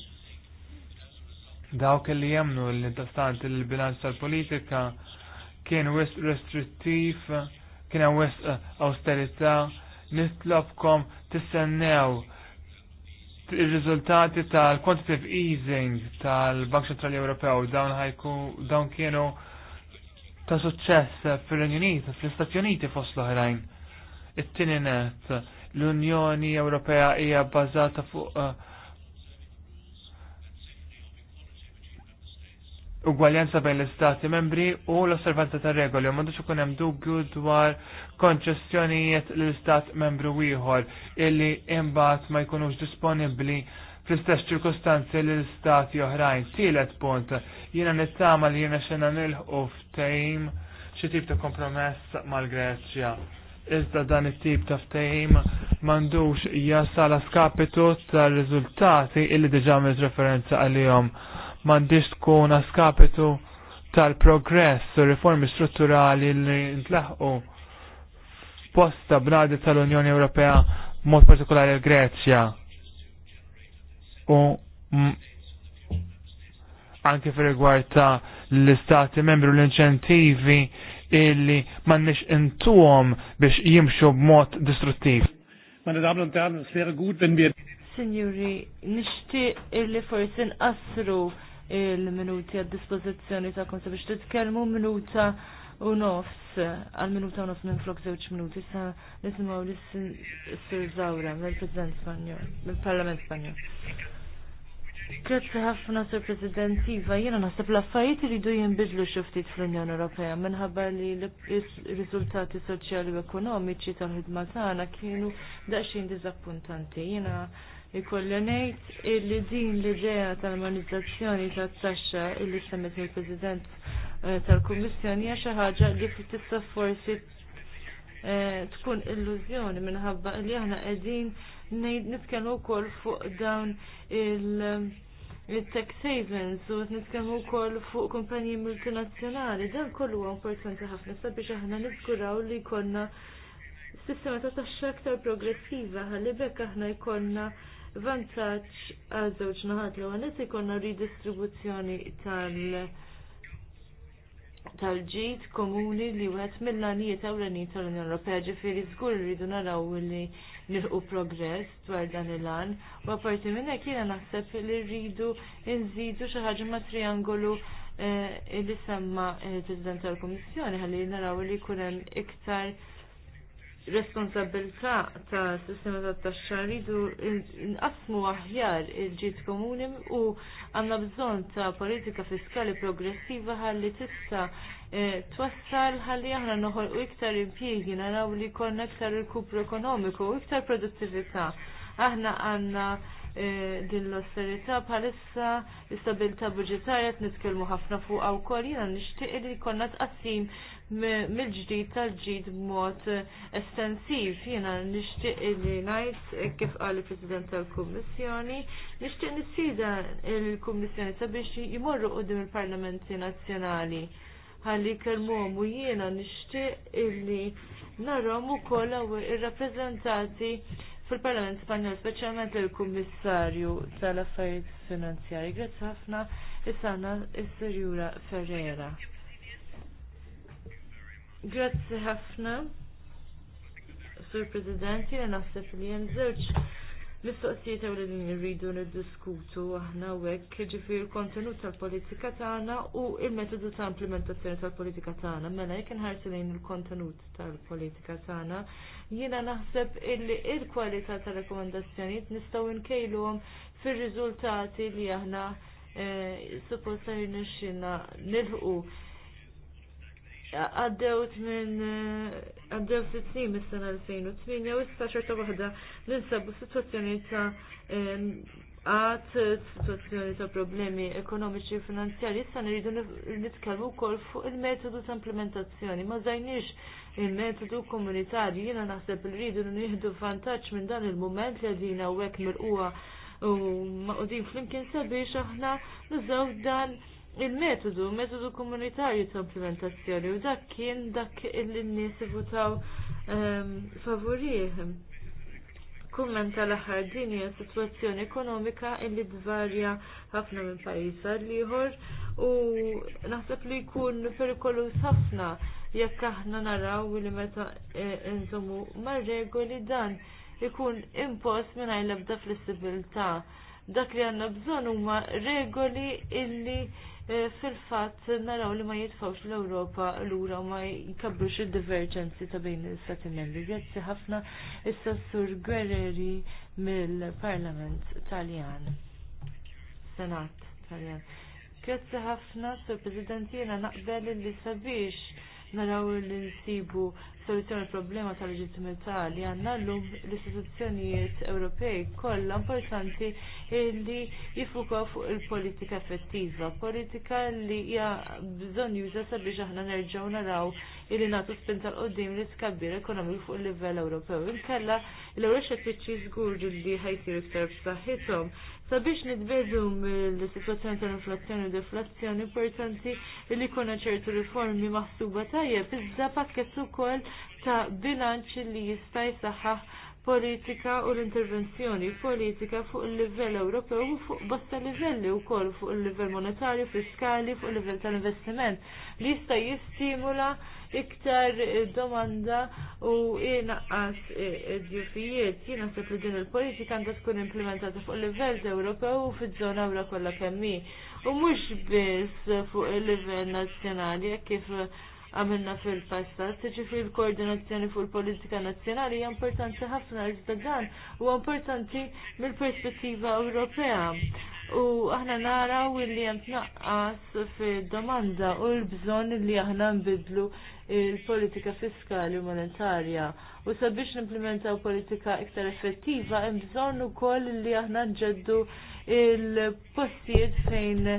[SPEAKER 1] Dawk li jemnu l-intastant il-bilanċ tal-politika kien west restrittiv, kien wis eh, austerita, nitlobkom tissennew il-rizultati tal-quantitative easing tal-Bank Centrali Ewropew dawn ħajku dawn kienu ta' suċċess fir-Renju Unit, fl-Istati Uniti fost l-oħrajn. It-tieni net l-Unjoni Ewropea hija bbażata fuq uh, ugwaljanza bejn l-istati membri u l-osservanza ta' regoli, u mandux ikun hemm dubju dwar konċessjonijiet l-istat membru ieħor illi imbagħad ma jkunux disponibbli fl-istess ċirkostanzi l-istati oħrajn. Tielet punt, jiena nittama li jiena xena nilħu ftehim xi tip ta' kompromess mal-Greċja. Iżda dan it-tip ta' ftehim mandux jasal skapitu tal-riżultati illi diġà referenza għalihom m'għandix tkun askapitu tal-progress u riformi strutturali li ntlaħqu posta bnadi tal-Unjoni Ewropea mod partikolari l-Greċja. U anke fir rigward ta' l-istati membru l-inċentivi illi m'għandniex intuhom biex jimxu b'mod distruttiv. Meine Damen und Herren, es wäre gut, wenn wir
[SPEAKER 2] Signori, nishtiq illi forsi nqassru il-minuti għad dispożizzjoni ta' konsa biex titkellmu minuta u nofs għal minuta u nofs minn flok zewċ minuti sa' nisimaw li s-sir Zawra mill-President Spanjol, mill-Parlament Spanjol. Grazzi ħafna sur President Iva, jena nasib l-affarijiet iridu jinbidlu xuftit fl-Unjoni Ewropea minħabba li l-riżultati soċjali u ekonomiċi tal-ħidma tagħna kienu daqsxejn diżappuntanti. Jena Ikolli ngħid illi din l-idea tal-armonizzazzjoni tat-taxxa illi semmet il-President eh, tal-Kummissjoni hija xi ħaġa li tista' forsi eh, tkun illużjoni minħabba li aħna qegħdin nitkellmu wkoll fuq dawn il- il tax savings u nitkellmu wkoll fuq kumpaniji multinazzjonali, dan kollu huwa importanti ħafna sabiex aħna niżguraw li jkollna sistema ta' taxxa aktar progressiva ħalli bekk aħna jkollna vantaġġ għal żewġ naħat li għanet ikonna ridistribuzzjoni tal- tal-ġid komuni li wieħed mill-għanijiet ewlenin tal-Unjoni Ewropea ġifiri żgur rridu naraw li nilqu progress dwar dan il-għan u apparti minn hekk jiena naħseb li rridu nżidu xi ħaġa ma' triangolu eh, li semma il-President eh, tal-Kummissjoni ħalli naraw li jkun hemm iktar responsabilità ta' sistema ta' taxxa rridu nqasmu aħjar il-ġid komuni u għandna bżonn ta' politika fiskali progressiva ħalli tista' e, twassal ħalli aħna noħolqu iktar impjiegi naraw li jkollna iktar rikupru ekonomiku u iktar produttività. Aħna għandna e, din l-austerità bħalissa l-istabilità budġetarja t-nitkelmu ħafna fuq għaw kol nishtiq li konna tqassim mill-ġdid tal-ġid b'mod estensiv. Jiena nixtieq li ngħid kif qal il-President tal-Kummissjoni, nixtieq nissida il-Kummissjoni sabiex jmorru qudiem il-Parlamenti Nazzjonali ħalli kelmuhom u jiena nixtieq illi kolla ukoll il rappreżentati fil-Parlament Spanjol, speċjalment il-Kummissarju tal-Affarijiet Finanzjari. Grazie ħafna, is-sana is-Serjura Grazzi ħafna. Sur President, jena naħseb li jen zewċ mistoqsijiet u li nirridu niddiskutu aħna u hekk ġifier kontenut tal-politika tagħna u il-metodu ta' implementazzjoni tal-politika tagħna. Mela jekk inħarsu lejn il-kontenut tal-politika tagħna, jiena naħseb illi il-kwalità tal-rekomendazzjonijiet nistgħu nkejluhom fir-riżultati li aħna eh, suppost nirxina nilħu għaddewt minn eh, għaddew sitt snin mis-sena 2008 u issa xorta waħda ninsabu situazzjoni ta' għad situazzjoni ta' problemi ekonomiċi u finanzjari issa nridu nitkellmu wkoll fuq il-metodu ta' implementazzjoni. Ma żajniex il-metodu komunitarju jiena naħseb li rridu nieħdu vantaġġ minn dan il-mument li għadina u hekk milquha u maqdin flimkien sabiex aħna nżaw dan il-metodu, metodu komunitarju ta' implementazzjoni u dak kien dak il-nies votaw ehm, favorih. Kummenta l-aħħar din hija sitwazzjoni ekonomika illi tvarja ħafna minn pajjiż liħor u naħseb li jkun perikolus ħafna jekk aħna naraw li meta e, insomu mar-regoli dan ikun impost minn l-ebda flessibilità dak li għanna bżon huma regoli illi Eh, fil-fatt naraw li ma jitfawx l-Ewropa lura u ma jkabbux il-divergenzi ta' bejn il-Stati membri. Grazzi ħafna issa sassur Guerreri mill-Parlament Taljan. Senat Taljan. Grazzi ħafna sur President jena naqbel li sabiex naraw li nsibu soluzzjoni problema tal-leġittimità li l-lum l-istituzzjonijiet Ewropej kollha importanti li jifuka fuq il-politika effettiva, politika li hija bżonn juża sabiex aħna nerġgħu naraw illi nagħtu spin tal-qoddim li tkabbir ekonomiku fuq il-livell Ewropew. Inkella l-Ewroxettiċi żgur li ħajsir iktar b'saħħithom Sabiex nitbirru mill-situazzjoni tal-inflazzjoni u deflazzjoni importanti li kuna ċertu riformi maħsuba tajjeb, iżda pakket ukoll ta' bilanċ li jista' jisaħħaħ politika u l-intervenzjoni politika fuq il-livell Ewropew u fuq bosta livelli wkoll fuq il-livell monetarju, fiskali, fuq il-livell tal-investiment li jista' jistimula iktar domanda u inaqqas id-djufijiet. E, e, Jina sepp li din il-politika għandha tkun implementata fuq livell Ewropew u fiż-żona ura kollha kemmi. U mhux biss fuq il-livell nazzjonali kif għamilna fil-passat, ċifri l-koordinazzjoni fuq il-politika nazzjonali hija importanti ħafna għal dan huwa importanti mill-perspettiva Ewropea u aħna naraw li hemm tnaqqas fid-domanda u l-bżonn li aħna nbidlu il-politika fiskali u monetarja. U sabiex nimplementaw politika iktar effettiva, hemm bżonn ukoll li aħna nġeddu il-postijiet fejn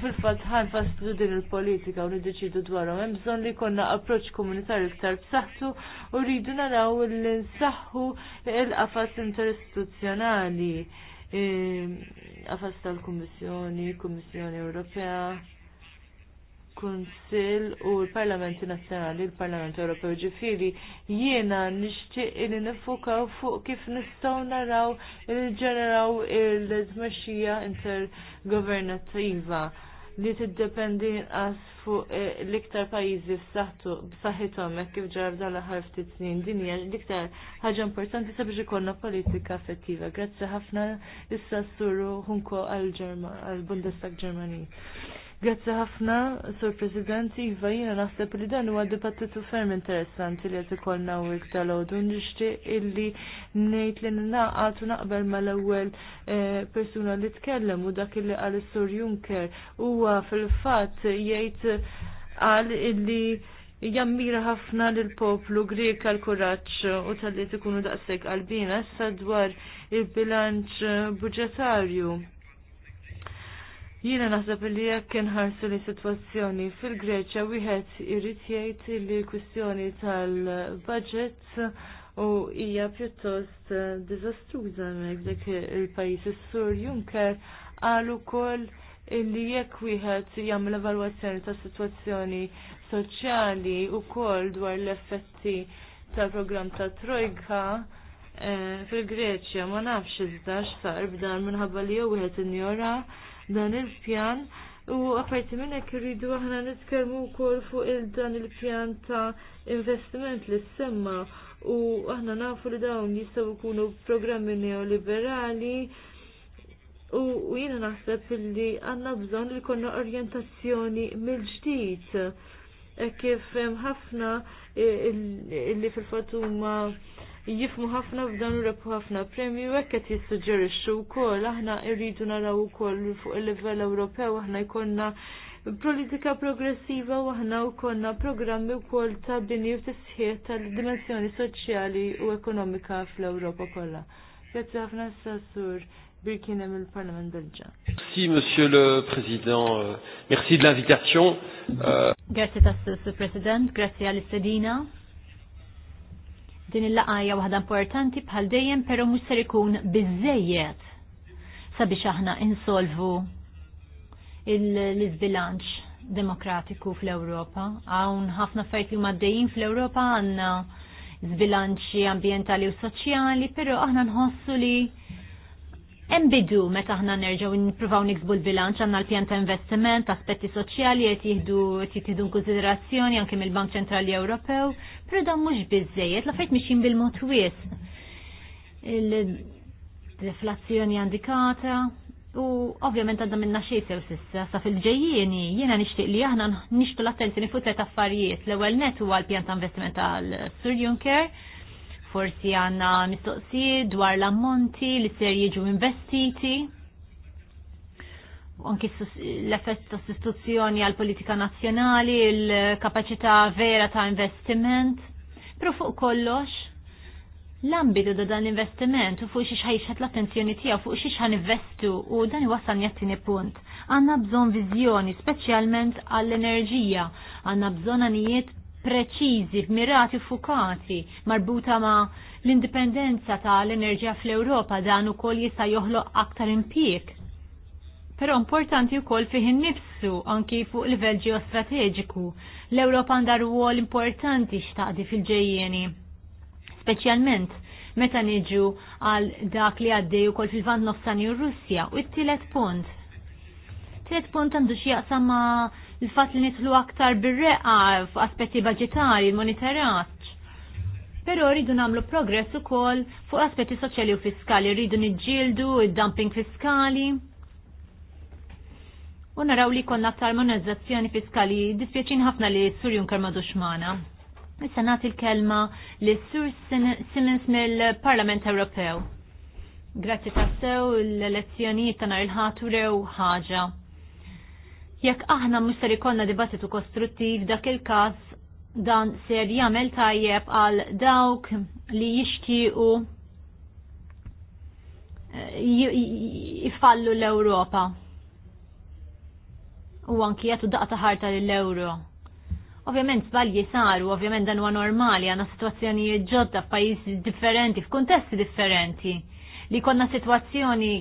[SPEAKER 2] fil-fatt ħanfaslu din il-politika u niddeċidu dwarhom. Hemm li jkollna approċċ komunitarju iktar b'saħħtu u rridu naraw li nsaħħu l-qafas interistituzzjonali Ehm, għafas tal-Kummissjoni, Kummissjoni Ewropea, Kunsil u l-Parlamenti Nazzjonali, l-Parlament Ewropew ġifiri, jiena nixtieq li nifukaw fuq kif nistgħu naraw il-ġeneraw il-tmexxija intergovernattiva li tiddependi nqas fuq eh, l-iktar pajjiżi b b'saħħithom hekk kif ġar dan ftit snin. Din hija l-iktar ħaġa importanti sabiex ikollna politika effettiva. Grazzi ħafna issa sassuru hunko għal-Bundestag Ġermani. Grazzi ħafna, Sur President, Iva, jiena naħseb li dan huwa dibattitu ferm interessanti li qed ikollna u tal-għodu nixtieq illi ngħid li naqgħad u naqbel mal-ewwel eh, persuna li tkellem u dak illi qal is-Sur Juncker huwa fil-fatt jgħid qal illi jammira ħafna lil poplu Grek għal kuraġġ u talli li tkunu daqshekk qalbina issa dwar il-bilanċ budġetarju Jiena naħseb li jekk inħarsu li sitwazzjoni fil-Greċja wieħed irid jgħid li l-kwistjoni tal-budget u hija pjuttost eh, diżastruża hemmhekk dik il-pajjiż is-Sur Juncker qal ukoll li jekk wieħed jagħmel evalwazzjoni ta' sitwazzjoni soċjali wkoll dwar l-effetti tal-programm ta' Trojka eh, fil-Greċja ma nafx iżda x'sar b'dan minħabba li jew wieħed injora dan il-pjan u apparti minn hekk irridu aħna nitkellmu wkoll fuq il-dan il-pjan ta' investiment li semma u aħna nafu li dawn jistgħu jkunu programmi neoliberali u jiena naħseb li għandna bżonn li jkollna orjentazzjoni mill-ġdid e kif hemm ħafna e, illi fil-fatuma jifmu ħafna f'dan urebħu ħafna premju hekk qed jissuġġerixxu wkoll aħna rridu naraw ukoll fuq il-livell Ewropew aħna jkollna politika progressiva u aħna wkollna programmi wkoll ta' bini u tisħiħ tal-dimensjoni soċjali u ekonomika fl-Ewropa kollha. Grazzi ħafna s-sassur Birkinem il-Parlament Belġa.
[SPEAKER 4] Merci,
[SPEAKER 1] Monsieur le Président. Euh, merci de l'invitation. Euh,
[SPEAKER 2] grazie tas
[SPEAKER 3] President, grazie għal-istedina. Din il-laqajja waħda importanti bħal dejjem pero mhux ser ikun biżejjed sabiex aħna insolvu l iżbilanċ demokratiku fl-Ewropa. Hawn ħafna affarijiet li huma dejjin fl-Ewropa għandna żbilanċi ambientali u soċjali, però aħna nħossu li embidu meta aħna nerġgħu nippruvaw niksbu l-bilanċ għandna l-pjan ta' investiment, aspetti soċjali qed jieħdu jieħdu konsiderazzjoni anke mill-Bank Ċentrali Ewropew, però dan mhux biżejjed l-affarijiet mixin bil-mod wies. Il-deflazzjoni indikata u ovvjament għandna minna xej sew sissa sa fil-ġejjieni jiena nixtieq li aħna nixtu l-attenzjoni fuq tliet affarijiet. L-ewwel net huwa l-pjan ta' investiment tal Sur Juncker forsi għanna mistoqsijiet dwar l-ammonti li ser jiġu investiti. Anki l-effett ta' sostituzzjoni għal politika nazjonali, l-kapacità vera ta' investiment. Pero fuq kollox, l-ambitu da dan l-investiment u fuq xiex ħajxħat l-attenzjoni tijaw, fuq xiex ħan investu u dan iwasan jattini punt. Għanna bżon vizjoni, specialment għall-enerġija, għanna bżon għanijiet preċiżi, mirati fukati, marbuta ma' l-indipendenza tal-enerġija fl-Ewropa dan ukoll jista' joħloq aktar impjieg. Però importanti wkoll fih innifsu anki fuq livell ġeostrateġiku. L-Ewropa għandha rwol importanti xtaqdi fil-ġejjeni. Speċjalment meta niġu għal dak li għaddej ukoll fil-vant nofsani u Russja. U t-tielet punt. Tielet punt għandu xi jaqsam ma' il-fat li nitlu aktar bir-reqa f'aspetti budgetari, monitorat. Pero rridu namlu progress ukoll fuq aspetti soċjali u fiskali, rridu niġġieldu id-dumping fiskali. U naraw li konna aktar monetizzazzjoni fiskali, dispjaċin ħafna li Sur Junker madux mana. Issa nagħti l-kelma li Sur Simmons mill-Parlament Ewropew. Grazzi tassew l-elezzjonijiet ta' nhar il-ħatu rew ħaġa Jekk aħna mister ikonna dibattitu kostruttiv dak il-każ dan ser jagħmel tajjeb għal dawk li jixtiequ jifallu eh, l-Ewropa. U anki jagħtu daqta ħarta lill-Ewro. Ovvjament żbalji saru, ovvjament dan huwa normali, għandna sitwazzjonijiet ġodda f'pajjiżi differenti, f'kuntesti differenti. Li konna sitwazzjoni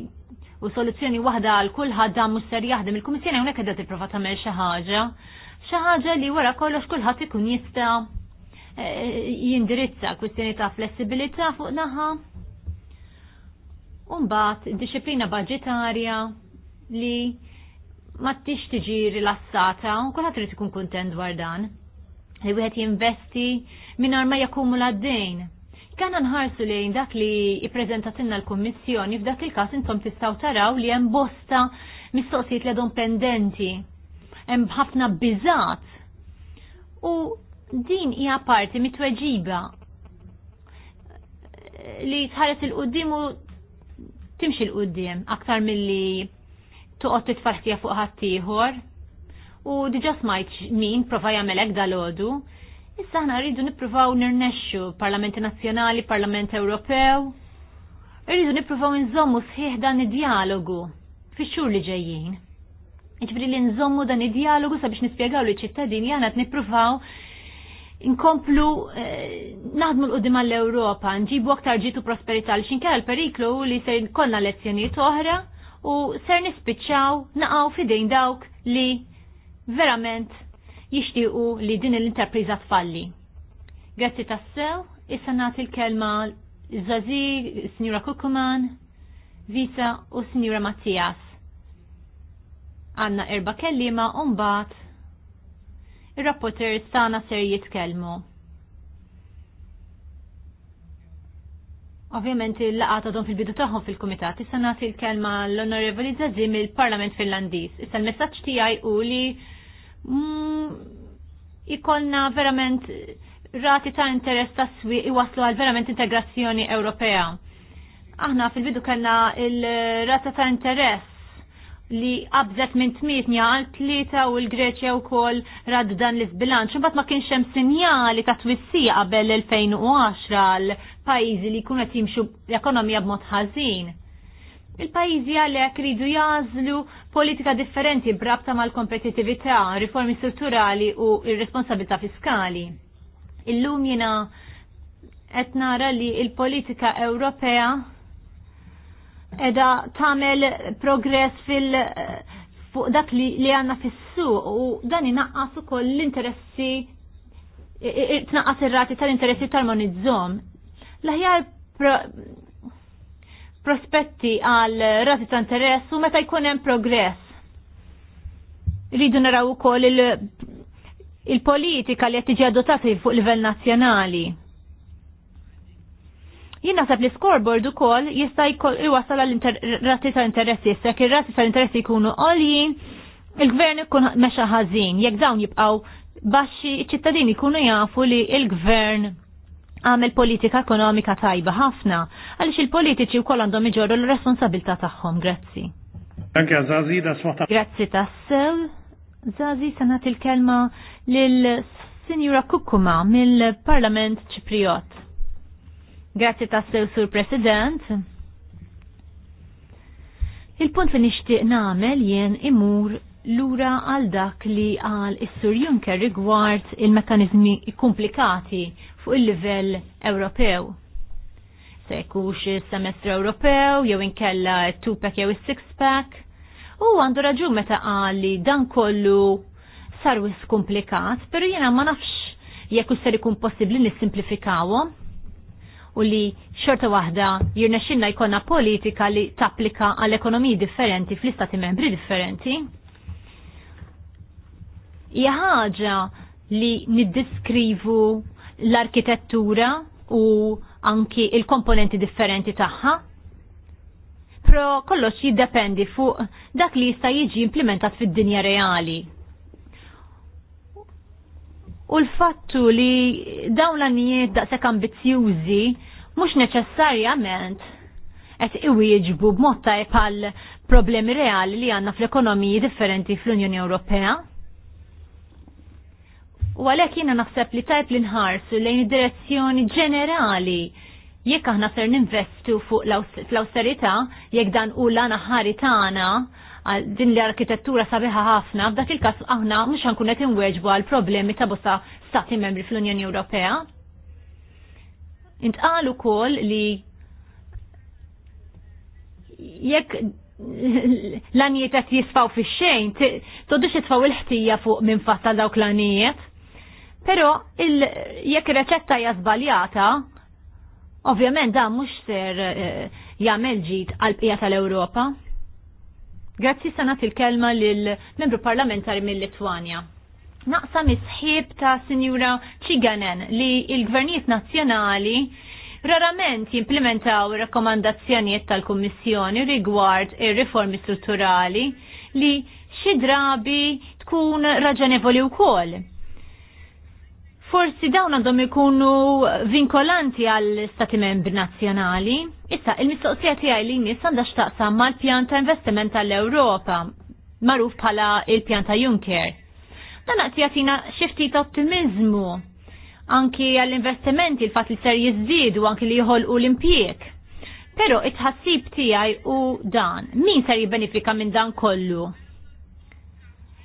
[SPEAKER 3] u soluzzjoni waħda għal kulħadd dam mhux ser jaħdem. Il-Kummissjoni hawnhekk qiegħda tipprova tagħmel xi ħaġa. Xi ħaġa li wara kollox kulħadd ikun jista' e, jindirizza kwistjoni ta' flessibilità fuq naħa. id disciplina baġitarja li ma tix tiġi rilassata u kulħadd irid ikun kuntent dwar dan. Li wieħed jinvesti mingħajr ma jakkumula d-dejn Kena nħarsu lejn dak li i-prezentatinna l-Kummissjoni f'dak il-każ intom tistaw taraw li hemm bosta mistoqsijiet li għadhom pendenti. Hemm ħafna biżat. U din hija parti mitweġiba li tħares il-qudiem u timxi l-qudiem aktar milli toqgħod titfarħtija fuq ħaddieħor. U diġà smajt min prova jagħmel hekk dalodu, Issa ħna rridu nippruvaw nirnexxu Parlamenti Nazzjonali, Parlament Ewropew. Irridu nippruvaw nżommu sħiħ dan id-dialogu fix-xhur li ġejjin. Iġbri jiġifieri li nżommu dan id-dialogu sabiex nispjegaw li ċittadini għana nippruvaw inkomplu eh, naħdmu l-qudiem għall-Ewropa, nġibu aktar ġitu prosperità li xinkera l-periklu li se jkollna lezzjonijiet oħra u ser nispiċċaw naqgħu fidejn dawk li verament jixtiequ li din l interpriza tfalli. Grazzi tassew, issa nagħti l-kelma Zazi, Signora Kukuman, Visa u Signora Mattias. Għanna erba kellima umbat il-rapporter stana ser jitkellmu. Ovvjament il-laqata don fil-bidu taħħom fil-komitat, issa nagħti l-kelma l-Onorevoli Zazim il-Parlament Finlandiż. Issa l-messaġġ tiegħi u li Mm, ikonna verament rati ta' interess ta' swi iwaslu għal verament integrazzjoni Ewropea. Aħna fil-bidu kellna il-rata ta' interess li qabżet minn nja għal tlieta u l-Greċja wkoll raddu dan l-isbilanċ. Imbagħad ma kienx hemm sinjali ta' twissija qabel 2010 għal pajjiżi li jkunu qed jimxu l-ekonomija b'mod ħażin. Il-pajizi għalek ridu jazlu politika differenti brabta mal-kompetitività, riformi strutturali u il responsabilità fiskali. Illum jina qed nara li il-politika Ewropea edha tagħmel progress fil fuq dak li, li għanna fis-suq u dan inaqqas ukoll l-interessi tnaqqas ir-rati tal-interessi tal-monizzom. L-aħjar prospetti għal rati ta' interess u meta jkun hemm progress. Rridu naraw ukoll il-politika li qed tiġi adottata fuq livell nazzjonali. Jien naħseb li scoreboard ukoll jista' jwassal għal rati ta' interessi issa ir-rati ta' interessi jkunu għoljin, il-gvern ikun mexa ħażin, jekk dawn jibqgħu baxxi ċ-ċittadini jkunu jafu li il-gvern għamel politika ekonomika tajba ħafna, għaliex il-politiċi wkoll għandhom iġorru l responsabilta tagħhom, grazzi.
[SPEAKER 1] Anke Zazi da smata. Grazzi
[SPEAKER 3] tassew. Zazi sanat il-kelma l Sinjura Kukuma mill-Parlament Ċipriot. Grazzi tassew sur President. Il-punt li nixtieq nagħmel jien imur lura għal dak li għal is-Sur Juncker rigward il mekanizmi komplikati fuq il-livell Ewropew. Se jkunx is-semestru Ewropew jew inkella t pack jew is-sixpack. U għandu raġun meta qal li dan kollu sar wis komplikat, pero jiena ma nafx jekk ser ikun possibbli nissimplifikawhom u li xorta waħda jirnexxinna jkollna politika li tapplika għal ekonomiji differenti fl-istati membri differenti hija ħaġa li niddiskrivu l-arkitettura u anki il-komponenti differenti tagħha. Pro kollox jiddependi fuq dak li jista' jiġi implementat fid-dinja reali. U l-fattu li dawn l-anijiet daqshekk ambizzjużi mhux neċessarjament qed iwieġbu b'mod tajb għal problemi reali li għandna fl-ekonomiji differenti fl-Unjoni Ewropea. U għalhekk jiena naħseb li tajb li nħarsu lejn direzzjoni ġenerali jekk aħna ser ninvestu fuq l-austerità, jekk dan u l-għana ħari tagħna din l-arkitettura sabiħa ħafna, f'dak il-każ aħna mhux ankun qed inweġbu għal problemi ta' bosta stati membri fl-Unjoni Ewropea. Intqal ukoll li jekk l-anijiet qed jisfaw fix-xejn, tgħodux jitfaw il-ħtija fuq minn fatta dawk l-anijiet Però jekk ir-reċetta hija żbaljata, ovvjament dan mhux ser eh, jagħmel ġid għal qija tal-Ewropa. Grazzi sanat il-kelma lill-membru parlamentari mill litwania Naqsam misħib ta' Sinjura Ċiganen li il-gvernijiet nazzjonali rarament jimplementaw rakkomandazzjonijiet tal-Kummissjoni rigward ir-riformi strutturali li xi drabi tkun raġonevoli wkoll forsi dawn għandhom ikunu vinkolanti għall stati membri nazzjonali. Issa, il-mistoqsija tiegħi li nies għandha x'taqsam mal-pjan ta' investiment tal-Ewropa, magħruf bħala il-pjan ta' Juncker. Dan qed jagħtina xi ftit ottimiżmu anki għall-investimenti l-fatt li ser jiżdiedu anki li jħolqu l-impjieg. Però it-ħassib tiegħi u dan, min ser jibbenifika minn dan kollu?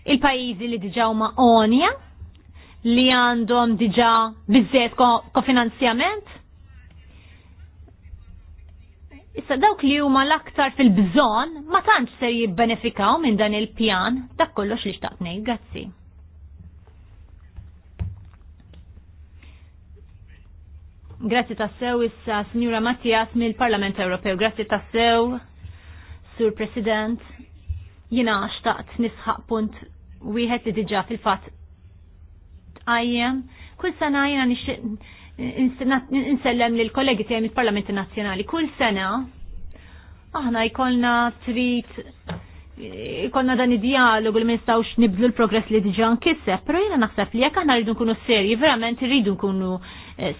[SPEAKER 3] Il-pajjiżi li diġà huma onja li għandhom diġa bizzet kofinanzjament? Issa dawk li huma l-aktar fil-bżon ma tantx se jibbenefikaw minn dan il-pjan dak kollox li xtaqt ngħid, grazzi. Grazzi tassew issa Signora Mattias mill-Parlament Ewropew. Grazzi tassew, Sur President. Jina xtaqt nisħaq punt wieħed li diġa fil-fatt Ajjem, Kull sena jena nsellem li l-kollegi tiegħi il parlamenti Nazzjonali. Kull sena aħna jkollna trit, jkollna dan id-dialog li ma nibdlu l-progress li diġan nkiseb, però jiena naħseb li jekk aħna rridu nkunu serji, verament rridu nkunu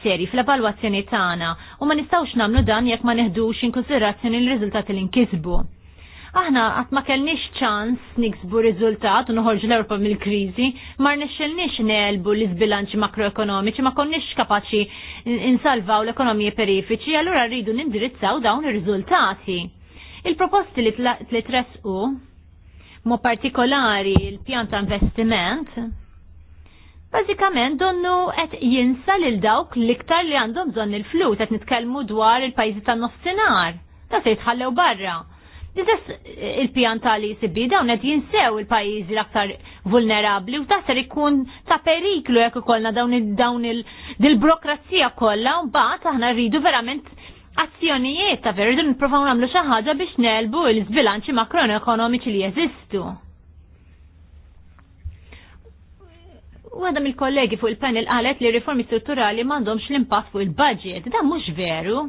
[SPEAKER 3] serji fl-evalwazzjoni tagħna u ma nistgħux nagħmlu dan jekk ma neħdux inkonsiderazzjoni konsiderazzjoni l-riżultati li nkisbu Aħna qatt ma kellniex ċans niksbu riżultat u noħorġu l europa mill-kriżi, ma rnexxelniex nelbu l-iżbilanċi makroekonomiċi ma konniex kapaċi insalvaw l-ekonomiji perifiċi, allura rridu nindirizzaw dawn ir-riżultati. Il-proposti li tresqu, mo partikolari il-pjan ta' investiment, Bazzikament donnu qed jinsa lil dawk l-iktar li għandhom bżonn il-flus qed nitkellmu dwar il-pajjiżi tan-nofsinhar. Ta' se jitħallew barra. Nizess eh, il-pjan tal sibi dawn qed jinsew il-pajjiżi l-aktar vulnerabbli u taħsar ikun ta' periklu jekk ikollna dawn il-burokrazija kollha u mbagħad aħna rridu verament azzjonijiet ta' veru rridu nipprovaw nagħmlu xi ħaġa biex nelbu l-sbilanċi makroekonomiċi li jeżistu. U għadam il-kollegi fuq il-panel qalet li riformi strutturali m'għandhomx l-impatt fuq il-budget. Dan mhux veru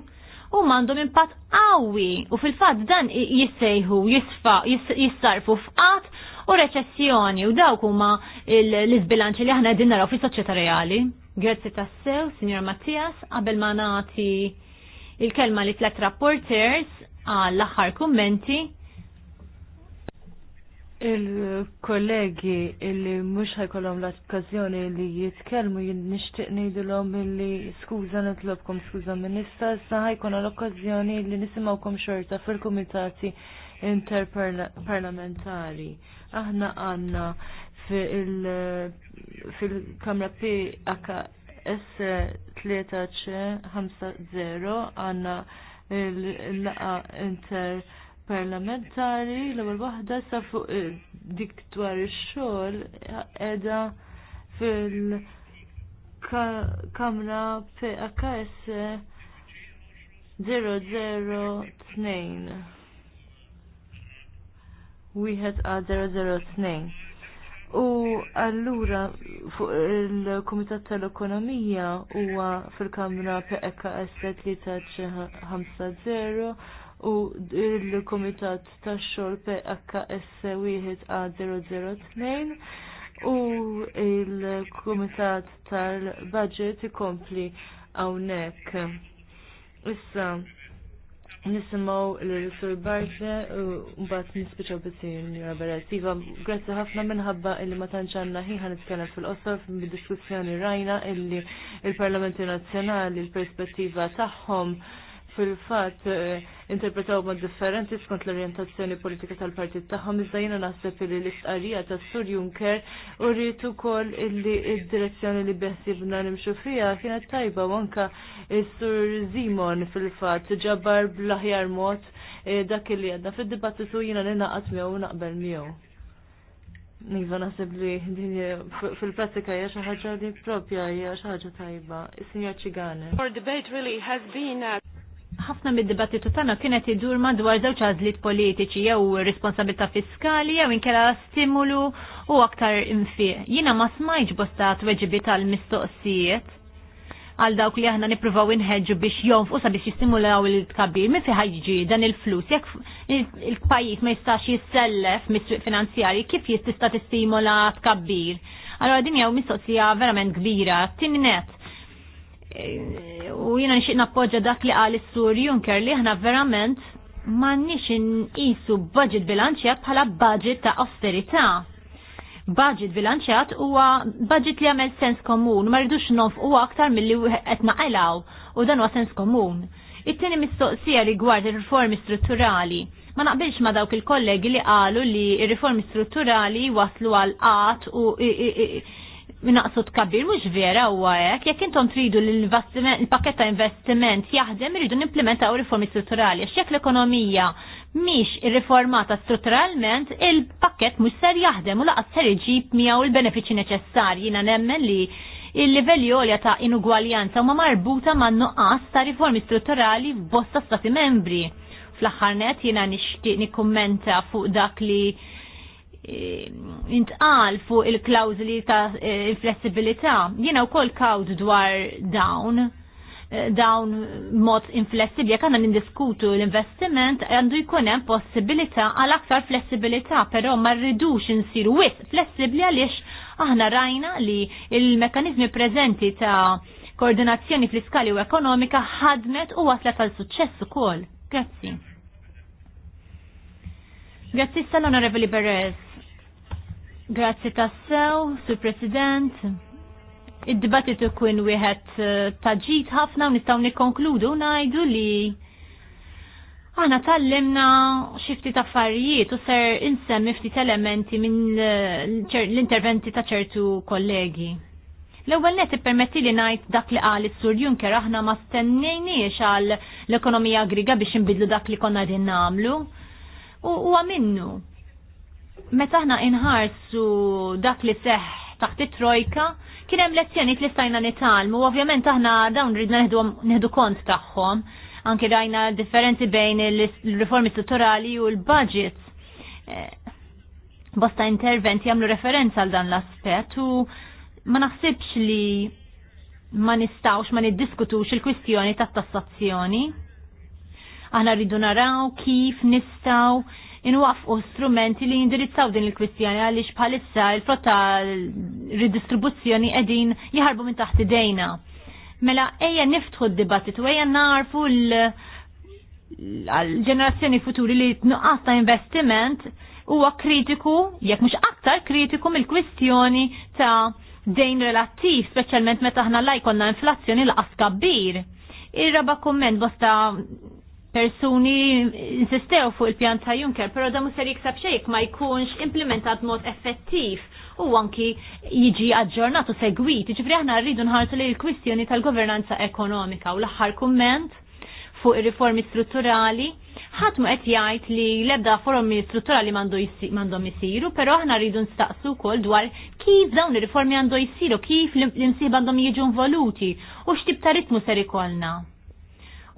[SPEAKER 3] u mandom impatt qawwi u fil-fatt dan jissejħu, jisfa, jissarfu f'qat u reċessjoni u dawk huma l-izbilanċi li aħna qegħdin naraw fis-soċjetà reali. Grazzi tassew, Signor Mattias, qabel ma nagħti il-kelma li tlet rapporters għall aħħar kummenti
[SPEAKER 2] il-kollegi illi mux ħajkollom l-okkazjoni li jitkelmu nishtiq nejdilom illi skuza nitlobkom skuza minnista, sa ħajkon l-okkazjoni li nisimawkom xorta fil-komitati interparlamentari. Aħna għanna fil-kamra PHS 3 5 0 għanna l-laqa inter parlamentari l-ewwel waħda sa fuq eh, dik dwar ix-xogħol qiegħda fil-Kamra PAKS 002 wieħed A002. U allura fuq il-Kumitat tal-Ekonomija huwa fil-Kamra PKS 350 u il komitat tax-xogħol PHS wieħed A002 u l-Komitat tal-Budget ikompli hawnhekk. Issa nisimaw l-Sur Bartle u mbagħad nispiċaw l Iva, Grazie ħafna minħabba illi ma tantx għandna ħin nitkellem fil-qosor bid-diskussjoni rajna illi il-Parlamenti Nazzjonali il-perspettiva tagħhom fil-fatt eh, interpretaw mod differenti skont l-orientazzjoni politika tal-partit taħħom iżda jiena naħseb li l istqarija ta' Sur Juncker u rritu ukoll illi d-direzzjoni li beħsibna nimxu fija kienet tajba u anke sur Zimon fil-fatt ġabar bl-aħjar mod eh, dak li għadna fid-dibattitu jina li għatmi miegħu naqbel miegħu. Niva naħseb li fil-pratika hija xi ħaġa li propja hija xi ħaġa tajba. Is-Sinjor Ċigane. debate really has been uh, ħafna mid-dibattitu
[SPEAKER 3] tagħna kienet idur madwar żewġ għażliet politiċi jew responsabilità fiskali jew inkella stimulu u aktar infiq. Jiena ma smajġ bosta tweġibi tal-mistoqsijiet għal dawk li aħna nippruvaw inħeġġu biex jonfqu sabiex jistimulaw il-tkabbir, minn fi ħajġi dan il-flus, jekk il-pajjiż ma jistax jissellef mis-suq finanzjarji, kif jista' tistimula tkabbir? Allora din jew mistoqsija verament kbira, timnet u jina nxiq nappoġġa dak li għal sur Juncker li ħna verament ma nix nqisu budget bilanċjat bħala budget ta' austerità. Budget bilanċjat huwa budget li għamel sens komun, ma rridux nofqu aktar mill-li qed naqelaw u dan huwa sens komun. It-tieni mistoqsija rigward ir-riformi strutturali. Ma naqbilx ma dawk il-kollegi li qalu li ir-riformi strutturali waslu għal qat u minaqsu tkabbir, mux vera u għajek, jek intom tridu l-paketta investiment jaħdem, rridu n-implementaw riformi strutturali. Xek l-ekonomija miex irriformata strutturalment, il-pakket mux ser jaħdem u laqas ser iġib miegħu l-benefiċi neċessarji. Jina nemmen li il-livelli olja ta' inugwaljanza huma marbuta ma' nuqqas ta' riformi strutturali f'bosta stati membri. Fl-aħħar jina jiena nixtieq nikkummenta fuq dak li intqal fuq il-klawzli ta' inflessibilità. Jiena wkoll kawd dwar dawn dawn mod inflessibli, jekk għandna nindiskutu l-investiment, għandu jkun hemm possibilità għal aktar flessibilità, però ma rridux insiru wis flessibbli għaliex aħna rajna li il-mekanizmi preżenti ta' koordinazzjoni fiskali u ekonomika ħadmet u waslet għal suċċess ukoll. Grazzi. Grazzi sal-Onorevoli Beres. Grazzi tassew, Sur President. Id-dibattitu kien wieħed eh, taġit ħafna u nistgħu nikkonkludu ngħidu li aħna tallimna xi ftit affarijiet u ser insemmi ftit elementi minn eh, l-interventi ta' ċertu kollegi. L-ewwel net permetti li ngħid dak li qal sur Juncker aħna ma stennejniex għal l-ekonomija griga biex inbidlu dak li konna din nagħmlu. U huwa minnu Meta aħna inħarsu dak li seħ taħt it-trojka, kien hemm lezzjonijiet li stajna nitalmu, ovvjament aħna dawn ridna neħdu kont tagħhom, anke rajna differenzi bejn il-riformi strutturali u l-budget. Eh, bosta interventi jagħmlu referenza għal dan l-aspett u ma naħsibx li ma nistawx ma niddiskutux il-kwistjoni tat tassazzjoni. Aħna rridu naraw kif nistaw Inwaqfu strumenti li jindirizzaw din il-kwistjoni għaliex bħalissa il-flotta ridistribuzzjoni qegħdin jħarbu minn taħt idejna. Mela ejja niftħu d-dibattitu, eja narfu
[SPEAKER 1] l-ġenerazzjoni
[SPEAKER 3] futuri li tnuqqas ta' investiment huwa kritiku, jekk mhux aktar kritiku mill-kwistjoni ta' dejn relattiv, speċjalment meta aħna lajkonna inflazzjoni l-qas kabbir. Ir-raba komment bosta persuni insistew fuq il-pjan ta' Juncker, pero da musser jiksab xejk ma jkunx implementat mod effettiv u anki jiġi aġġornat u segwit. Ġifri aħna rridu nħarsu li l-kwistjoni tal-governanza ekonomika u l-aħħar kumment fuq ir-riformi strutturali. Ħadd ma qed jgħid li l-ebda formi strutturali m'għandhom isiru, però aħna rridu nistaqsu wkoll dwar kif dawn ir-riformi għandu jsiru, kif l-imsieb għandhom jiġu involuti u x'tib ta' ritmu ser ikollna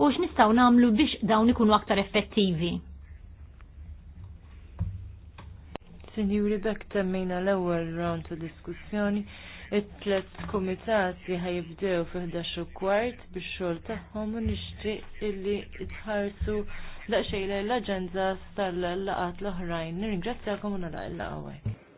[SPEAKER 3] u x'nistgħu nagħmlu biex dawn ikunu aktar effettivi.
[SPEAKER 2] Sinjuri dak temmina l-ewwel round ta' diskussjoni, it-tlet kumitati ħajibdew fi 11 kwart biex xogħol tagħhom u nixtieq illi tħarsu daqsxejn l-aġenda tal-laqat l-oħrajn. Nirringrazzjakom u nagħlaq il-laqgħa.